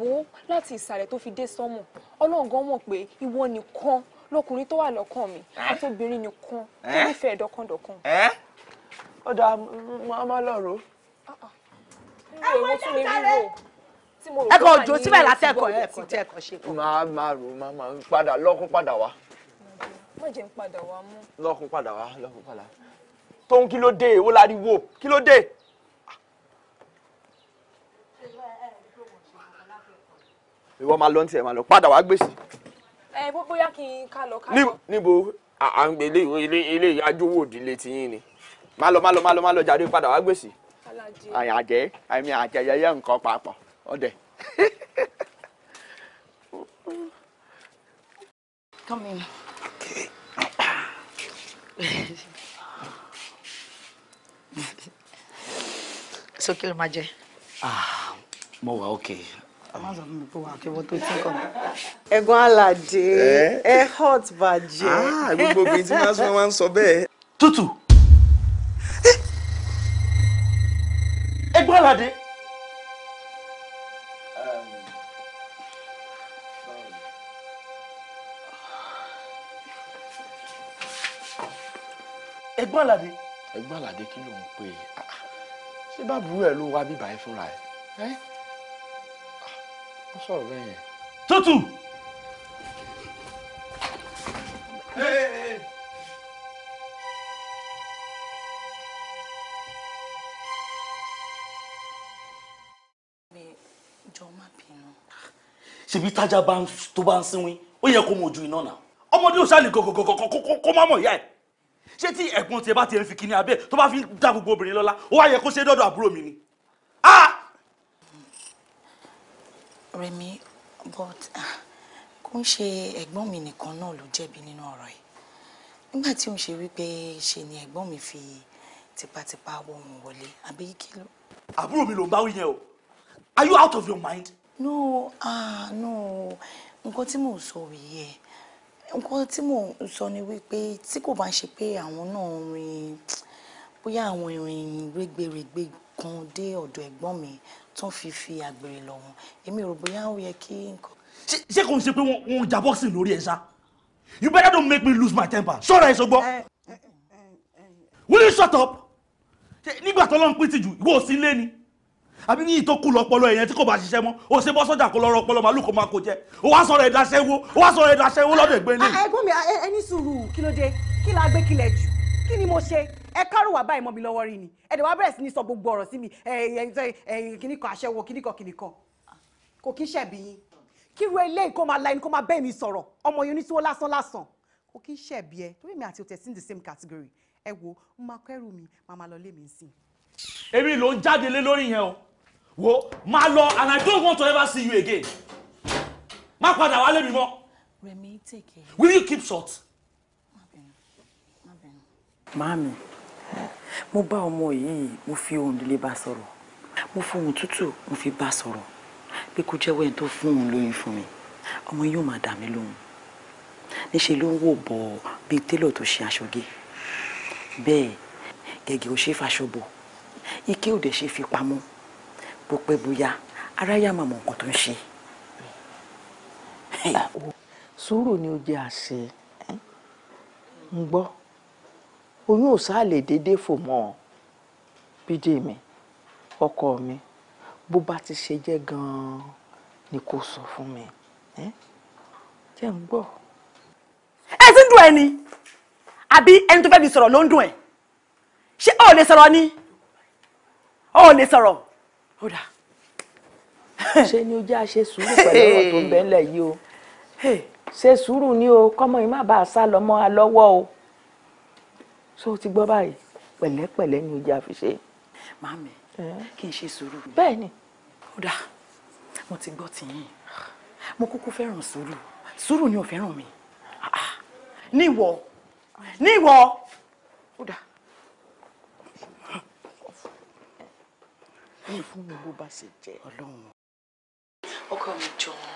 wo láti ìsàlẹ̀ tó fi dé sọ́mọ̀ ọlọ́run gan mọ̀ pé ìwọ nìkan lọkùnrin tó wà lọ́kàn mi àtòbìnrin nìkan tó nífẹ̀ẹ́ dọ́kàndọ́kàn. ọ̀dà máa má lọ rò. Ah, ah. ẹ wọ́n tún lè rí ẹ kàn jò síbẹ̀ láti ẹ̀kọ́ ẹ̀kọ́ tí ẹ̀kọ́ ṣe kọ́. máa máa rò máa máa padà lọ́kùn padà wá. má jẹ́ ń padà wá mú. lọ́kùn padà wá lọ́kùn padà. tóun kí ló dé èwo la rí wo kí ló dé. ìwọ máa lọ ní tiẹ̀ máa lọ padà wá gbèsè. ẹ bóyá kí n ká lọ ká lọ. níbo à ń gbé ilé ilé ìyájówó òdìlé tiyín ni má lọ má lọ má lọ jáde padà wá gbèsè. àyàjẹ àmì àjẹyẹyẹ nǹkan papọ̀ ọdẹ. Come in. Okay. so kí ló máa jẹ. Ah, mo wà ókè. má sọ fún mi pé wà á kéwọ́ ẹ̀gbọ́n aládé ẹ hot bàjẹ́. Ah, gbogbo obìnrin tí màá sọ máa ń sọ bẹ́ẹ̀. tútù. ẹ̀gbọ́n aládé. ẹ̀gbọ́n àlàdé. ẹ̀gbọ́n àlàdé kí ló ń pè é ah, ah. ṣé bàbúrò ẹ̀ ló wá bíbá ẹ fúnra ah, ẹ̀ wọ́n sọ̀rọ̀ bẹ́ẹ̀ yẹn. tútù. ṣebí tájà tó bá ń sinwin ó yẹ kó mọ ojú iná náà ọmọdé ò ṣáà lè gògògògò kó má mọ̀ ìyá ẹ̀ ṣé tí ẹ̀gbọ́n tiẹ̀ bá tiẹ̀ fi kíní abẹ́ tó bá fi ń dá gbogbo obìnrin lọ́lá ó wá yẹ kó ṣe dọ́dọ̀ àbúrò mi ni. Ah! Rẹ̀mí but ah, kò ń ṣe ẹ̀gbọ́n mi nìkan náà ló jẹ̀bi nínú ọ̀rọ̀ yìí nígbà tí òun ṣe wípé ṣe ni ẹ̀gbọ́n mi fi tipátipá wọ òun wọlé àbí kí ló. àbúrò mi ló ń bá wí o are you out of your mind. no ah no nǹkan tí mò ń sọ rèé nǹkan tí mò ń sọ ni wípé tí kò bá ń ṣe pé àwọn náà rin bóyá àwọn ìrìn rẹ́gbẹ̀rẹ́gbẹ kan dé ọ̀dọ̀ ẹ̀gbọ́n mi tó fi fi àgbèrè lọ èmi rò bóyá ó yẹ kí nǹkan. ṣé kò ń ṣe pé wọn ò já lórí ẹ ṣá you better don't make me lose my temper ṣọ́ra ẹ̀ ṣọgbọ́ will you shut up nígbà tó lọ́n pín tìjú ìwọ ò sí lé ni àbí ní ìtókù lọpọlọ ẹ̀yẹn tí kò bá ṣiṣẹ́ mọ́ o ṣe bọ́ sọ́jà kó lọ́rọ̀ ọpọlọ màálù kó máa kó jẹ o wá sọ̀rọ̀ ìdáṣẹ́wó o wá sọ̀rọ̀ ìdáṣẹ́wó lọ́dọ̀ ìgbé ilé. ẹ̀gbọ́n mi ẹni sùúrù kí ló dé kí la gbé kílẹ̀ jù kí ni mo ṣe ẹ kárò wà báyìí mọ́ mi lọ́wọ́ rí ni ẹ dẹ̀ wá bẹ̀rẹ̀ sí ní sọ gbogbo ọ̀rọ̀ sí mi kíníkan aṣẹ́wó kíníkan kíníkan kò kí ṣẹ̀bi yín kíru eléyìí kó máa la ẹni kó máa bẹ́ẹ̀ mi sọ̀rọ̀ ọmọ yìí oníṣòwò lásán kò kí ṣẹ̀bi ẹ torí mi àti òtẹ̀ sí in the same category ẹ wo mo máa kẹ́rù mi màá máa lọ lé mi sìn. èmi ló ń jáde lé lórí yẹn o wo máa lọ and i don't want to ever see you again má padà wálé mi mọ́. will you keep short. Mami, mo bá ọmọ yìí mo fi ohùn líle bá sọ̀rọ̀. Mo fohùn tútù mo fi bá sọ̀rọ̀. Pé kó jẹ́wọ́ ẹni tó fún òun lóyún fún mi. Ọmọ yóò máa dà mí lóhùn. Níṣẹ́ ló ń wò bọ̀ bíi télọ̀ tó ṣe aṣọ gé. Bẹ́ẹ̀ gẹ́gẹ́ ò ṣe é faṣọ bò. Ike ò dẹ̀ ṣe fi pamọ́ bó pẹ́ bóyá ara yà máa mọ nǹkan tó ń ṣe. sùúrù ni o jẹ́ àṣẹ ń gbọ́ oyún ò sáà lè déédéé fò mọ́ ọ bídè mi ọkọ mi bó bá ti ṣe jẹ́ gan-an ni kò sọ fún mi jẹ́ ń gbọ́. ẹ ti ń dùn ẹ ni àbí ẹni tó fẹ́ fi sọ̀rọ̀ ló ń dùn ẹ ṣé o ò lè sọ̀rọ̀ ni o ò lè sọ̀rọ̀ ó dà ṣe ni ó jẹ́ sùúrù pẹ̀lú ọ̀rọ̀ tó yìí o ṣe sùúrù ni o kọ́mọ yìí má bàa sá lọ mọ́ a lọ́wọ́ o ṣé o ti gbọ́ báyìí pẹ̀lẹ́pẹ̀lẹ́ ni ó jẹ́ àfiṣe. màámi kí n ṣe sùúrù. bẹ́ẹ̀ni. ó dà mo ti gbọ́ tìyín mo kúkú fẹ́ràn sùúrù sùúrù ni ò fẹ́ràn mi ah, ah. ní ìwọ ní ní fún mi bó bá ṣe jẹ́ ọlọ́run. ọkọ mi jọ̀ọ́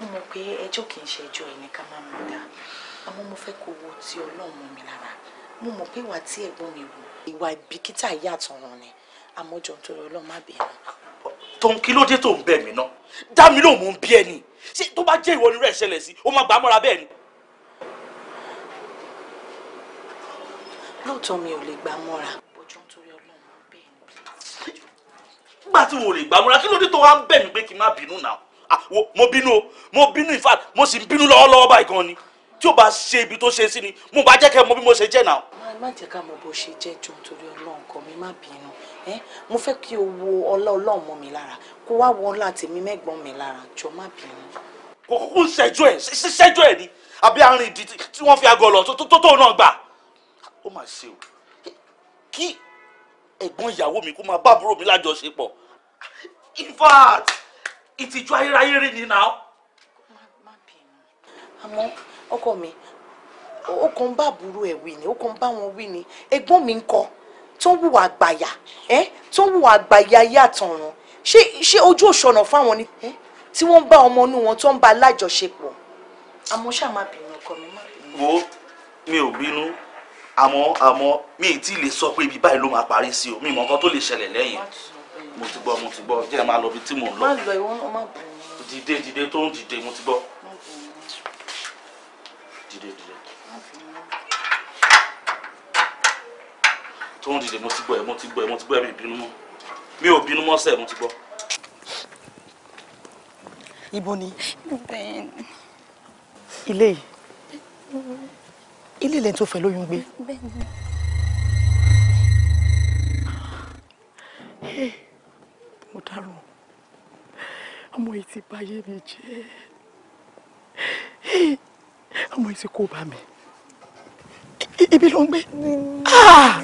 mo mọ̀ pé ẹjọ́ kì í ṣe ẹjọ́ ẹni ká má mú dá àmọ́ mo fẹ́ kó wo ti ọlọ́run mọ́ mi lára mo mọ̀ pé ìwà tí ẹ̀gbọ́n mi wù ìwà ìbìkítà yàtọ̀ wọn ni àmọ́jọ tó lọ ọlọ́run má bẹ̀rẹ̀. tó ń kí ló dé tó ń bẹ̀ mí náà dá mi lóun mò ń bí ẹni ṣé tó bá jẹ́ ni rẹ̀ ṣẹlẹ̀ sí ó má gbà á mọ́ra bẹ́ẹ̀ ni. lóòótọ́ mi ò lè gbà á mọ́ra bójú ń nígbà tí wò lè gbàmúra kí ló dé tó wá ń bẹ̀ mí pé kí n má bínú náà mo bínú o mo bínú in fact mo sì ń bínú lọ́wọ́lọ́wọ́ báyìí gan ni tí o bá ṣe ibi tó ṣe sí ni mo bá jẹ́ kẹ́ mọ bí mo ṣe jẹ́ náà. má jẹ́ ká mọ bó ṣe jẹ́ jọ nítorí ọlọ́run kan mi má bínú mo fẹ́ kí o wo ọlá ọlọ́run mọ́ mi lára kó wá wọ ọlá tèmi mẹ́gbọ́n mi lára jọ má bínú. kò kúkú ṣẹjọ ẹ ṣẹjọ ẹ ni àbí àárín ìdí tí wọ́n fi aago lọ tó tó náà gbà ó mà ṣe o kí ẹ̀gbọ́n ìyàwó mi kó máa bá àbúrò mi lájọṣepọ̀ in fact ìtìjú ayérayé rí ni náà. àmọ́ ọkọ mi ó kàn ń bá àbúrò ẹ̀ wí ni ó kàn ń bá wọn wí ni ẹ̀gbọ́n mi ń kọ́ tó ń wùwà àgbàyà ẹ́ tó ń wùwà àgbàyà ayé àtọ̀run ṣé ṣé ojú òṣùnà fáwọn ni tí wọ́n ń bá ọmọ inú wọn tó ń bá lájọṣepọ̀ àmọ́ ṣáà má bínú wo mi ò bínú àmọ́ àmọ́ mi ì tí ì lè sọ pé ibi báyìí o mi ì mọ nǹkan tó lè ṣẹlẹ̀ lẹ́yìn mo ti gbọ́ mo ti gbọ́ jẹ́ ẹ máa lọ bí tí mò ń lọ. má lọ ìwọ má bù mí. dìde dìde tó ń dìde mo ti gbọ́. dìde dìde. tó ń dìde mo ti gbọ́ ẹ mo ti gbọ́ ẹ mo ti gbọ́ ẹ mi bínú mọ́ mi ò bínú mọ́ sẹ́ẹ̀ mo ti gbọ́. ibo ni. ilé ilé ilẹ̀ tó fẹ́ lóyún gbé. Hey mo dárò ọmọ yìí ti báyé mi jẹ́ ọmọ yìí ti kó bá mi ibi ló ń gbé ah!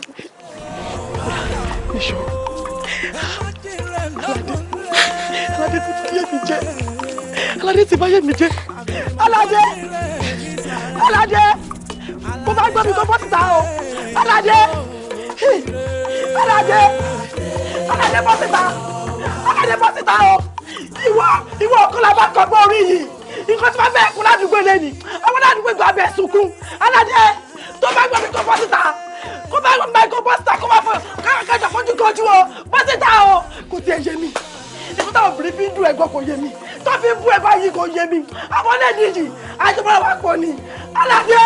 níṣó aládé aládé ti báyé mi jẹ́ aládé ti báyé mi jẹ́ aládé aládé mo máa gbọ́ mi tó bọ́ o aládé aládé aládé bọ́ ọ̀kadà bọ́ síta o ìwọ ìwọ ọkọ la bá kọgbọ́n orí yìí nǹkan tí wọ́n fẹ́ kú ládùúgbò lẹ́nu ọmọ ládùúgbò gbà bẹ̀ sunkún aládé tó bá gbọ́ mi kó bọ́ síta kó bá gbọ́ mi kó bọ́ síta kó bá fọ káàkiri fojú kojú o bọ́ síta o kò tiẹ̀ yé mi ìfún táwọn obìnrin fi ń dùn ẹ̀gbọ́n kò yé mi tó fi ń bú ẹ̀gbọ́n yìí kò yé mi àwọn ọ̀nà ìdíjì àjọpọ̀ làwọn kò ní aládé.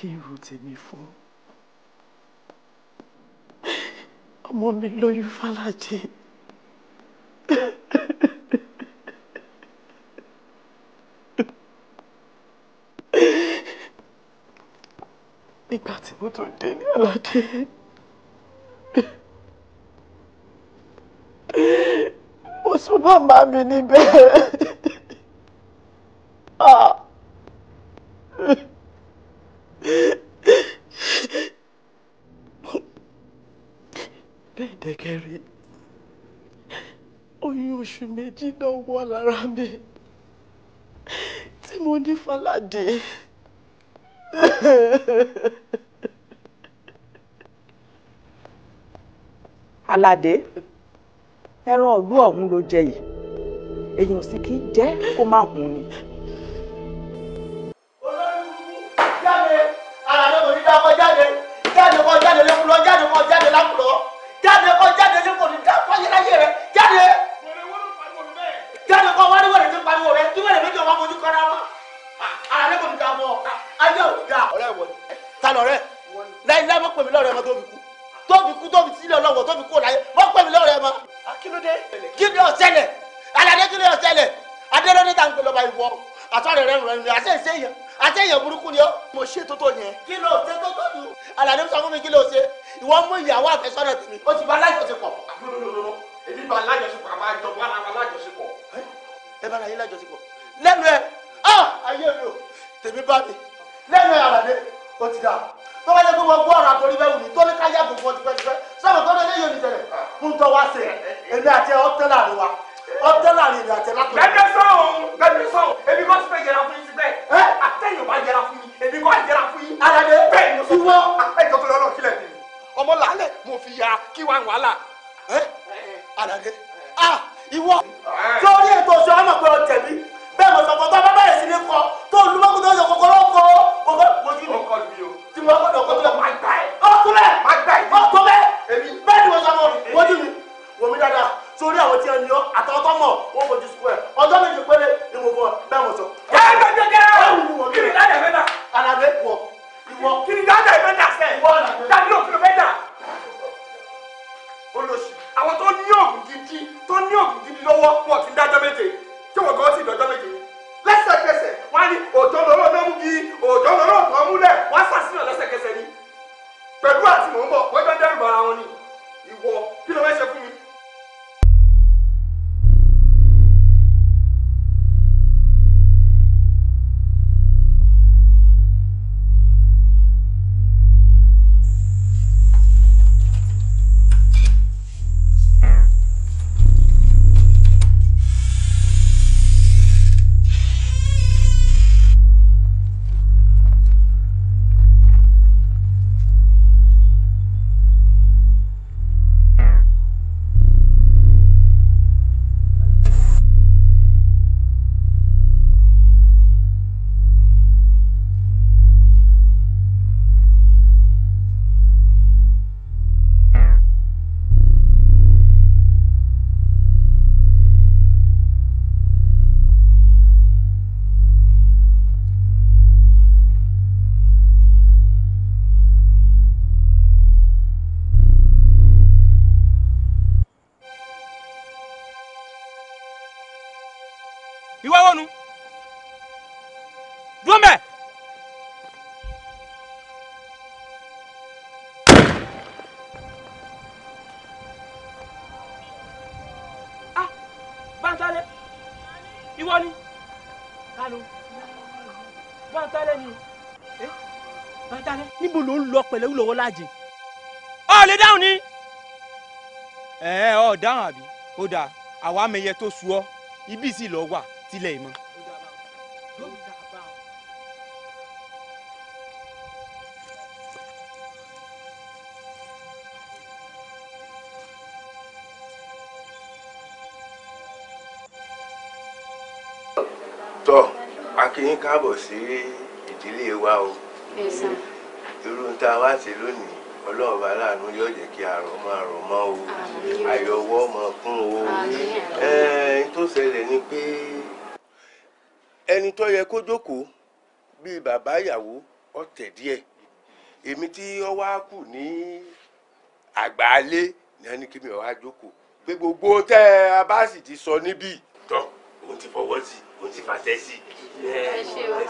kí n rò tèmi fún ọmọ mi lóyún fàlàjì nígbà tí mo tún dé ní aládé mo sún bàbá mi níbẹ̀. dáàdì. alade ẹran ọ̀lú ọ̀hún ló jẹ yìí èèyàn sì kì jẹ́ kó má hùn ni. lọ nílé àtẹ̀sẹ̀ yẹn àtẹ̀yẹ̀ burúkú ni ó mo ṣe tó tó yẹn. kí ló ṣe tó tó dùn. àlàní sọ fún mi kí ló ṣe ìwọ mú ìyàwó àfẹ́sọ́nà alájẹ ọ lè dáhùn ni. ẹ ẹ ọ dáhùn àbí ó dáa àwa amẹyẹ tó sú ọ ibi sì lọ wà tilẹ̀ ìmọ̀. tọ́ a kí yín káàbọ̀ sí ìdílé wa o. ẹ sàn irú ń ta wá sí lónìí ọlọ́run bá láàánú yóò jẹ́ kí àrùn máa rọ̀ mọ́ o àyọ̀wọ́ máa kún o ẹ̀ẹ́n tó ṣẹlẹ̀ ni pé ẹni tó yẹ kó jókòó bíi bàbá ìyàwó ọ̀tẹ̀ díẹ̀ èmi tí ó wá kù ní àgbáálé ni a kí mi ọ̀ wá jókòó pé gbogbo tẹ́ a bá sì ti sọ níbí tán òun ti fọwọ́ sí òun ti fàṣẹ sí ẹ ẹ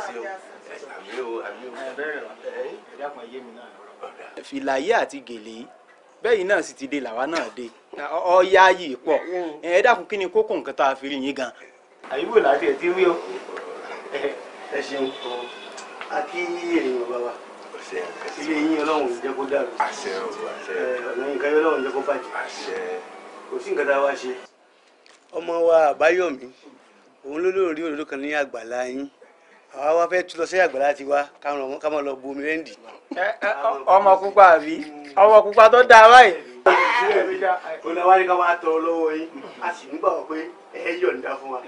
ṣeun àmì o àmì o. ẹ bẹ́ẹ̀ rẹ̀ ẹ dákun ayé mi náà lọ́rọ̀. fìlàyé àti gèlè bẹ́yìn náà sì ti dé làwa náà dé ọ̀ya yìí pọ̀ mm. ẹ dákun kí ni kókó nǹkan tá a fi rí yín gan. àyíwò láti ẹ̀ ti rí o ẹ ṣeun o a kí èrè bàbá wa ilé yín ọlọ́run jẹ́ kó dàrú ọ̀nà nǹkan ọlọ́run jẹ́ kó bàjẹ́ kò sí nǹkan tá a wá ṣe. ọmọ wa àbáyọ̀mí òun ló lóun rí òdodo kan ní àgbàlá yín àwa wá fẹ́ lọ sí àgbàlá ti wá ká máa lọ bu omi rẹ́ǹdì. ọmọ pupa àbí ọmọ pupa tó dáa báyìí. olùwà yi, a sì ń gbà ẹ wa.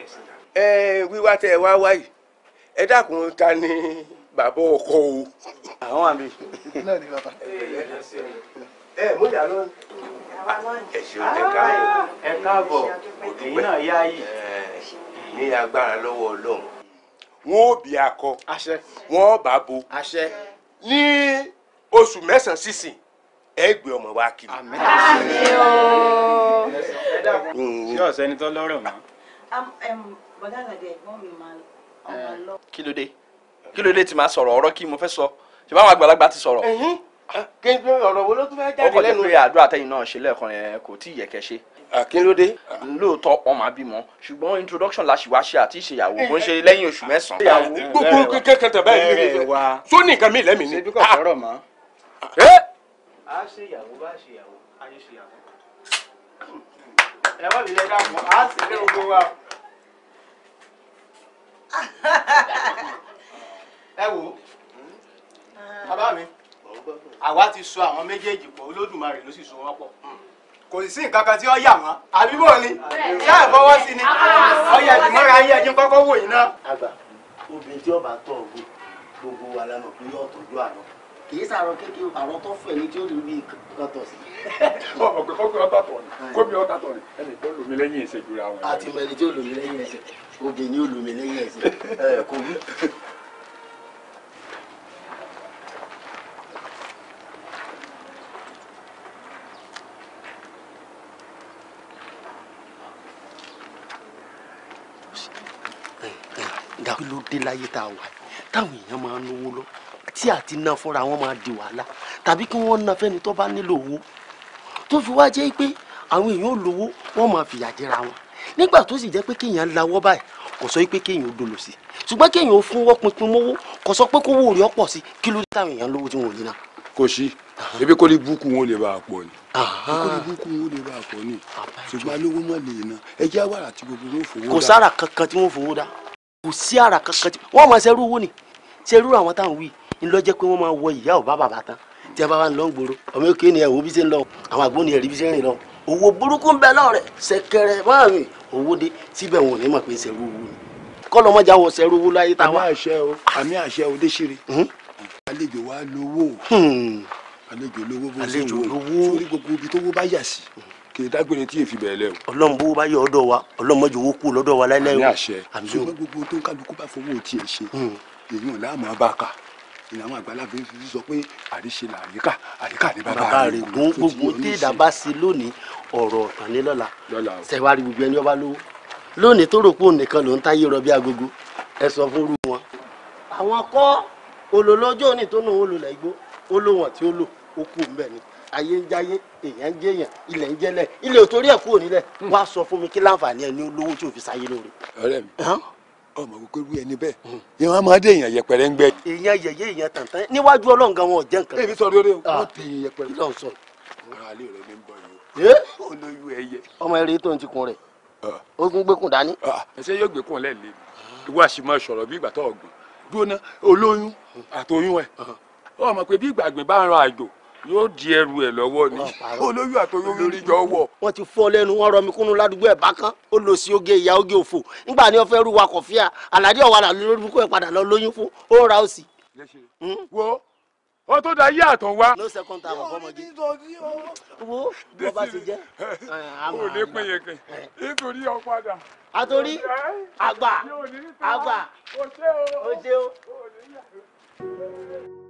ẹ wíwá tẹ ẹ wá wáyìí ẹ dákun ta ni bàbá ọkọ o. àwọn àmì. ẹ mo ìyá lọ. ẹ káàbọ̀ ẹ yá yìí. ní agbára lọ́wọ́ ọlọ́run wọn ò bí akọ àṣẹ wọn ò bá bo àṣẹ ní oṣù mẹ́sàn sísìn ẹ gbé ọmọ wa kiri. àmín o. ṣé ọ̀sẹ̀ ni tó lọ́rọ̀ mọ́. bọ́dà àgàdì ẹ̀gbọ́n mi máa eh, lọ. kí ló dé kí ló dé tí màá sọ̀rọ̀ ọ̀rọ̀ kí mo fẹ́ sọ ṣe báwọn àgbàlagbà ti sọ̀rọ̀ kéńtì ọ̀rọ̀ wo ló tún fẹ́ jáde lẹ́nu. ó kọ́ pé àdúrà tẹ́yìn náà ṣe lẹ́ẹ̀kan yẹn kò tí ì yẹ kẹ́ ṣe. àkínlódé. lóòótọ́ wọn máa bímọ ṣùgbọ́n introduction la ṣì wá ṣe àti ìṣèyàwó kò ń ṣe lẹ́yìn oṣù mẹ́sàn-án. gbogbo kẹ́kẹ́ tẹ̀ báyìí ní ìlú wa tó ní nǹkan mi lẹ́mìí ni. ṣebí kò sọ̀rọ̀ mọ́. a ṣe ìyàwó bá ṣe ìyàwó a ṣe ìyàwó. ẹ wá mi lẹ dáàbò a sì lé ogun wa. ẹ wo bàbá mi àwa ti sọ àwọn méjèèjì pọ̀ olódùmarè ló sì so wọ́n pọ̀ kò sí nǹkan kan tí ó yà wọ́n àbí bò ni sáà fọwọ́ sí ni ọyà ìmọ̀ra ayé ẹjẹ kọ́kọ́ wò yín náà. àgbà obìnrin tí ọba tọ̀ ọ̀gbìn gbogbo wa lánà pé yóò tọ́jú àná kìí sàrọ kékeré àrọ tó fẹ ní tí ó lè bí kan tọ sí. ọmọ pé kọ́kọ́ ọ̀tá tọ̀ ni kóbi ọ̀tá tọ̀ ni ẹnì tó lùmí lẹ́yìn ẹsẹ̀ jura wọn. àti mọ ẹni tí ó lùmí lẹ́yìn ẹsẹ̀ obìnrin ó lùmí lẹ́yìn ẹsẹ̀ ẹ kò wí. dé láyé tá a wà táwọn èèyàn máa ń lówó lọ tí àti ná fúnra wọn máa di wàhálà tàbí kí wọ́n ná fẹ́ni tó bá nílò owó tó fi wá jẹ́ pé àwọn èèyàn lówó wọ́n máa fìyà jẹra wọn nígbà tó sì jẹ́ pé kéèyàn lawọ́ báyìí kò sọ pé kéèyàn ó dolo sí ṣùgbọ́n kéèyàn ó fún wọ́n pinpin mówó kò sọ pé kówó rí ọ̀pọ̀ sí kí ló dé táwọn èèyàn lówó tí wọn ò ní ná. kò sí ebi kò ní búkú wọn lè bá a pọ̀ ni kò ní búkú wọn lè bá a pọ̀ ni ṣùgbọ́n lówó mọ̀ lè ná ẹjẹ́ wàrà tí gbogbo wọn fowó dá. kò sára kankan tí wọ́n fowó dá kò sí ara kankan tí wọ́n máa ṣerú owó ni ṣerú àwọn táwọn wí ni lọ jẹ́ pé wọ́n máa wọ ìyá ò bá bàbá tán tí a bá wà ń lọ gbòòrò ọmọ èké ni ẹ̀wò bí ṣe ń lọ àwọn àgbọn ni ẹ̀rí bí ṣe ń rìn lọ owó burúkú ń bẹ lọ́rẹ̀ ṣẹkẹrẹ máa owó dé síbẹ̀ wọn ò ní mọ̀ pé ṣerú owó ni kọ́lọ́mọ́jà wọ ṣerú owó láyé táwa. àmì o àmì àṣẹ o déṣire hmm? àlejò wa lówó hmm kì í dágbére tí èéfì bẹ̀rẹ̀ lẹ o. ọlọ́run bó bá yọ ọ̀dọ̀ wa ọlọ́run mọ́jọ owó kú lọ́dọ̀ wa láíláí o. ní àṣẹ ṣùgbọ́n gbogbo tó ń kálukú bá fowó tiẹ̀ ṣe hmm. èyàn láàmú abáka ìlànà àgbàlagbà fi sọ pé àríṣe là àríkà àríkà ní bàbá rẹ kò gbogbo tí ìdàbà sí lónìí ọ̀rọ̀ ọ̀tàn ní lọ́la ṣẹ̀wárí gbogbo ẹni ọba lówó lónìí tó rò pé òun nìkan ló ń táyé rọ bí agogo ẹ sọ fún irú wọn. àwọn kọ́ olólọ́jọ́ òní tó nù ó lò lẹ́gbó ó lò wọ́n tí ó lò ó kù ń bẹ̀ ni ayé ń jáyé èèyàn ń jẹyàn ilẹ̀ ń jẹlẹ̀ ilẹ̀ ò torí ẹ̀ kúrò nílẹ̀ wá sọ fún mi kí láǹfààní ẹ ní olówó tí ò fi sáyé lóore. ọ̀rẹ́ mi ọmọ kókó rú ẹni bẹ́ẹ̀ ìwọn amadé èèyàn yẹpẹrẹ ń gbẹ. èèyàn yẹyẹ èèyàn tàntàn níwájú ọlọ́run gan wọn ò jẹ́ nǹkan. èmi sọ lórí o ah. wọn tẹ èèyàn yẹpẹrẹ. kí ló ń sọ ọmọ ẹrẹ tó ń ti kun rẹ ah. ó tún gbẹkùn dání. Ah, ẹsẹ yóò gbẹkùn lẹ́ẹ̀lẹ́ ìwọ àṣìmọ sọ̀rọ̀ bí ìgbà tó ọ̀gbìn dúró ná olóyún àtoyún ẹ̀ ọmọ pé bí ìgbà àgbẹ̀ bá ń ran àjò yóò di ẹrù ẹ lọwọ ni olóyún àtọyọ lórí jọ wọ. wọn ti fọ lẹnu wọn rọmi kúnnú ládùúgbò ẹ bákan ó oge ìyá oge òfò nígbà n'i ọfẹ rúwa kọfíà àlàdé ọwàrà lórí kó ẹ padà lọ lóyún fún ó ra òsì. o pín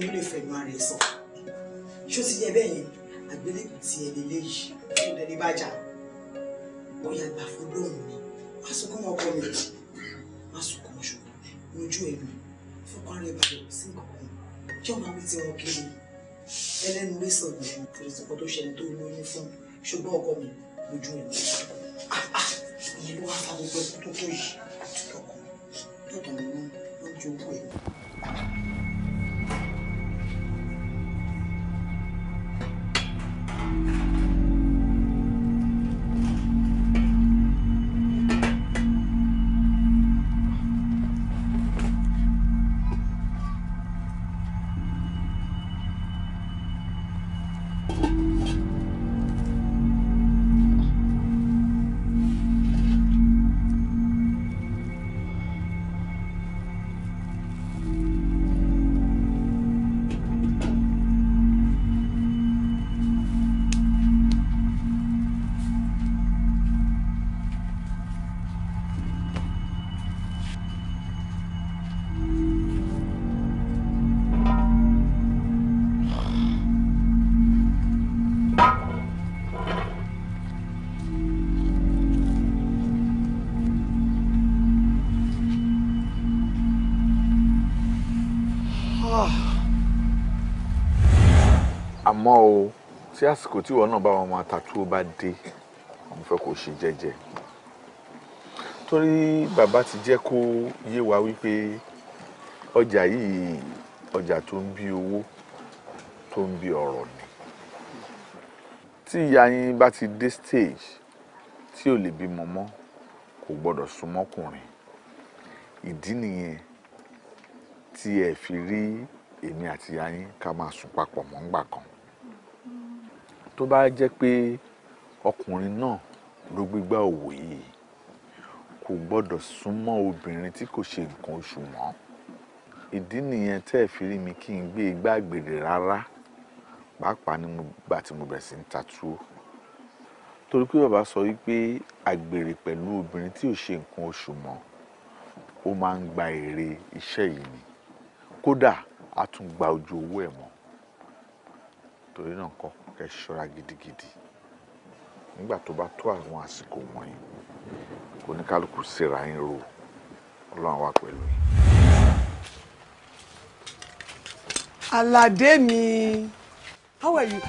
ló lè fẹnu ara ẹ̀ sọ ṣó ti yẹ bẹ́ẹ̀ yẹn àgbélébù ti ẹ̀ lè léyìí kó lẹ́ni bá jà bóyá gbà fún lóhùn mi má sunkún ọkọ mi má sunkún ṣùgbọ́n lójú ẹ̀mí fọkàn rẹ̀ balẹ̀ sí nǹkan jọ́ máa wí tí wọ́n kiri ẹlẹ́nu lè sọ̀rọ̀ ìrìsọ̀kọ tó ṣẹlẹ̀ tó lóyún fún ṣùgbọ́n ọkọ mi lójú ẹ̀mí ah, ah, ìyẹn ló wá fa gbogbo ẹkú tó tó yìí ọkọ tó tàn mí mọ́ lójú owó ẹ̀mí. tí àsìkò tí ìwọ náà bá wọn máa tàtú ó bá dé mo fẹ́ kó ṣe jẹ́jẹ́ torí bàbá ti jẹ́ kó yé wa wípé ọjà yìí ọjà tó ń bí owó tó ń bí ọ̀rọ̀ ni tí ìyá yín bá ti dé stage tí ò lè bímọ mọ́ kò gbọ́dọ̀ súnmọ́kùnrin ìdí nìyẹn tí ẹ fi rí èmi àti ìyá yín ká máa sùn papọ̀ mọ́ ńgbà kan tó bá jẹ́ pé ọkùnrin náà ló gbégbá òwò yìí kò gbọ́dọ̀ súnmọ́ obìnrin tí kò ṣe nǹkan oṣù mọ́ ìdí nìyẹn tẹ́ ẹ̀ fi rí mi kí n gbé igbá àgbèrè rárá pàápàá nígbà tí mo bẹ̀rẹ̀ sí ń tatúó torí pé bàbá sọ wípé àgbèrè pẹ̀lú obìnrin tí ò ṣe nǹkan oṣù mọ́ ó máa ń gba èrè iṣẹ́ yìí ni kódà a tún gba ojú owó ẹ̀ mọ́ torí náà kọ́ kẹ́ ṣọ́ra gidigidi nígbà tó bá tó àwọn àsìkò wọ̀nyí kò ní kálukú síra yín ro ọlọ́run wà pẹ̀lú yín. Aládé mi how are you.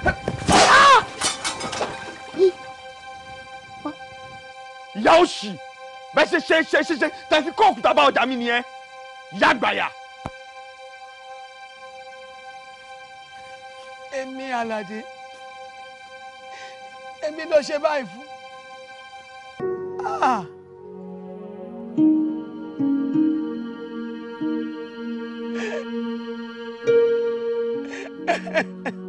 ìyá òsì bẹ́ẹ̀ ṣe ṣe ṣe ṣe ṣe tẹ̀ fi kó òkúta bá ọjà mi nìyẹn yàgbàyà. èmi Aládé èmi ló ṣe báyìí fún. Ah.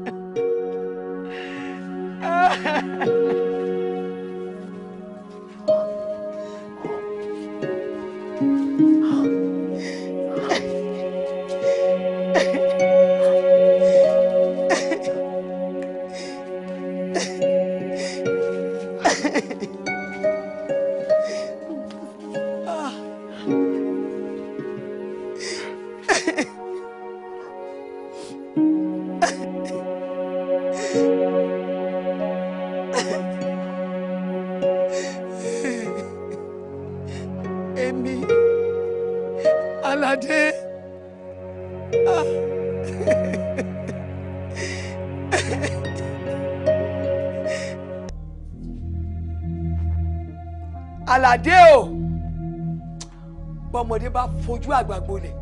Alade, ah. aládé o bọ́mọdé bá fojú àgbà gbolẹ̀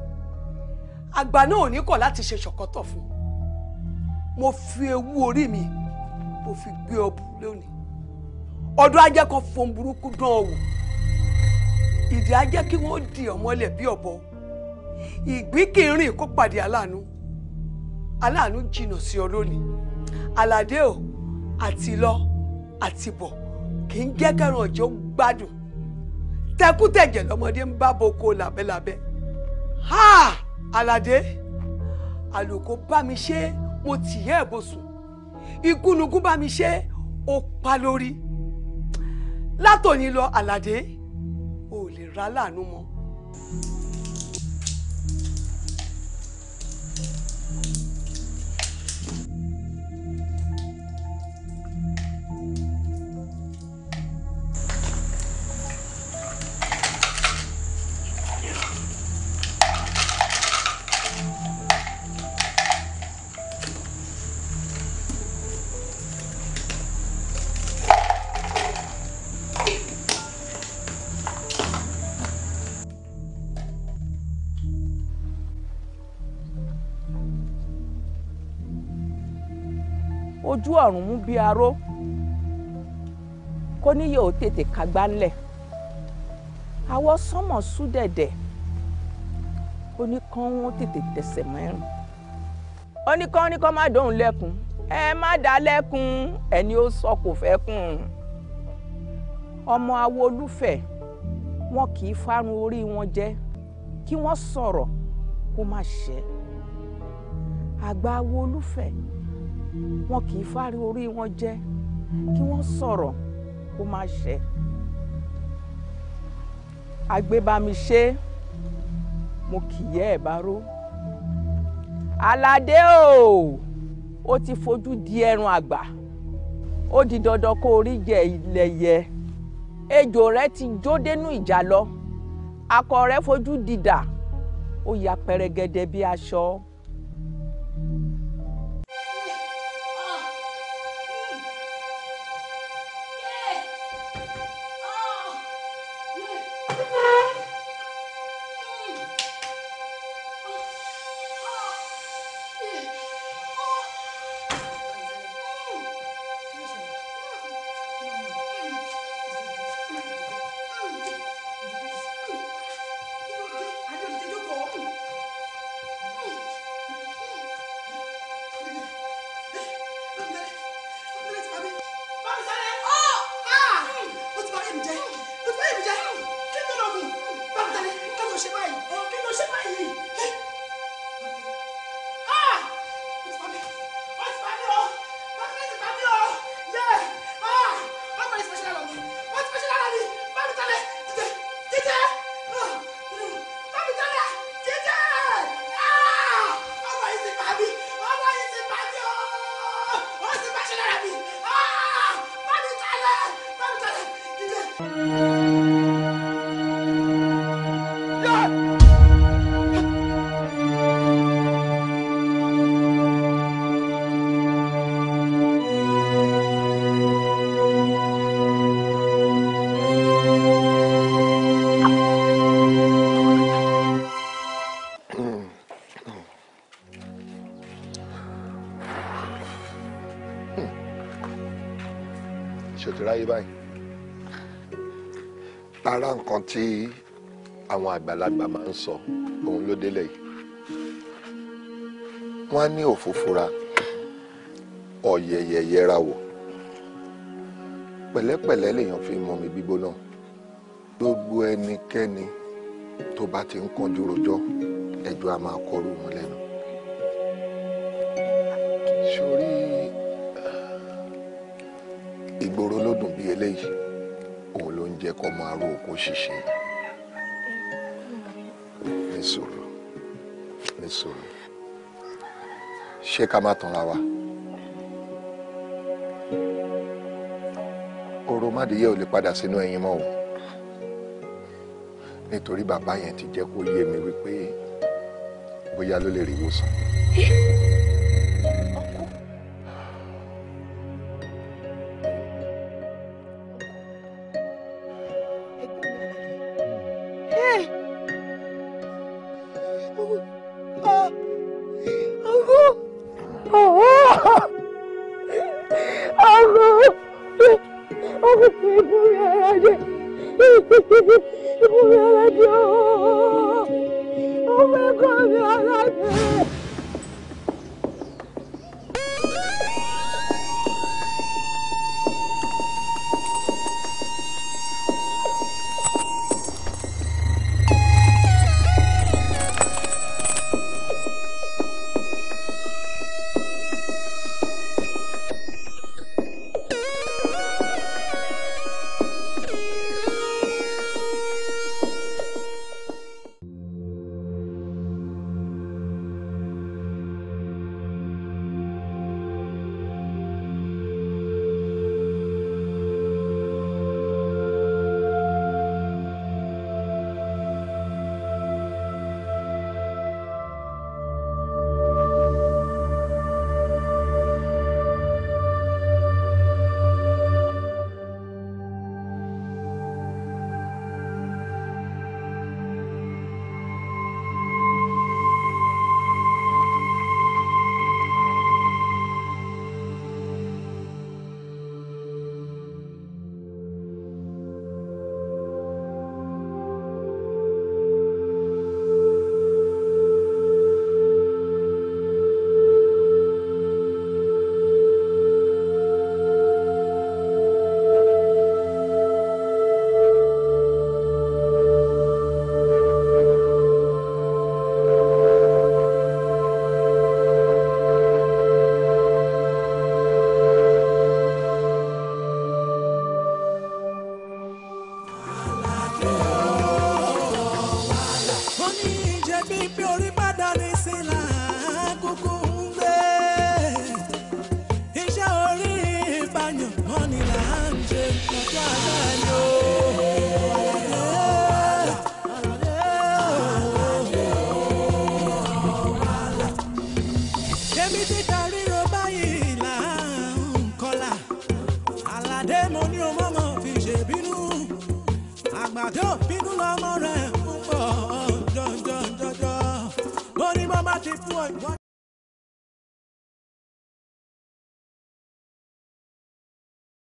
àgbà náà ò ní kọ̀ láti ṣe ṣọ̀kọ́tọ̀ fún mo fi ewu orí mi mo fi gbé ọbù lónìí ọdún ajẹ́kọ̀ọ́ fún burúkú dán ọ wò ìdí ajẹ́ kí wọ́n di ọmọlẹ̀ bí ọ̀bọ ìgbín kì í rìn kó pàdé aláàánú aláàánú jìnnà sí ọ lónìí aládé o àti lọ àti bọ̀ kì í jẹ́ kẹrùn ọjọ́ gbádùn tẹkútẹ̀jẹ̀ lọmọdé ń bá boko làbẹ́làbẹ́ ha aládé àlòkò bá mi ṣe mo tìyẹ́ ẹ̀ bó sùn igúnnugún bá mi ṣe ó pa lórí látòní lọ aládé ò lè ra láàánú mọ́. ojú ọ̀run mú bí aró kó ní yóò tètè kagbá ńlẹ̀ àwọ̀ sánmọ̀ sú dẹ̀dẹ̀ ó ní kán wọ́n tètè tẹsẹ̀ mẹ́rin ó ní kán ní kán má dóhùn lẹ́kùn ẹ má dá lẹ́kùn ẹni ó sọ kò fẹ́ kùn ọmọ awo olúfẹ̀ wọn kì í fárun orí wọn jẹ kí wọ́n sọ̀rọ̀ kó má ṣẹ́ àgbà awo olúfẹ̀ wọn kì í fárí orí wọn jẹ kí wọ́n sọ̀rọ̀ kó má ṣẹ agbébámiṣé mo kìyẹ́ ẹ̀ bá aládé o ó ti fojú di ẹran àgbà ó di dandan kó orí jẹ ilẹ̀ yẹ ejò rẹ ti jó dénú ìjà lọ akọ rẹ fojú dìdà ó ya pẹrẹgẹdẹ bí aṣọ. láyé báyìí lára nǹkan tí àwọn àgbàlagbà máa ń sọ òun ló délẹ̀ yìí wọ́n á ní òfófóra ọ̀yẹ̀yẹ̀yẹra wọ̀ pẹ̀lẹ́pẹ̀lẹ́ lèèyàn fi mọ̀ mi gbígbóná gbogbo ẹnikẹ́ni tó bá ti ń kánjú rojọ́ ẹjọ́ a máa kọrú wọn lẹ́nu ó ṣiṣẹ́ ní sùúrù ní sùúrù ṣé ká má tanra wa oró mádìyẹ ò lè padà sínú ẹyin mọ́ o nítorí bàbá yẹn ti jẹ́ kó yé mi wípé bóyá ló lè rí ìwòsàn.